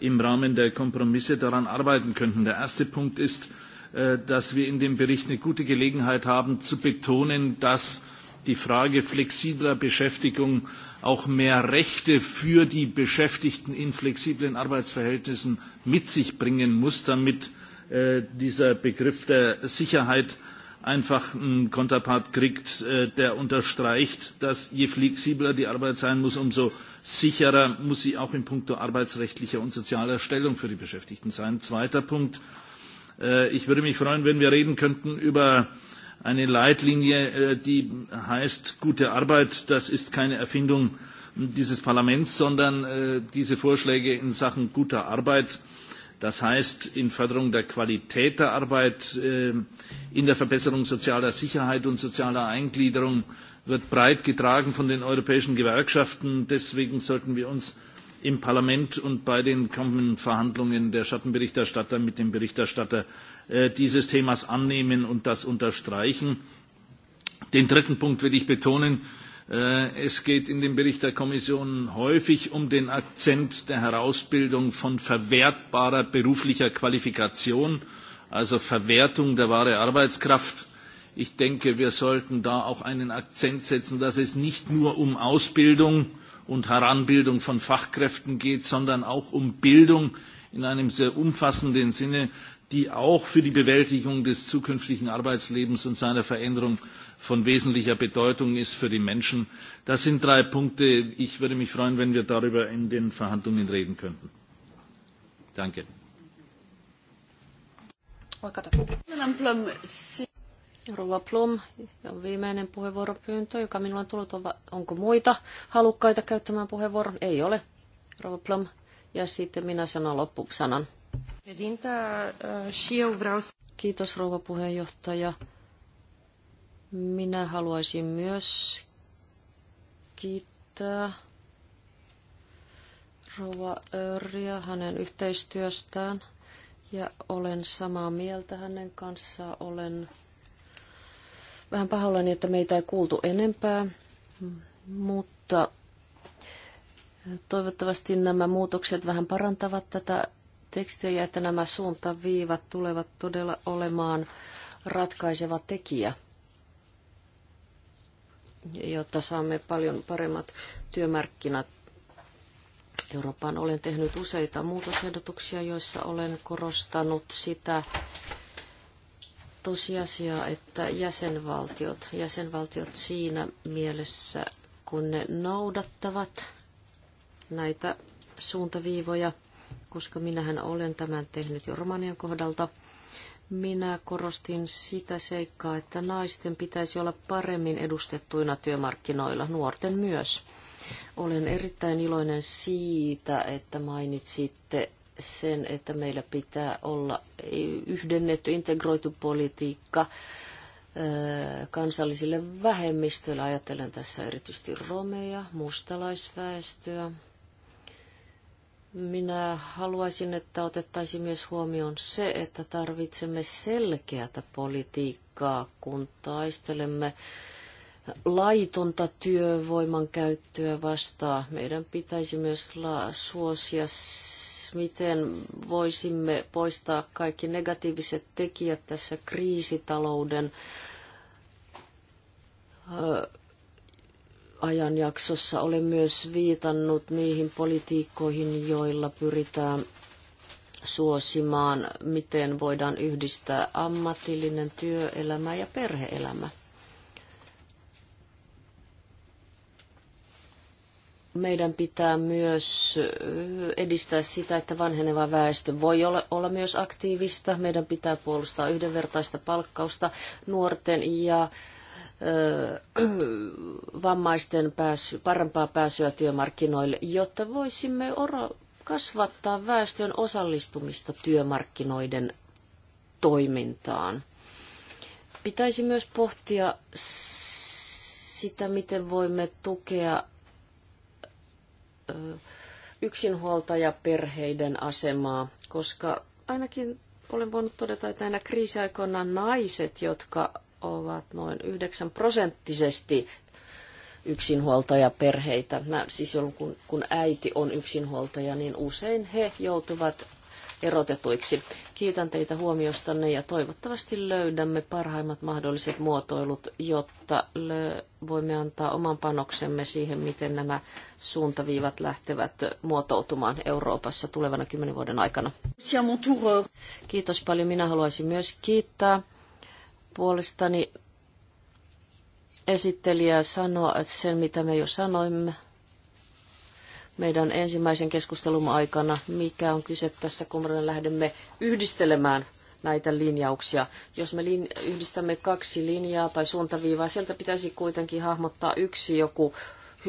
Speaker 2: im Rahmen der Kompromisse daran arbeiten könnten. Der erste Punkt ist, äh, Äh, dass wir in dem Bericht eine gute Gelegenheit haben, zu betonen, dass die Frage flexibler Beschäftigung auch mehr Rechte für die Beschäftigten in flexiblen Arbeitsverhältnissen mit sich bringen muss, damit äh, dieser Begriff der Sicherheit einfach einen Konterpart kriegt, äh, der unterstreicht, dass je flexibler die Arbeit sein muss, umso sicherer muss sie auch in puncto arbeitsrechtlicher und sozialer Stellung für die Beschäftigten sein. Zweiter Punkt Äh, ich würde mich freuen, wenn wir reden könnten über eine Leitlinie, äh, die heißt, gute Arbeit, das ist keine Erfindung dieses Parlaments, sondern äh, diese Vorschläge in Sachen guter Arbeit, das heißt in Förderung der Qualität der Arbeit, in der Verbesserung sozialer Sicherheit und sozialer Eingliederung, wird breit getragen von den europäischen Gewerkschaften. Deswegen sollten wir uns im Parlament und bei den kommenden Verhandlungen der Schattenberichterstatter mit dem Berichterstatter äh, dieses Themas annehmen und das unterstreichen. Den dritten Punkt will ich betonen. Äh, es geht in dem Bericht der Kommission häufig um den Akzent der Herausbildung von verwertbarer beruflicher Qualifikation, also Verwertung der wahre Arbeitskraft. Ich denke, wir sollten da auch einen Akzent setzen, dass es nicht nur um Ausbildung äh, und Heranbildung von Fachkräften geht, sondern auch um Bildung in einem sehr umfassenden Sinne, die auch für die Bewältigung des zukünftigen Arbeitslebens und seiner Veränderung von wesentlicher Bedeutung ist für die Menschen. Das sind drei Punkte. Ich würde mich freuen, wenn wir darüber in den Verhandlungen reden könnten. Danke.
Speaker 1: Rova Plum, on viimeinen puheenvuoropyyntö, joka minulla on tullut. Onko muita halukkaita käyttämään puheenvuoron? Ei ole. Rova Plum. Ja sitten minä sanon loppusanan. Eh, Kiitos rouva puheenjohtaja. Minä haluaisin myös kiittää rouva Örriä hänen yhteistyöstään ja olen samaa mieltä hänen kanssaan. Olen vähän pahoillani, että meitä ei kuultu enempää, mutta toivottavasti nämä muutokset vähän parantavat tätä tekstiä ja että nämä suuntaviivat tulevat todella olemaan ratkaiseva tekijä, jotta saamme paljon paremmat työmarkkinat Euroopan Olen tehnyt useita muutosehdotuksia, joissa olen korostanut sitä, tosiasia, että jäsenvaltiot, jäsenvaltiot siinä mielessä, kun ne noudattavat näitä suuntaviivoja, koska minähän olen tämän tehnyt jo Romanian kohdalta, minä korostin sitä seikkaa, että naisten pitäisi olla paremmin edustettuina työmarkkinoilla, nuorten myös. Olen erittäin iloinen siitä, että mainitsitte sen, että meillä pitää olla yhdennetty, integroitu politiikka kansallisille vähemmistöille. Ajattelen tässä erityisesti romeja, mustalaisväestöä. Minä haluaisin, että otettaisiin myös huomioon se, että tarvitsemme selkeätä politiikkaa, kun taistelemme laitonta työvoiman käyttöä vastaan. Meidän pitäisi myös suosia miten voisimme poistaa kaikki negatiiviset tekijät tässä kriisitalouden ajanjaksossa. Olen myös viitannut niihin politiikkoihin, joilla pyritään suosimaan, miten voidaan yhdistää ammatillinen työelämä ja perheelämä. meidän pitää myös edistää sitä, että vanheneva väestö voi olla, olla myös aktiivista. Meidän pitää puolustaa yhdenvertaista palkkausta nuorten ja ö, vammaisten pääsy, parempaa pääsyä työmarkkinoille, jotta voisimme kasvattaa väestön osallistumista työmarkkinoiden toimintaan. Pitäisi myös pohtia sitä, miten voimme tukea yksinhuoltajaperheiden asemaa, koska ainakin olen voinut todeta, että aina kriisiaikoina naiset, jotka ovat noin 9 prosenttisesti yksinhuoltajaperheitä, siis kun, kun äiti on yksinhuoltaja, niin usein he joutuvat erotetuiksi. Kiitän teitä huomiostanne ja toivottavasti löydämme parhaimmat mahdolliset muotoilut, jotta voimme antaa oman panoksemme siihen, miten nämä suuntaviivat lähtevät muotoutumaan Euroopassa tulevana kymmenen vuoden aikana. Kiitos paljon. Minä haluaisin myös kiittää puolestani esittelijää sanoa että sen, mitä me jo sanoimme, meidän ensimmäisen keskustelun aikana, mikä on kyse tässä, kun me lähdemme yhdistelemään näitä linjauksia. Jos me lin- yhdistämme kaksi linjaa tai suuntaviivaa, sieltä pitäisi kuitenkin hahmottaa yksi joku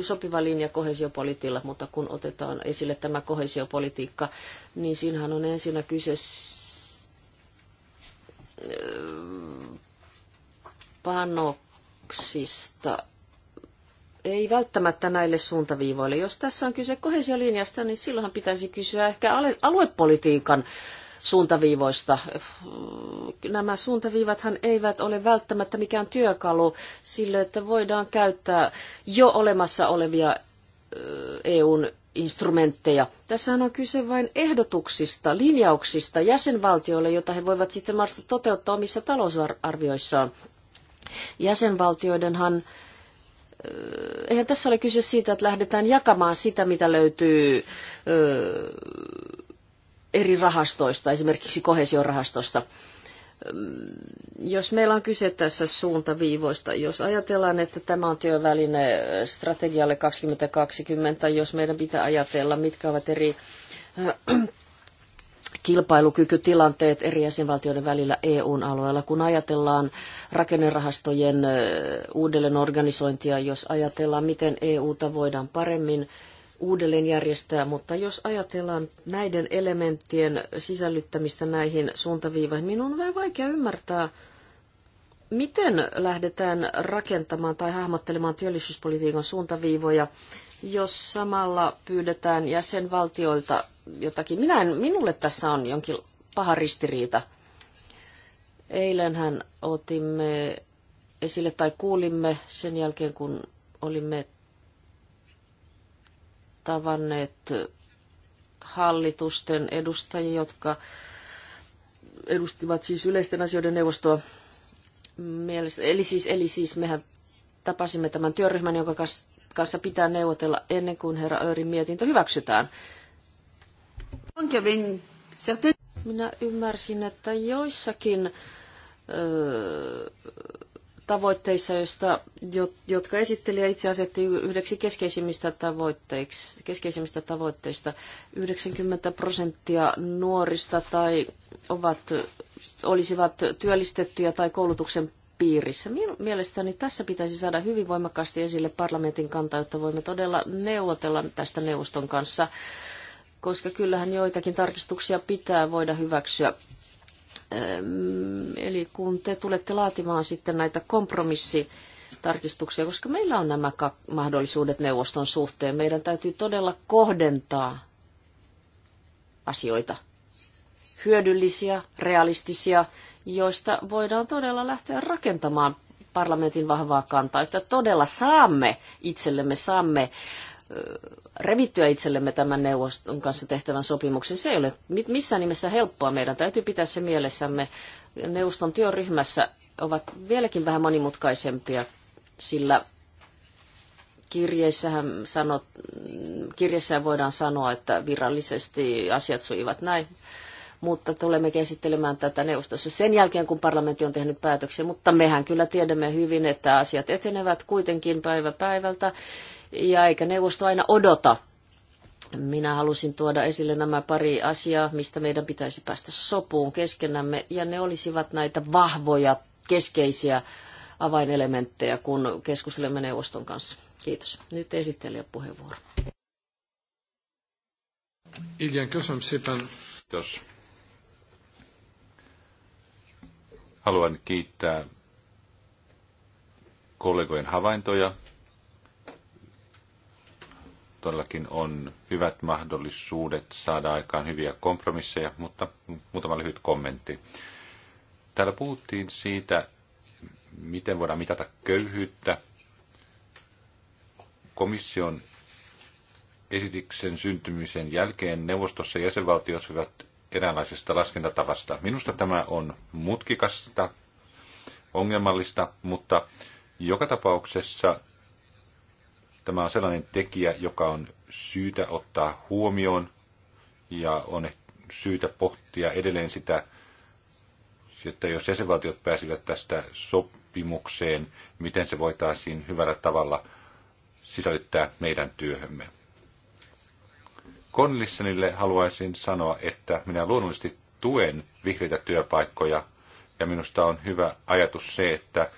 Speaker 1: sopiva linja kohesiopolitiilla, mutta kun otetaan esille tämä kohesiopolitiikka, niin siinähän on ensinnä kyse panoksista ei välttämättä näille suuntaviivoille. Jos tässä on kyse kohesiolinjasta, niin silloinhan pitäisi kysyä ehkä aluepolitiikan suuntaviivoista. Nämä suuntaviivathan eivät ole välttämättä mikään työkalu sille, että voidaan käyttää jo olemassa olevia EUn instrumentteja. Tässähän on kyse vain ehdotuksista, linjauksista jäsenvaltioille, joita he voivat sitten mahdollisesti toteuttaa omissa talousarvioissaan. Jäsenvaltioidenhan äh, eihän tässä ole kyse siitä, että lähdetään jakamaan sitä, mitä löytyy eri rahastoista, esimerkiksi kohesiorahastosta. Jos meillä on kyse tässä suuntaviivoista, jos ajatellaan, että tämä on työväline strategialle 2020, jos meidän pitää ajatella, mitkä ovat eri kilpailukykytilanteet eri jäsenvaltioiden välillä EUn alueella, kun ajatellaan rakennerahastojen uudelleen organisointia, jos ajatellaan, miten EUta voidaan paremmin uudelleen järjestää, mutta jos ajatellaan näiden elementtien sisällyttämistä näihin suuntaviivoihin, minun on vähän vaikea ymmärtää, miten lähdetään rakentamaan tai hahmottelemaan työllisyyspolitiikan suuntaviivoja jos samalla pyydetään jäsenvaltioilta jotakin. Minä en, minulle tässä on jonkin paha ristiriita. Eilenhän otimme esille tai kuulimme sen jälkeen, kun olimme tavanneet hallitusten edustajia, jotka edustivat siis yleisten asioiden neuvostoa. Mielestä, eli, siis, eli siis mehän tapasimme tämän työryhmän, jonka kanssa kanssa pitää neuvotella ennen kuin herra Öörin mietintö hyväksytään. Minä ymmärsin, että joissakin öö, tavoitteissa, joista, jotka esittelijä itse asetti yhdeksi keskeisimmistä, tavoitteiksi, keskeisimmistä tavoitteista. 90 prosenttia nuorista tai ovat, olisivat työllistettyjä tai koulutuksen piirissä. mielestäni tässä pitäisi saada hyvin voimakkaasti esille parlamentin kanta, jotta voimme todella neuvotella tästä neuvoston kanssa, koska kyllähän joitakin tarkistuksia pitää voida hyväksyä. Ehm, eli kun te tulette laatimaan sitten näitä kompromissi tarkistuksia, koska meillä on nämä mahdollisuudet neuvoston suhteen. Meidän täytyy todella kohdentaa asioita. Hyödyllisiä, realistisia, joista voidaan todella lähteä rakentamaan parlamentin vahvaa kantaa, että todella saamme itsellemme, saamme revittyä itsellemme tämän neuvoston kanssa tehtävän sopimuksen. Se ei ole missään nimessä helppoa. Meidän täytyy pitää se mielessämme. Neuvoston työryhmässä ovat vieläkin vähän monimutkaisempia, sillä kirjeissähän sanot, kirjeissä voidaan sanoa, että virallisesti asiat sujuvat näin mutta tulemme käsittelemään tätä neuvostossa sen jälkeen, kun parlamentti on tehnyt päätöksen. Mutta mehän kyllä tiedämme hyvin, että asiat etenevät kuitenkin päivä päivältä ja eikä neuvosto aina odota. Minä halusin tuoda esille nämä pari asiaa, mistä meidän pitäisi päästä sopuun keskenämme, ja ne olisivat näitä vahvoja, keskeisiä avainelementtejä, kun keskustelemme neuvoston kanssa. Kiitos. Nyt esittelijä puheenvuoro.
Speaker 3: Iljan, kysymys Kiitos. Haluan kiittää kollegojen havaintoja. Todellakin on hyvät mahdollisuudet saada aikaan hyviä kompromisseja, mutta muutama lyhyt kommentti. Täällä puhuttiin siitä, miten voidaan mitata köyhyyttä. Komission esityksen syntymisen jälkeen neuvostossa jäsenvaltiot olivat eräänlaisesta laskentatavasta. Minusta tämä on mutkikasta, ongelmallista, mutta joka tapauksessa tämä on sellainen tekijä, joka on syytä ottaa huomioon ja on syytä pohtia edelleen sitä, että jos jäsenvaltiot pääsivät tästä sopimukseen, miten se voitaisiin hyvällä tavalla sisällyttää meidän työhömme. Conlissonille haluaisin sanoa, että minä luonnollisesti tuen vihreitä työpaikkoja ja minusta on hyvä ajatus se, että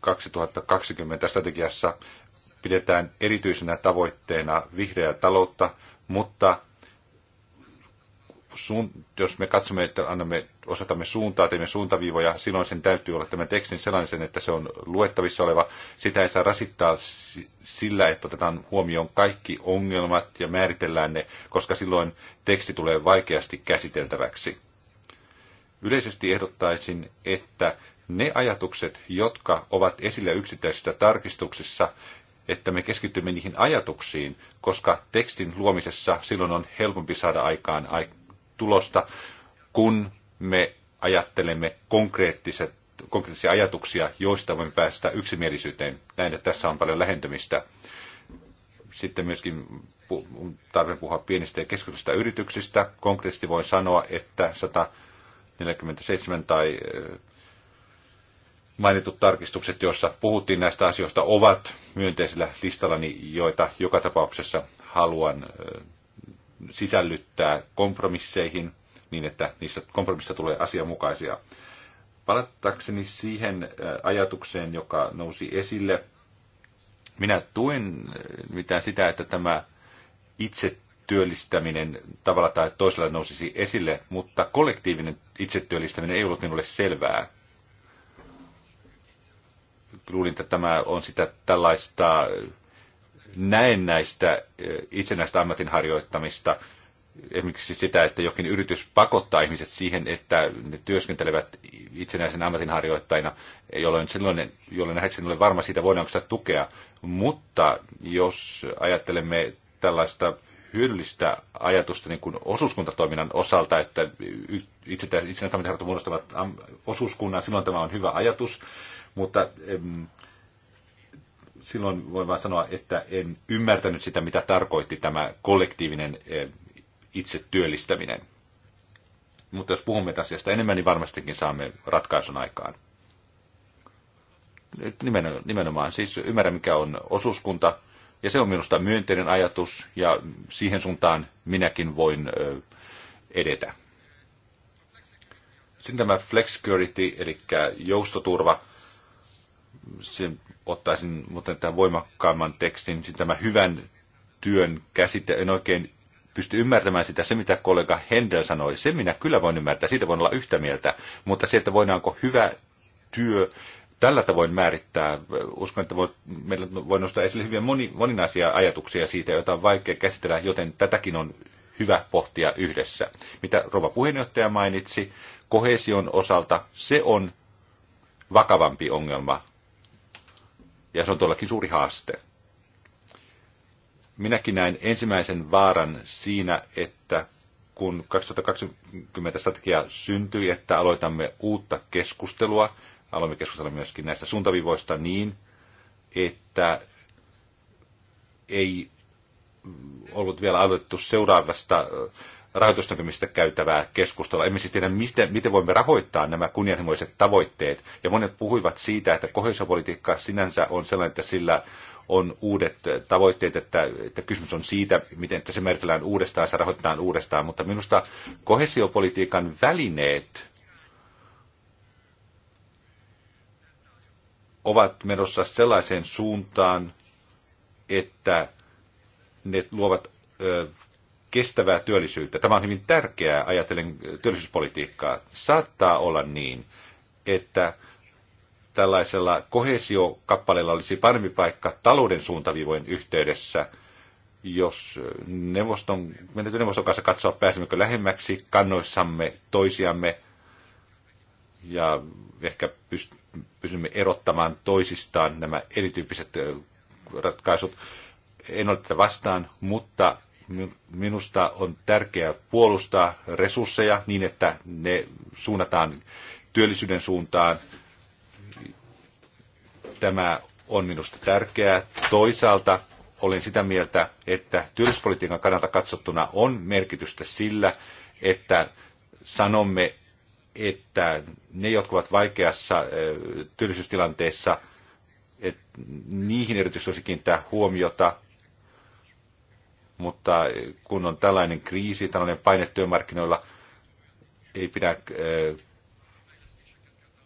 Speaker 3: 2020 strategiassa pidetään erityisenä tavoitteena vihreää taloutta, mutta jos me katsomme, että annamme, osatamme suuntaa, teemme suuntaviivoja, silloin sen täytyy olla tämän tekstin sellaisen, että se on luettavissa oleva. Sitä ei saa rasittaa sillä, että otetaan huomioon kaikki ongelmat ja määritellään ne, koska silloin teksti tulee vaikeasti käsiteltäväksi. Yleisesti ehdottaisin, että ne ajatukset, jotka ovat esillä yksittäisissä tarkistuksissa, että me keskittymme niihin ajatuksiin, koska tekstin luomisessa silloin on helpompi saada aikaan tulosta, kun me ajattelemme konkreettiset, konkreettisia ajatuksia, joista voimme päästä yksimielisyyteen. Näin, että tässä on paljon lähentymistä. Sitten myöskin on tarve puhua pienistä ja keskikokoisista yrityksistä. Konkreettisesti voin sanoa, että 147 tai eh, mainitut tarkistukset, joissa puhuttiin näistä asioista, ovat myönteisellä listallani, joita joka tapauksessa haluan eh, sisällyttää kompromisseihin niin, että niissä kompromisseissa tulee asianmukaisia. Palattakseni siihen ajatukseen, joka nousi esille, minä tuen mitä sitä, että tämä itsetyöllistäminen tavalla tai toisella nousisi esille, mutta kollektiivinen itsetyöllistäminen ei ollut minulle selvää. Luulin, että tämä on sitä tällaista näennäistä itsenäistä ammatin harjoittamista, esimerkiksi sitä, että jokin yritys pakottaa ihmiset siihen, että ne työskentelevät itsenäisen ammatinharjoittajina, jolloin, silloin, jolloin nähdäkseni ole varma siitä, voidaanko sitä tukea. Mutta jos ajattelemme tällaista hyödyllistä ajatusta niin kuin osuuskuntatoiminnan osalta, että itsenäiset ammatinharjoittajat muodostavat osuuskunnan, silloin tämä on hyvä ajatus, mutta silloin voi vain sanoa, että en ymmärtänyt sitä, mitä tarkoitti tämä kollektiivinen eh, itse työllistäminen. Mutta jos puhumme asiasta enemmän, niin varmastikin saamme ratkaisun aikaan. Nimenomaan siis ymmärrän, mikä on osuuskunta, ja se on minusta myönteinen ajatus, ja siihen suuntaan minäkin voin edetä. Sitten tämä flexicurity, eli joustoturva, se ottaisin mutta tämän voimakkaamman tekstin, siis tämä hyvän työn käsite, en oikein pysty ymmärtämään sitä, se mitä kollega Hendel sanoi, se minä kyllä voin ymmärtää, siitä voin olla yhtä mieltä, mutta se, että voidaanko hyvä työ tällä tavoin määrittää, uskon, että voi, meillä voi nostaa esille hyvin moni, moninaisia ajatuksia siitä, joita on vaikea käsitellä, joten tätäkin on hyvä pohtia yhdessä. Mitä rouva puheenjohtaja mainitsi, kohesion osalta se on vakavampi ongelma ja se on todellakin suuri haaste. Minäkin näen ensimmäisen vaaran siinä, että kun 2020 strategia syntyi, että aloitamme uutta keskustelua, aloimme keskustella myöskin näistä suuntavivoista niin, että ei ollut vielä aloitettu seuraavasta rahoitusnäkymistä käytävää keskustelua. Emme siis tiedä, miten, miten voimme rahoittaa nämä kunnianhimoiset tavoitteet. Ja monet puhuivat siitä, että kohesiopolitiikka sinänsä on sellainen, että sillä on uudet tavoitteet, että, että kysymys on siitä, miten että se määritellään uudestaan, se rahoitetaan uudestaan, mutta minusta kohesiopolitiikan välineet ovat menossa sellaiseen suuntaan, että ne luovat kestävää työllisyyttä. Tämä on hyvin tärkeää ajatellen työllisyyspolitiikkaa. Saattaa olla niin, että tällaisella kohesiokappaleella olisi parempi paikka talouden suuntavivojen yhteydessä, jos neuvoston, me neuvoston kanssa katsoa, pääsemmekö lähemmäksi kannoissamme toisiamme ja ehkä pysymme erottamaan toisistaan nämä erityyppiset ratkaisut. En ole tätä vastaan, mutta Minusta on tärkeää puolustaa resursseja niin, että ne suunnataan työllisyyden suuntaan. Tämä on minusta tärkeää. Toisaalta olen sitä mieltä, että työllisyyspolitiikan kannalta katsottuna on merkitystä sillä, että sanomme, että ne, jotka ovat vaikeassa työllisyystilanteessa, että niihin erityisesti olisi kiinnittää huomiota mutta kun on tällainen kriisi, tällainen paine työmarkkinoilla, ei pidä,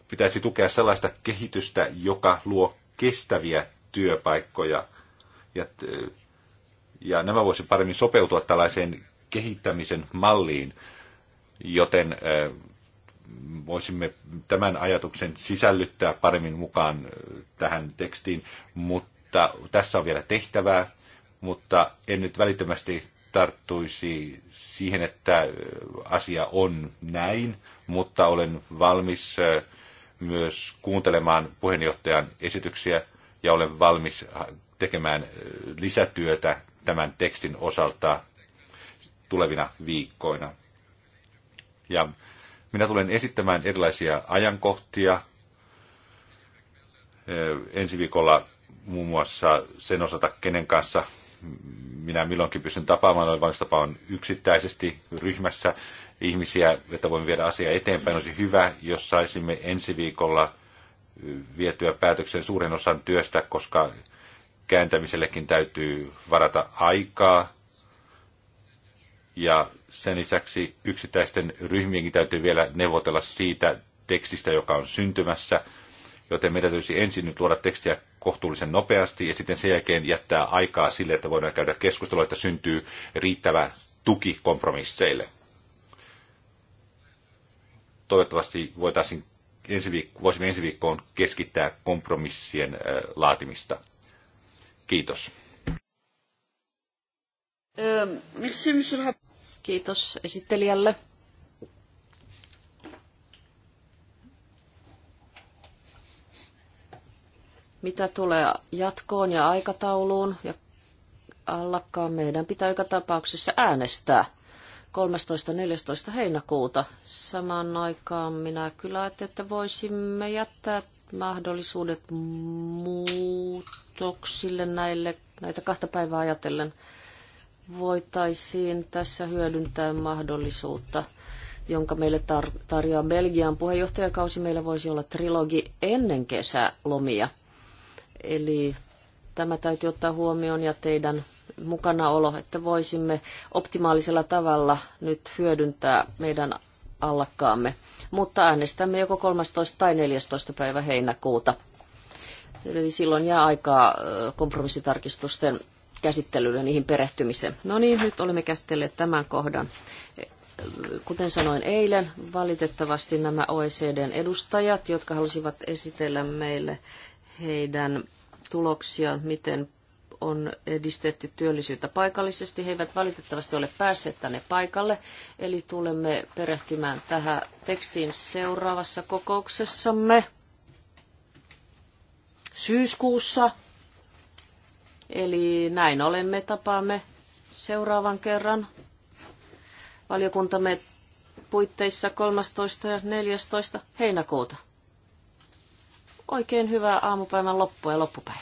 Speaker 3: pitäisi tukea sellaista kehitystä, joka luo kestäviä työpaikkoja. Ja, ja nämä voisi paremmin sopeutua tällaiseen kehittämisen malliin, joten voisimme tämän ajatuksen sisällyttää paremmin mukaan tähän tekstiin, mutta tässä on vielä tehtävää mutta en nyt välittömästi tarttuisi siihen, että asia on näin, mutta olen valmis myös kuuntelemaan puheenjohtajan esityksiä ja olen valmis äh, tekemään lisätyötä tämän tekstin osalta tulevina viikkoina. Ja minä tulen esittämään erilaisia ajankohtia ensi viikolla muun muassa sen osalta, kenen kanssa minä milloinkin pystyn tapaamaan, olen valmis tapaan yksittäisesti ryhmässä ihmisiä, että voimme viedä asiaa eteenpäin. Olisi hyvä, jos saisimme ensi viikolla vietyä päätöksen suuren osan työstä, koska kääntämisellekin täytyy varata aikaa. Ja sen lisäksi yksittäisten ryhmienkin täytyy vielä neuvotella siitä tekstistä, joka on syntymässä – joten meidän täytyisi ensin nyt luoda tekstiä kohtuullisen nopeasti ja sitten sen jälkeen jättää aikaa sille, että voidaan käydä keskustelua, että syntyy riittävä tuki kompromisseille. Toivottavasti voitaisiin ensi viikko, voisimme ensi viikkoon keskittää kompromissien laatimista. Kiitos.
Speaker 1: Ähm, Kiitos esittelijälle. Mitä tulee jatkoon ja aikatauluun ja allakkaan, meidän pitää joka tapauksessa äänestää 13.14. heinäkuuta. Samaan aikaan minä kyllä ajattelin, että voisimme jättää mahdollisuudet muutoksille näille, näitä kahta päivää ajatellen. Voitaisiin tässä hyödyntää mahdollisuutta, jonka meille tar- tarjoaa Belgian puheenjohtajakausi. Meillä voisi olla trilogi ennen kesälomia. Eli tämä täytyy ottaa huomioon ja teidän mukanaolo, että voisimme optimaalisella tavalla nyt hyödyntää meidän allakkaamme. Mutta äänestämme joko 13 tai 14. päivä heinäkuuta. Eli silloin jää aikaa kompromissitarkistusten käsittelylle niihin perehtymiseen. No niin, nyt olemme käsitelleet tämän kohdan. Kuten sanoin eilen, valitettavasti nämä OECDn edustajat, jotka halusivat esitellä meille heidän tuloksia, miten on edistetty työllisyyttä paikallisesti. He eivät valitettavasti ole päässeet tänne paikalle, eli tulemme perehtymään tähän tekstiin seuraavassa kokouksessamme syyskuussa. Eli näin olemme, tapaamme seuraavan kerran valiokuntamme puitteissa 13. ja 14. heinäkuuta. Oikein hyvää aamupäivän loppua ja loppupäivää.